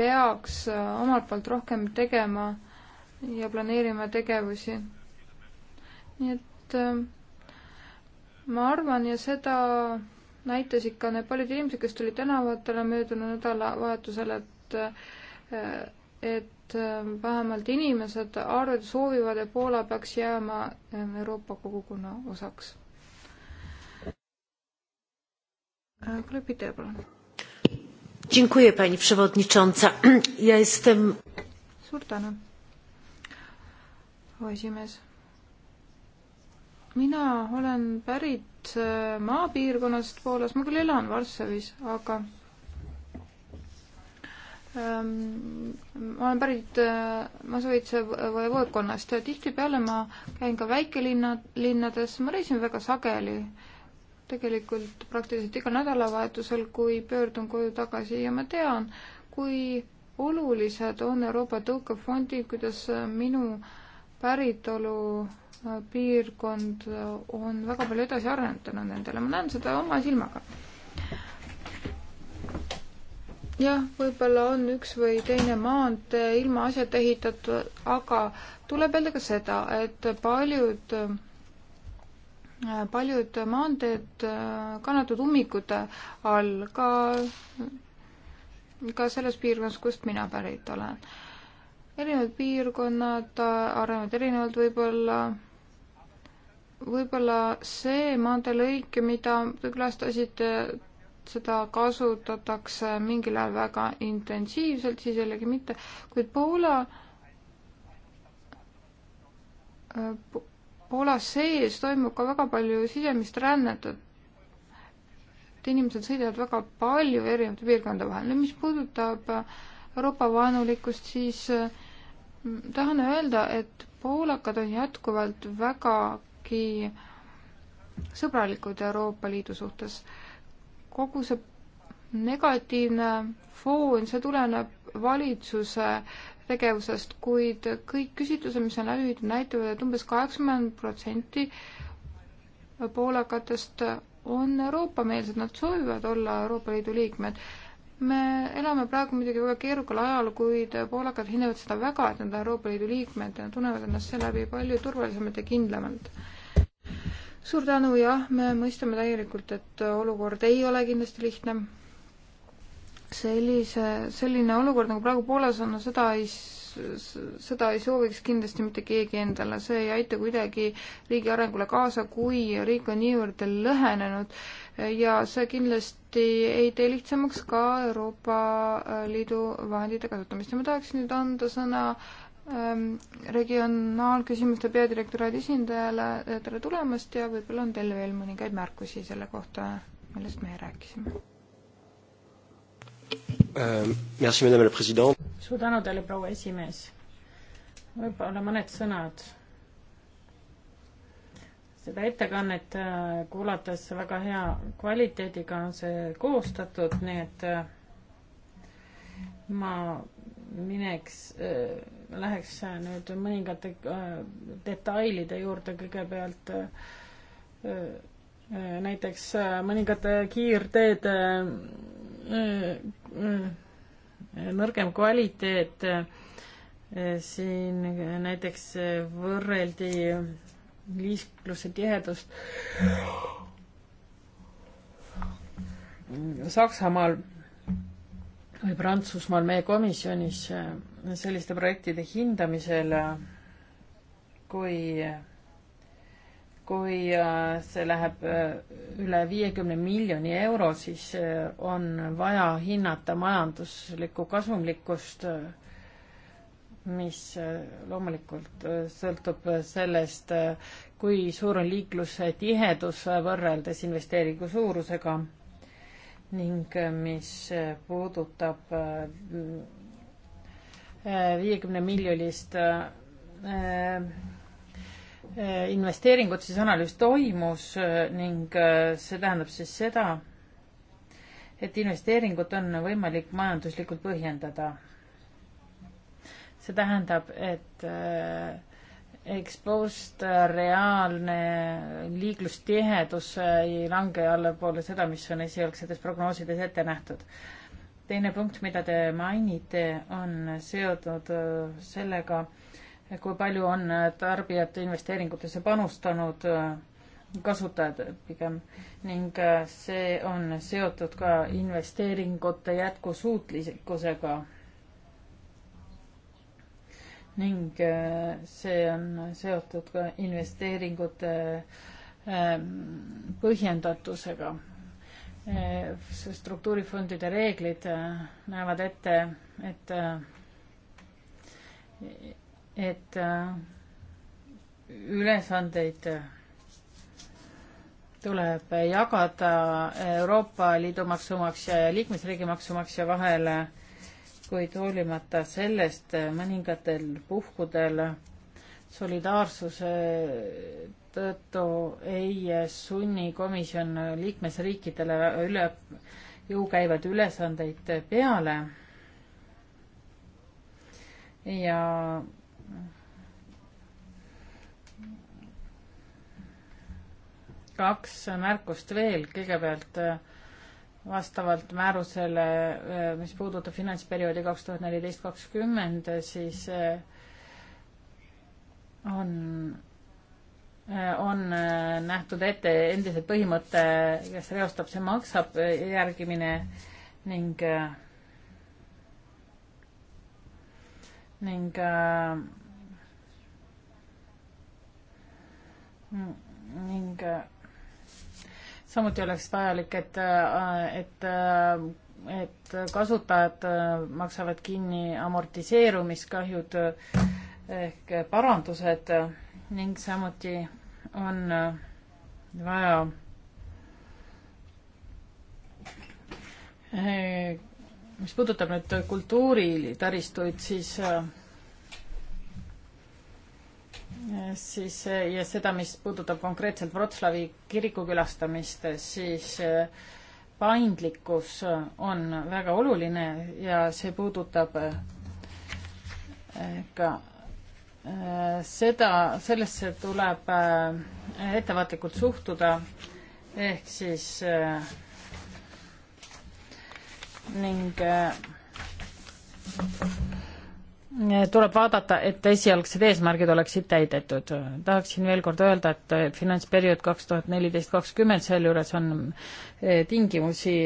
peaks äh, omalt poolt rohkem tegema ja planeerima tegevusi. nii et ma arvan ja seda näitasid ka need paljud inimesed, kes tulid tänavatele möödunud nädalavahetusel, et et vähemalt inimesed arvavad, soovivad, et Poola peaks jääma Euroopa kogukonna osaks. Klepi tee, palun. Dziękuję pani przewodnicząca. Ja jestem... Suur tänu, esimees mina olen pärit äh, maapiirkonnast Poolas, ma küll elan Varssavis, aga ähm, ma olen pärit äh, Masovitse vojevoodkonnast ja tihtipeale ma käin ka väikelinna, linnades, ma reisin väga sageli, tegelikult praktiliselt igal nädalavahetusel, kui pöördun koju tagasi ja ma tean, kui olulised on Euroopa Tõukefondid, kuidas äh, minu päritolu piirkond on väga palju edasi arenenud tänu nendele, ma näen seda oma silmaga. jah, võib-olla on üks või teine maantee ilma asjata ehitatud, aga tuleb öelda ka seda, et paljud, paljud maanteed kannatud ummikute all ka, ka selles piirkonnas, kust mina pärit olen erinevad piirkonnad arenevad erinevalt võib-olla võib-olla see maanteelõik, mida te külastasite, seda kasutatakse mingil ajal väga intensiivselt, siis jällegi mitte, kuid Poola Poola sees toimub ka väga palju sisemist rännet, et inimesed sõidavad väga palju erinevate piirkondade vahel. nüüd mis puudutab Euroopa vaenulikkust, siis mm, tahan öelda, et poolakad on jätkuvalt väga vägagi sõbralikud Euroopa Liidu suhtes. kogu see negatiivne foon, see tuleneb valitsuse tegevusest, kuid kõik küsitlused, mis on läbi viidud, näitavad, et umbes kaheksakümmend protsenti poolakatest on Euroopa-meelsed, nad soovivad olla Euroopa Liidu liikmed. me elame praegu muidugi väga keerukal ajal, kuid poolakad hindavad seda väga, et nad on Euroopa Liidu liikmed ja tunnevad ennast seeläbi palju turvalisemalt ja kindlamalt suur tänu, jah, me mõistame täielikult, et olukord ei ole kindlasti lihtne. sellise, selline olukord nagu praegu Poolas on, no seda ei, seda ei sooviks kindlasti mitte keegi endale, see ei aita kuidagi riigi arengule kaasa, kui riik on niivõrd lõhenenud ja see kindlasti ei tee lihtsamaks ka Euroopa Liidu vahendite kasutamist ja ma tahaksin nüüd anda sõna äh, Ähm, regionaalküsimuste peadirektoraadi esindajale äh, tere tulemast ja võib-olla on teil veel mõningaid märkusi selle kohta, millest me rääkisime ähm,. Merci, madame la president. suur tänu teile, proua esimees. võib-olla mõned sõnad. seda ettekannet äh, kuulates väga hea kvaliteediga on see koostatud, nii et äh, ma mineks äh,, läheks nüüd mõningate äh, detailide juurde kõigepealt äh, äh näiteks äh, mõningate kiirteede äh, nõrgem kvaliteet. siin näiteks võrreldi liikluse tihedust Saksamaal või Prantsusmaal meie komisjonis äh, selliste projektide hindamisel, äh, kui, kui äh, see läheb üle viiekümne miljoni euro, siis on vaja hinnata majanduslikku kasumlikkust, mis loomulikult sõltub sellest, kui suur on liikluse tihedus võrreldes investeeringu suurusega ning äh, mis äh, puudutab äh, viiekümne miljonist investeeringut, siis analüüs toimus ning see tähendab siis seda, et investeeringut on võimalik majanduslikult põhjendada. see tähendab, et ekspost äh, reaalne liiklustihedus äh, ei lange allapoole seda, mis on esialgsetes prognoosides ette nähtud. teine punkt, mida te mainite, on seotud äh, sellega, kui palju on tarbijate investeeringutesse panustanud kasutajad pigem ning see on seotud ka investeeringute jätkusuutlikkusega ning äh, see on seotud ka investeeringute ähm, põhjendatusega. Äh, struktuurifondide reeglid äh, näevad ette, et, et ülesandeid tuleb jagada Euroopa Liidu maksumaksja ja liikmesriigi maksumaksja vahel kuid hoolimata sellest äh, mõningatel puhkudel solidaarsuse tõttu ei äh, sunni komisjon liikmesriikidele üle jõu käivaid ülesandeid peale. ja kaks märkust veel, kõigepealt äh, vastavalt määrusele, äh, mis puudutab finantsperioodi kaks tuhat neliteist, kakskümmend, siis äh, on, äh, on nähtud ette endiselt põhimõte, kes reostab, see maksab järgimine ning ning ning samuti oleks vajalik, et, äh, et, äh, et kasutajad äh, maksavad kinni amortiseerumiskahjud ehk parandused ning samuti on vaja mis puudutab nüüd kultuuritaristuid, siis siis eh, ja seda, mis puudutab konkreetselt Wroclawi kiriku külastamist, eh, siis eh, paindlikkus on väga oluline ja see puudutab ka seda, sellesse tuleb ettevaatlikult suhtuda, ehk siis ning tuleb vaadata, et esialgsed eesmärgid oleksid täidetud. tahaksin veel kord öelda, et finantsperiood kaks tuhat neliteist, kakskümmend, sealjuures on eh, tingimusi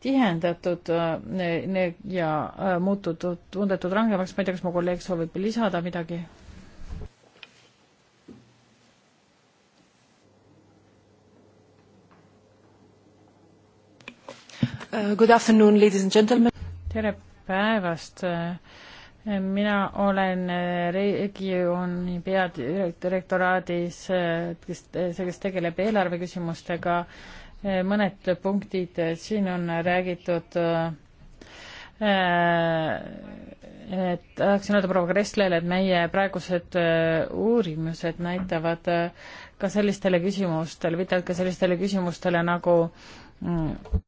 tihendatud eh, ja eh, muututud, tundetud rangemaks, ma ei tea, kas mu kolleeg soovib lisada midagi? Good afternoon, ladies and gentlemen! tere päevast äh, mina olen äh, regiooni peadirektoraadis, äh, kes, see, kes tegeleb eelarveküsimustega, äh, mõned punktid, siin on räägitud et tahaksin öelda proua Kresslele, et meie praegused uurimused näitavad ka sellistele küsimustele, viitavad ka sellistele küsimustele nagu mm,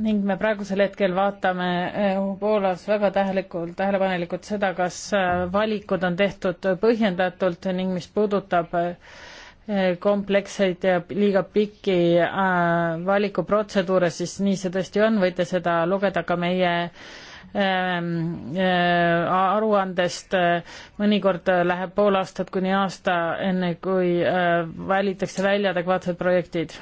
ning me praegusel hetkel vaatame eh, Poolas väga tähelikult, tähelepanelikult seda, kas eh, valikud on tehtud põhjendatult ning mis puudutab eh, kompleksseid ja liiga pikki valikuprotseduure, siis nii see tõesti on, võite seda lugeda ka meie ehm, aruandest, mõnikord läheb pool aastat kuni aasta, enne kui valitakse välja adekvaatsed projektid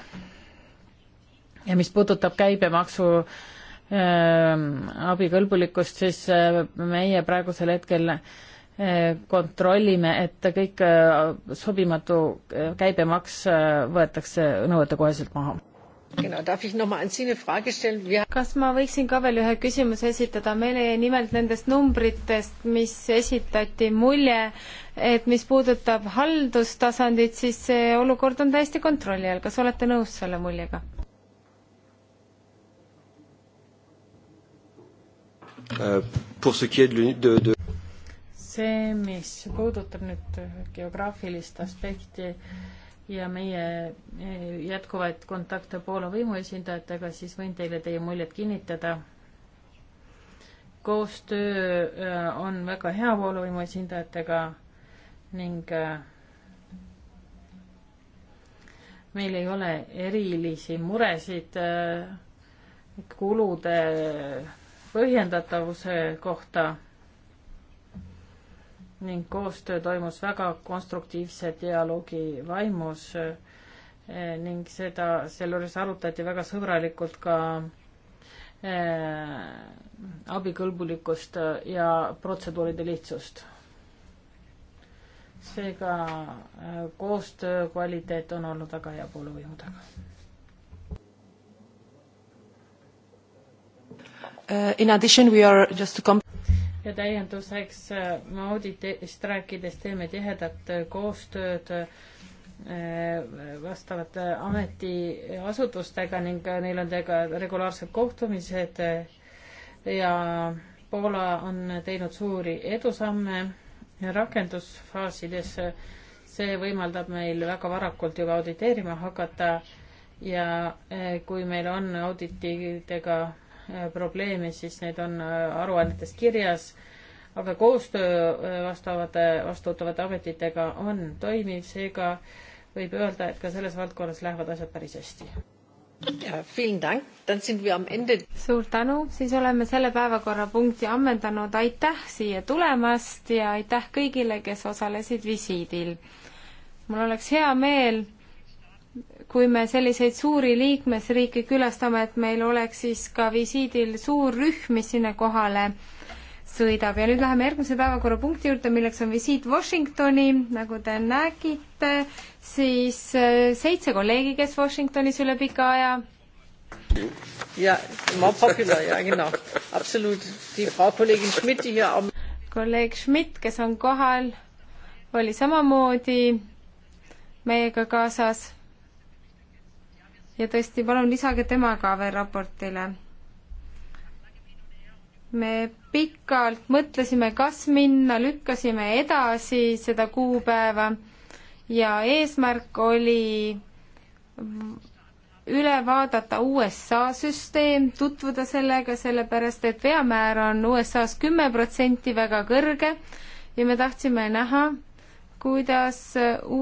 ja mis puudutab käibemaksu ähm, abikõlbulikkust, siis äh, meie praegusel hetkel äh, kontrollime, et kõik äh, sobimatu käibemaks võetakse nõuetekoheselt maha. kas ma võiksin ka veel ühe küsimuse esitada, meile jäi nimelt nendest numbritest, mis esitati mulje, et mis puudutab haldustasandit, siis see olukord on täiesti kontrolli all, kas olete nõus selle muljega? Euh, pour ce qui est de, de, de see, mis puudutab nüüd geograafilist aspekti ja meie eh, jätkuvaid kontakte Poola võimuesindajatega, siis võin teile teie muljet kinnitada. koostöö eh, on väga hea Poola võimuesindajatega ning eh, meil ei ole erilisi muresid kulude põhjendatavuse kohta ning koostöö toimus väga konstruktiivse dialoogi vaimus eh, ning seda, selle juures arutati väga sõbralikult ka eh, abikõlbulikkust ja protseduuride lihtsust. seega eh, koostöö kvaliteet on olnud väga hea poolevõimudega. Uh, in addition we are just to come ja täienduseks äh, me auditist rääkides teeme tihedat äh, koostööd äh, vastavate ametiasutustega ning neil on teiega regulaarsed kohtumised ja Poola on teinud suuri edusamme rakendusfaasides. see võimaldab meil väga varakult juba auditeerima hakata ja kui meil on auditidega Eh, probleemi, siis need on eh, aruannetes kirjas, aga koostöö eh, vastavate, vastutavate ametitega on toimiv, seega võib öelda, et ka selles valdkonnas lähevad asjad päris hästi. suur tänu, siis oleme selle päevakorrapunkti ammendanud, aitäh siia tulemast ja aitäh kõigile, kes osalesid visiidil. mul oleks hea meel kui me selliseid suuri liikmesriike külastame, et meil oleks siis ka visiidil suur rühm, mis sinna kohale sõidab ja nüüd läheme järgmise päevakorrapunkti juurde, milleks on visiit Washingtoni, nagu te nägite, siis äh, seitse kolleegi, kes Washingtonis üle pika aja. ja, ma popular ja, genau, absoluut, kolleeg Schmidt ja. kolleeg Schmidt, kes on kohal, oli samamoodi meiega kaasas ja tõesti, palun lisage tema ka veel raportile. me pikalt mõtlesime, kas minna, lükkasime edasi seda kuupäeva ja eesmärk oli üle vaadata USA süsteem, tutvuda sellega, sellepärast et veamäär on USA-s kümme protsenti väga kõrge ja me tahtsime näha, kuidas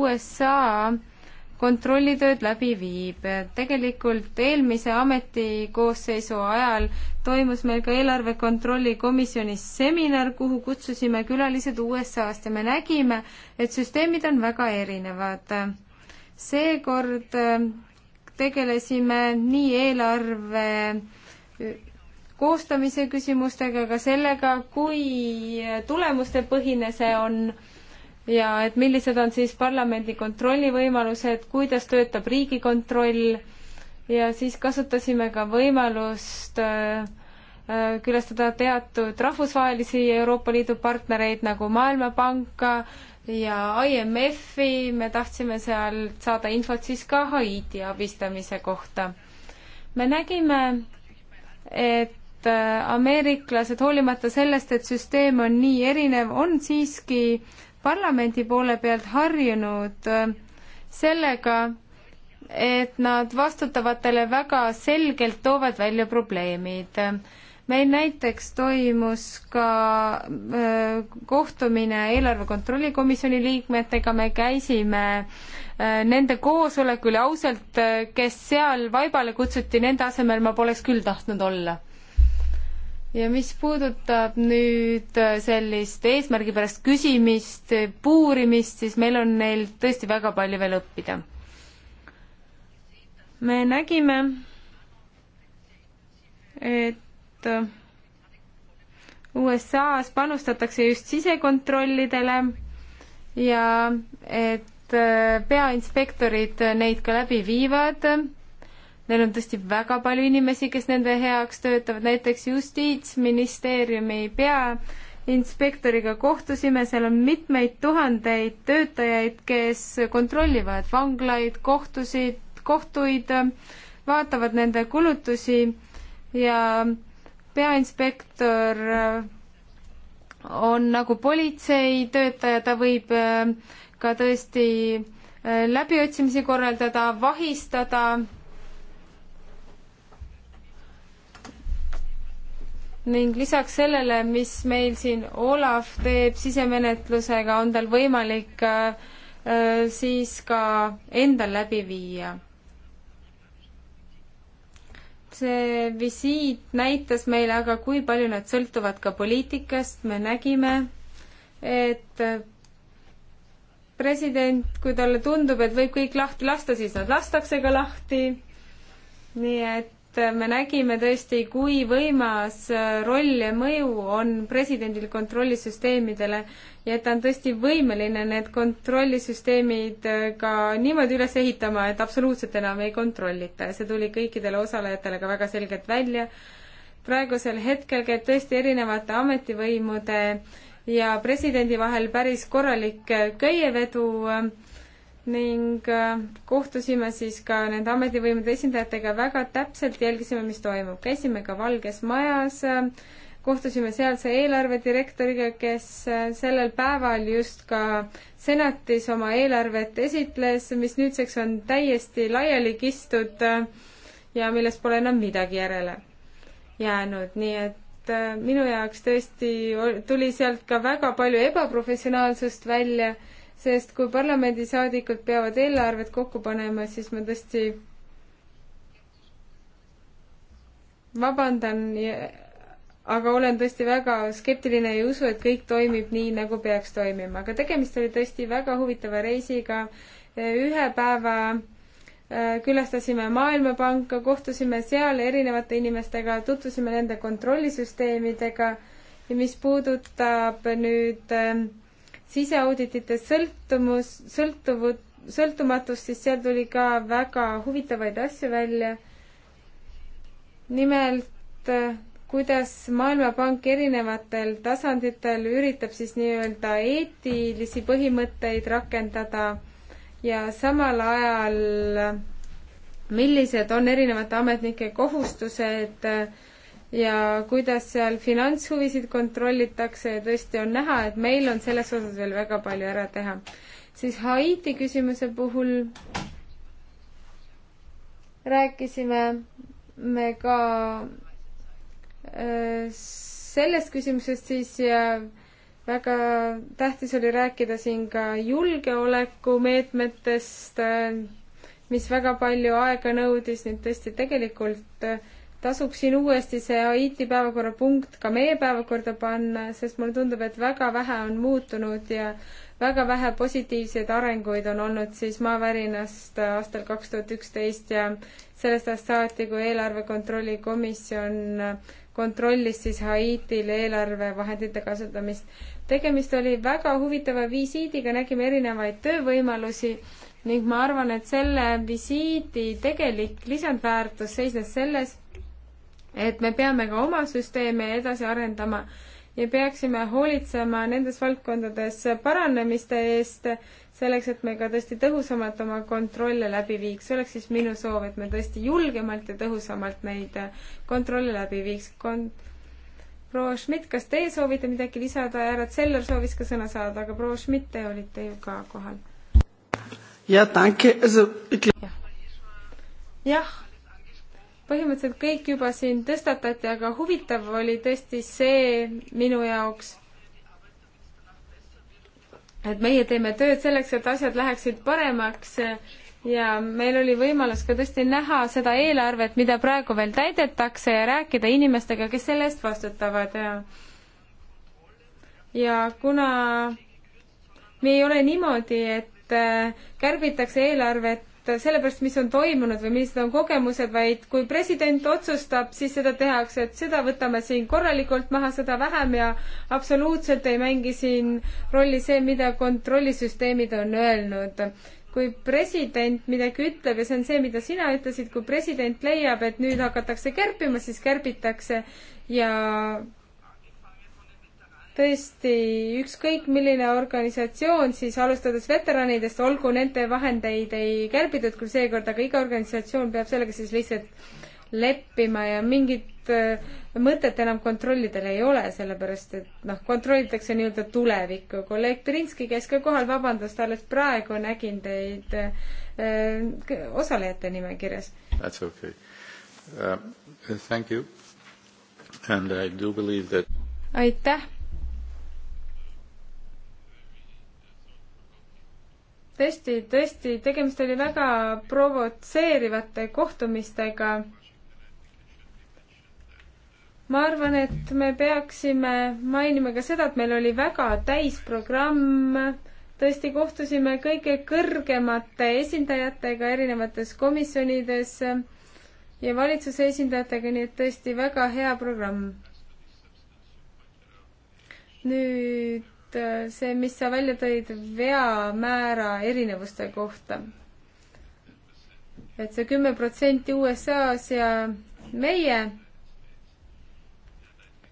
USA kontrollitööd läbi viib. tegelikult eelmise ametikoosseisu ajal toimus meil ka eelarve kontrolli komisjonis seminar, kuhu kutsusime külalised USA-st ja me nägime, et süsteemid on väga erinevad. seekord äh, tegelesime nii eelarve äh, koostamise küsimustega, aga sellega, kui äh, tulemustepõhine see on ja et millised on siis parlamendi kontrollivõimalused, kuidas töötab Riigikontroll ja siis kasutasime ka võimalust äh, äh, külastada teatud rahvusvahelisi Euroopa Liidu partnereid nagu Maailmapanka ja IMF-i, me tahtsime seal saada infot siis ka Haiti abistamise kohta. me nägime, et äh, ameeriklased, hoolimata sellest, et süsteem on nii erinev, on siiski äh, parlamendi poole pealt harjunud äh, sellega, et nad vastutavatele väga selgelt toovad välja probleemid. meil näiteks toimus ka äh, kohtumine eelarve kontrolli komisjoni liikmetega, me käisime äh, nende koosolekul ja ausalt, kes seal vaibale kutsuti, nende asemel ma poleks küll tahtnud olla ja mis puudutab nüüd äh, sellist eesmärgi pärast küsimist, äh, puurimist, siis meil on neil tõesti väga palju veel õppida. me nägime, et äh, USA-s panustatakse just sisekontrollidele ja et peainspektorid neid ka läbi viivad Neil on tõesti väga palju inimesi, kes nende heaks töötavad, näiteks Justiitsministeeriumi peainspektoriga kohtusime, seal on mitmeid tuhandeid töötajaid, kes kontrollivad vanglaid, kohtusid, kohtuid, vaatavad nende kulutusi ja peainspektor on nagu politseitöötaja, ta võib äh, ka tõesti äh, läbiotsimisi korraldada, vahistada ning lisaks sellele, mis meil siin Olav teeb sisemenetlusega, on tal võimalik äh, äh, siis ka endal läbi viia. see visiit näitas meile aga, kui palju nad sõltuvad ka poliitikast, me nägime, et äh, president, kui talle tundub, et võib kõik lahti lasta, siis nad lastakse ka lahti. nii et me nägime tõesti, kui võimas roll ja mõju on presidendil kontrollisüsteemidele ja et ta on tõesti võimeline need kontrollisüsteemid ka niimoodi üles ehitama, et absoluutselt enam ei kontrollita ja see tuli kõikidele osalejatele ka väga selgelt välja. praegusel hetkel käib tõesti erinevate ametivõimude ja presidendi vahel päris korralik köievedu äh, ning äh, kohtusime siis ka nende ametivõimude esindajatega väga täpselt, jälgisime, mis toimub. käisime ka Valges Majas, äh, kohtusime sealse eelarvedirektoriga, kes äh, sellel päeval just ka senatis oma eelarvet esitles, mis nüüdseks on täiesti laiali kistud ja millest pole enam midagi järele jäänud, nii et minu jaoks tõesti tuli sealt ka väga palju ebaprofessionaalsust välja sest kui parlamendisaadikud peavad eelarvet kokku panema, siis ma tõesti vabandan, aga olen tõesti väga skeptiline ja ei usu, et kõik toimib nii, nagu peaks toimima, aga tegemist oli tõesti väga huvitava reisiga. ühe päeva äh, külastasime Maailmapanka, kohtusime seal erinevate inimestega, tutvusime nende kontrollisüsteemidega ja mis puudutab nüüd äh, siseauditite sõltumus, sõltuvus, sõltumatus, siis seal tuli ka väga huvitavaid asju välja. nimelt, äh, kuidas Maailmapank erinevatel tasanditel üritab siis nii-öelda eetilisi põhimõtteid rakendada ja samal ajal millised on erinevate ametnike kohustused äh, ja kuidas seal finantshuvisid kontrollitakse ja tõesti on näha, et meil on selles osas veel väga palju ära teha. siis Haiti küsimuse puhul rääkisime me ka äh, sellest küsimusest siis ja väga tähtis oli rääkida siin ka julgeolekumeetmetest, äh, mis väga palju aega nõudis, nii et tõesti tegelikult äh, tasub siin uuesti see Haiti päevakorrapunkt ka meie päevakorda panna, sest mulle tundub, et väga vähe on muutunud ja väga vähe positiivseid arenguid on olnud siis maavärinast aastal kaks tuhat üksteist ja sellest ajast saati, kui eelarve kontrolli komisjon kontrollis siis Haitil eelarvevahendite kasutamist. tegemist oli väga huvitava visiidiga, nägime erinevaid töövõimalusi ning ma arvan, et selle visiidi tegelik lisandväärtus seisnes selles, et me peame ka oma süsteeme edasi arendama ja peaksime hoolitsema nendes valdkondades paranemiste eest, selleks et me ka tõesti tõhusamalt oma kontrolle läbi viiks. see oleks siis minu soov, et me tõesti julgemalt ja tõhusamalt neid kontrolle läbi viiks Kon proua Schmidt, kas teie soovite midagi lisada, härra Zeller soovis ka sõna saada, aga proua Schmidt, te olite ju ka kohal. jah, põhimõtteliselt kõik juba siin tõstatati, aga huvitav oli tõesti see minu jaoks, et meie teeme tööd selleks, et asjad läheksid paremaks ja meil oli võimalus ka tõesti näha seda eelarvet, mida praegu veel täidetakse ja rääkida inimestega, kes selle eest vastutavad ja ja kuna me ei ole niimoodi, et kärbitakse eelarvet sellepärast, mis on toimunud või millised on kogemused, vaid kui president otsustab, siis seda tehakse, et seda võtame siin korralikult maha, seda vähem ja absoluutselt ei mängi siin rolli see, mida kontrollisüsteemid on öelnud. kui president midagi ütleb ja see on see, mida sina ütlesid, kui president leiab, et nüüd hakatakse kärpima, siis kärbitakse ja tõesti ükskõik milline organisatsioon, siis alustades veteranidest, olgu nende vahendeid ei kärbitud küll seekord, aga iga organisatsioon peab sellega siis lihtsalt leppima ja mingit äh, mõtet enam kontrollidel ei ole, sellepärast et noh, kontrollitakse nii-öelda tulevikku. kolleeg Pirinski käis ka kohal, vabandust, alles praegu nägin teid öö, äh, osalejate nimekirjas. That's okay uh,. Thank you and I do believe that aitäh! tõesti, tõesti, tegemist oli väga provotseerivate kohtumistega. ma arvan, et me peaksime mainima ka seda, et meil oli väga täis programm. tõesti kohtusime kõige kõrgemate esindajatega erinevates komisjonides ja valitsuse esindajatega, nii et tõesti väga hea programm. nüüd Äh, see, mis sa välja tõid veamäära erinevuste kohta. et see kümme protsenti USA-s ja meie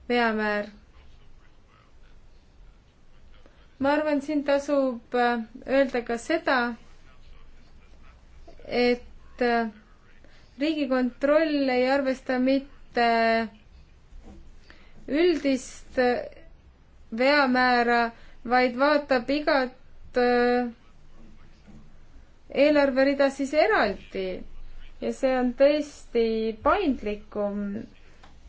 veamäär. ma arvan, siin tasub äh, öelda ka seda, et äh, Riigikontroll ei arvesta mitte üldist veamäära, vaid vaatab igat äh, eelarverida siis eraldi. ja see on tõesti paindlikum.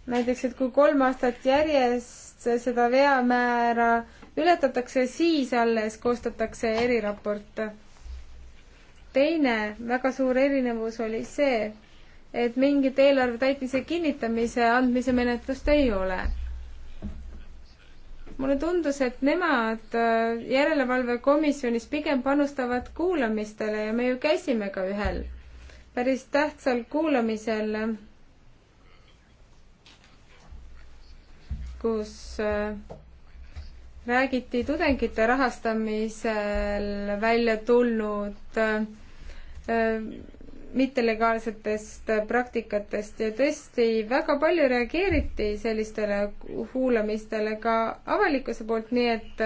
näiteks, et kui kolm aastat järjest seda veamäära ületatakse, siis alles koostatakse eriraport. teine väga suur erinevus oli see, et mingit eelarve täitmise kinnitamise andmise menetlust ei ole mulle tundus, et nemad äh, järelevalvekomisjonis pigem panustavad kuulamistele ja me ju käisime ka ühel päris tähtsal kuulamisel, kus äh, räägiti tudengite rahastamisel välja tulnud äh, mittelegaalsetest praktikatest ja tõesti väga palju reageeriti sellistele kuulamistele ka avalikkuse poolt, nii et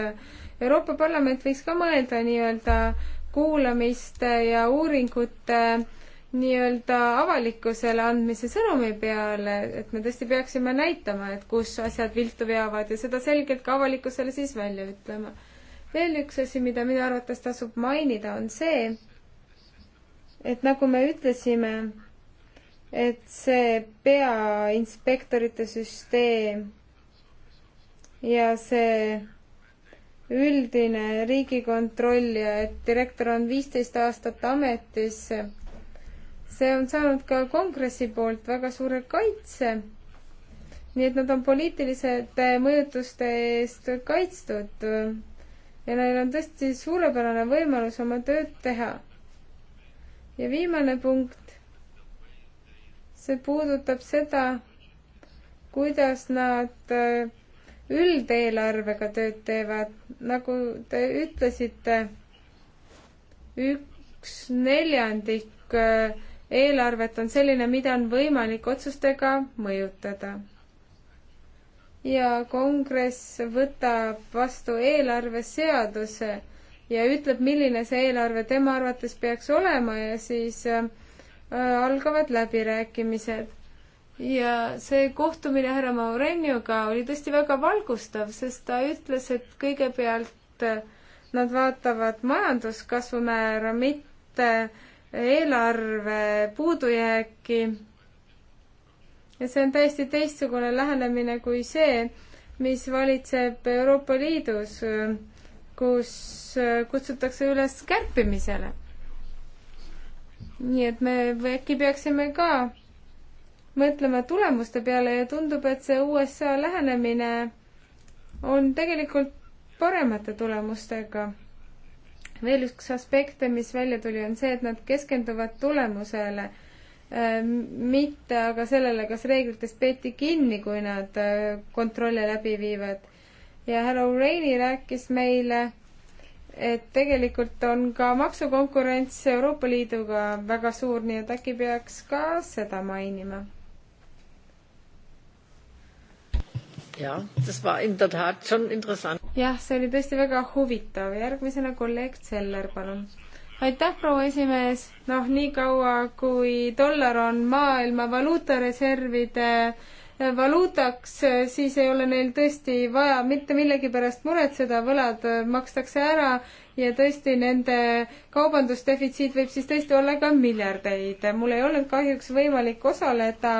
Euroopa Parlament võiks ka mõelda nii-öelda kuulamiste ja uuringute nii-öelda avalikkusele andmise sõnumi peale, et me tõesti peaksime näitama, et kus asjad viltu veavad ja seda selgelt ka avalikkusele siis välja ütlema. veel üks asi, mida minu arvates tasub mainida, on see, et nagu me ütlesime, et see peainspektorite süsteem ja see üldine riigikontroll ja et direktor on viisteist aastat ametis, see on saanud ka kongressi poolt väga suure kaitse. nii et nad on poliitilised mõjutuste eest kaitstud ja neil on tõesti suurepärane võimalus oma tööd teha ja viimane punkt, see puudutab seda, kuidas nad äh, üldeelarvega tööd teevad, nagu te ütlesite, üks neljandik äh, eelarvet on selline, mida on võimalik otsustega mõjutada. ja kongress võtab vastu eelarveseaduse ja ütleb, milline see eelarve tema arvates peaks olema ja siis äh, algavad läbirääkimised. ja see kohtumine härra Maurenioga oli tõesti väga valgustav, sest ta ütles, et kõigepealt äh, nad vaatavad majanduskasvu määra, mitte eelarve puudujääki. ja see on täiesti teistsugune lähenemine kui see, mis valitseb Euroopa Liidus äh, kus äh, kutsutakse üles kärpimisele. nii et me äkki peaksime ka mõtlema tulemuste peale ja tundub, et see USA lähenemine on tegelikult paremate tulemustega. veel üks aspekte, mis välja tuli, on see, et nad keskenduvad tulemusele, äh, mitte aga sellele, kas reeglitest peeti kinni, kui nad äh, kontrolle läbi viivad ja härra Ureini rääkis meile, et tegelikult on ka maksukonkurents Euroopa Liiduga väga suur, nii et äkki peaks ka seda mainima. jah, see oli tõesti väga huvitav. järgmisena kolleeg Zeller, palun aitäh, proua esimees. noh, niikaua kui dollar on maailma valuutareservide valuutaks, siis ei ole neil tõesti vaja mitte millegipärast muretseda, võlad makstakse ära ja tõesti nende kaubandusdefitsiit võib siis tõesti olla ka miljardeid. mul ei olnud kahjuks võimalik osaleda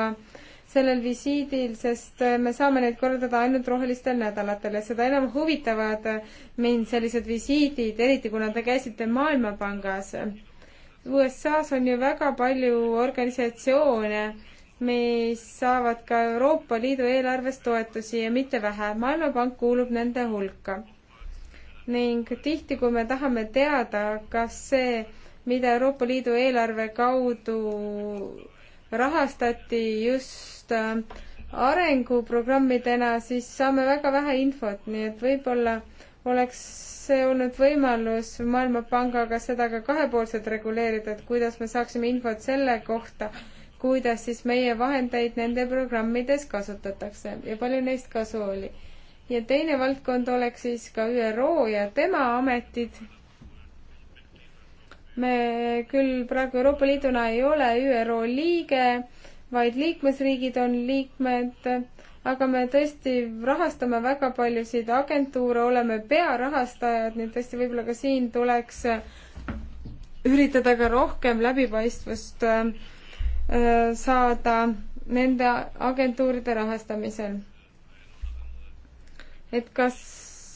sellel visiidil, sest me saame neid korraldada ainult rohelistel nädalatel ja seda enam huvitavad mind sellised visiidid, eriti kuna te käisite Maailmapangas. USA-s on ju väga palju organisatsioone mis saavad ka Euroopa Liidu eelarvest toetusi ja mitte vähe. maailmapank kuulub nende hulka. ning tihti, kui me tahame teada, kas see, mida Euroopa Liidu eelarve kaudu rahastati just äh, arenguprogrammidena, siis saame väga vähe infot, nii et võib-olla oleks see olnud võimalus Maailmapangaga seda ka kahepoolselt reguleerida, et kuidas me saaksime infot selle kohta, kuidas siis meie vahendeid nende programmides kasutatakse ja palju neist kasu oli. ja teine valdkond oleks siis ka ÜRO ja tema ametid. me küll praegu Euroopa Liiduna ei ole ÜRO liige, vaid liikmesriigid on liikmed, aga me tõesti rahastame väga paljusid agentuure, oleme pearahastajad, nii et tõesti võib-olla ka siin tuleks üritada ka rohkem läbipaistvust äh, saada nende agentuuride rahastamisel. et kas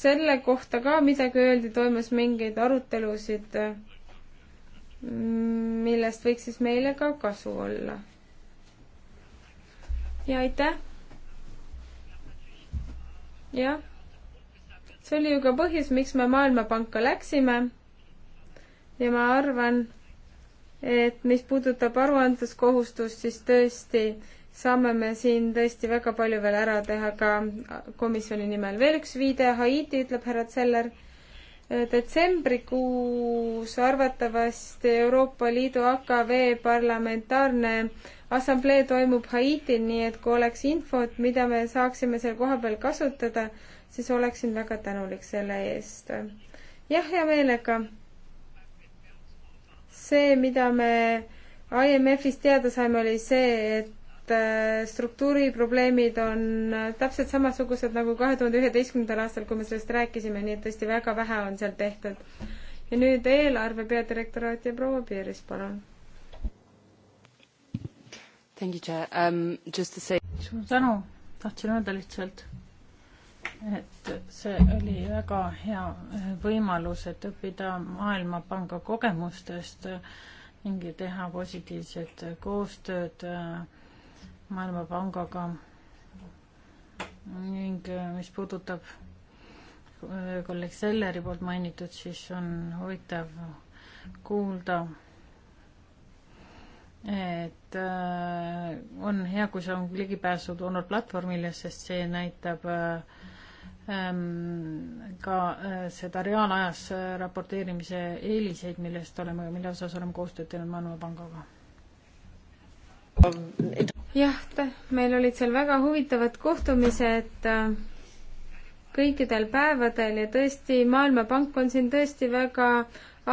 selle kohta ka midagi öeldi, toimus mingeid arutelusid, millest võiks siis meile ka kasu olla? ja aitäh! jah, see oli ju ka põhjus, miks me Maailmapanka läksime ja ma arvan, et mis puudutab aruandluskohustust, siis tõesti saame me siin tõesti väga palju veel ära teha ka komisjoni nimel. veel üks viide, Haiti, ütleb härra Zeller, detsembrikuus arvatavasti Euroopa Liidu AKV parlamentaarne assamblee toimub Haitil, nii et kui oleks infot, mida me saaksime seal kohapeal kasutada, siis oleksin väga tänulik selle eest. jah, hea meelega see, mida me IMF-ist teada saime, oli see, et äh, struktuuriprobleemid on äh, täpselt samasugused nagu kahe tuhande üheteistkümnendal aastal, kui me sellest rääkisime, nii et tõesti väga vähe on seal tehtud. ja nüüd eelarve peadirektoraat ja proua Piiris, palun. Um, suur tänu, tahtsin öelda lihtsalt et see oli väga hea äh, võimalus, et õppida Maailmapanga kogemustest äh, ning teha positiivset äh, koostööd Maailmapangaga ning mis puudutab kolleeg Selleri poolt mainitud, siis on huvitav kuulda, et on hea, kui see on ligipääsu toonud platvormile, sest see näitab äh, Ähm, ka äh, seda reaalajas äh, raporteerimise eeliseid, millest oleme, mille osas oleme koostööd teinud Maailmapangaga. jah, meil olid seal väga huvitavad kohtumised äh, kõikidel päevadel ja tõesti, Maailmapank on siin tõesti väga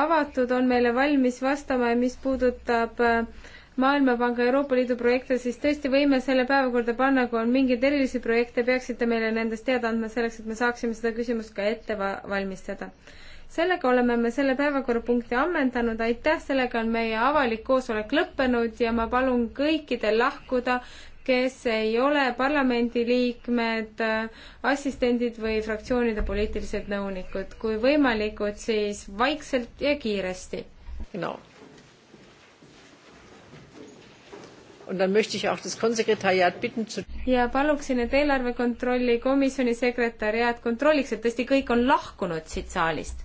avatud, on meile valmis vastama ja mis puudutab äh, Maailmapanga Euroopa Liidu projekte, siis tõesti võime selle päevakorda panna, kui on mingeid erilisi projekte, peaksite meile nendest teada andma selleks, et me saaksime seda küsimust ka ette va valmistada. sellega oleme me selle päevakorrapunkti ammendanud, aitäh, sellega on meie avalik koosolek lõppenud ja ma palun kõikidel lahkuda, kes ei ole parlamendiliikmed, assistendid või fraktsioonide poliitilised nõunikud, kui võimalikud, siis vaikselt ja kiiresti. no Und dann möchte ich auch das Konsekretariat bitten zu ja paluksin, et eelarvekontrolli komisjoni sekretäriaat kontrolliks, et tõesti kõik on lahkunud siit saalist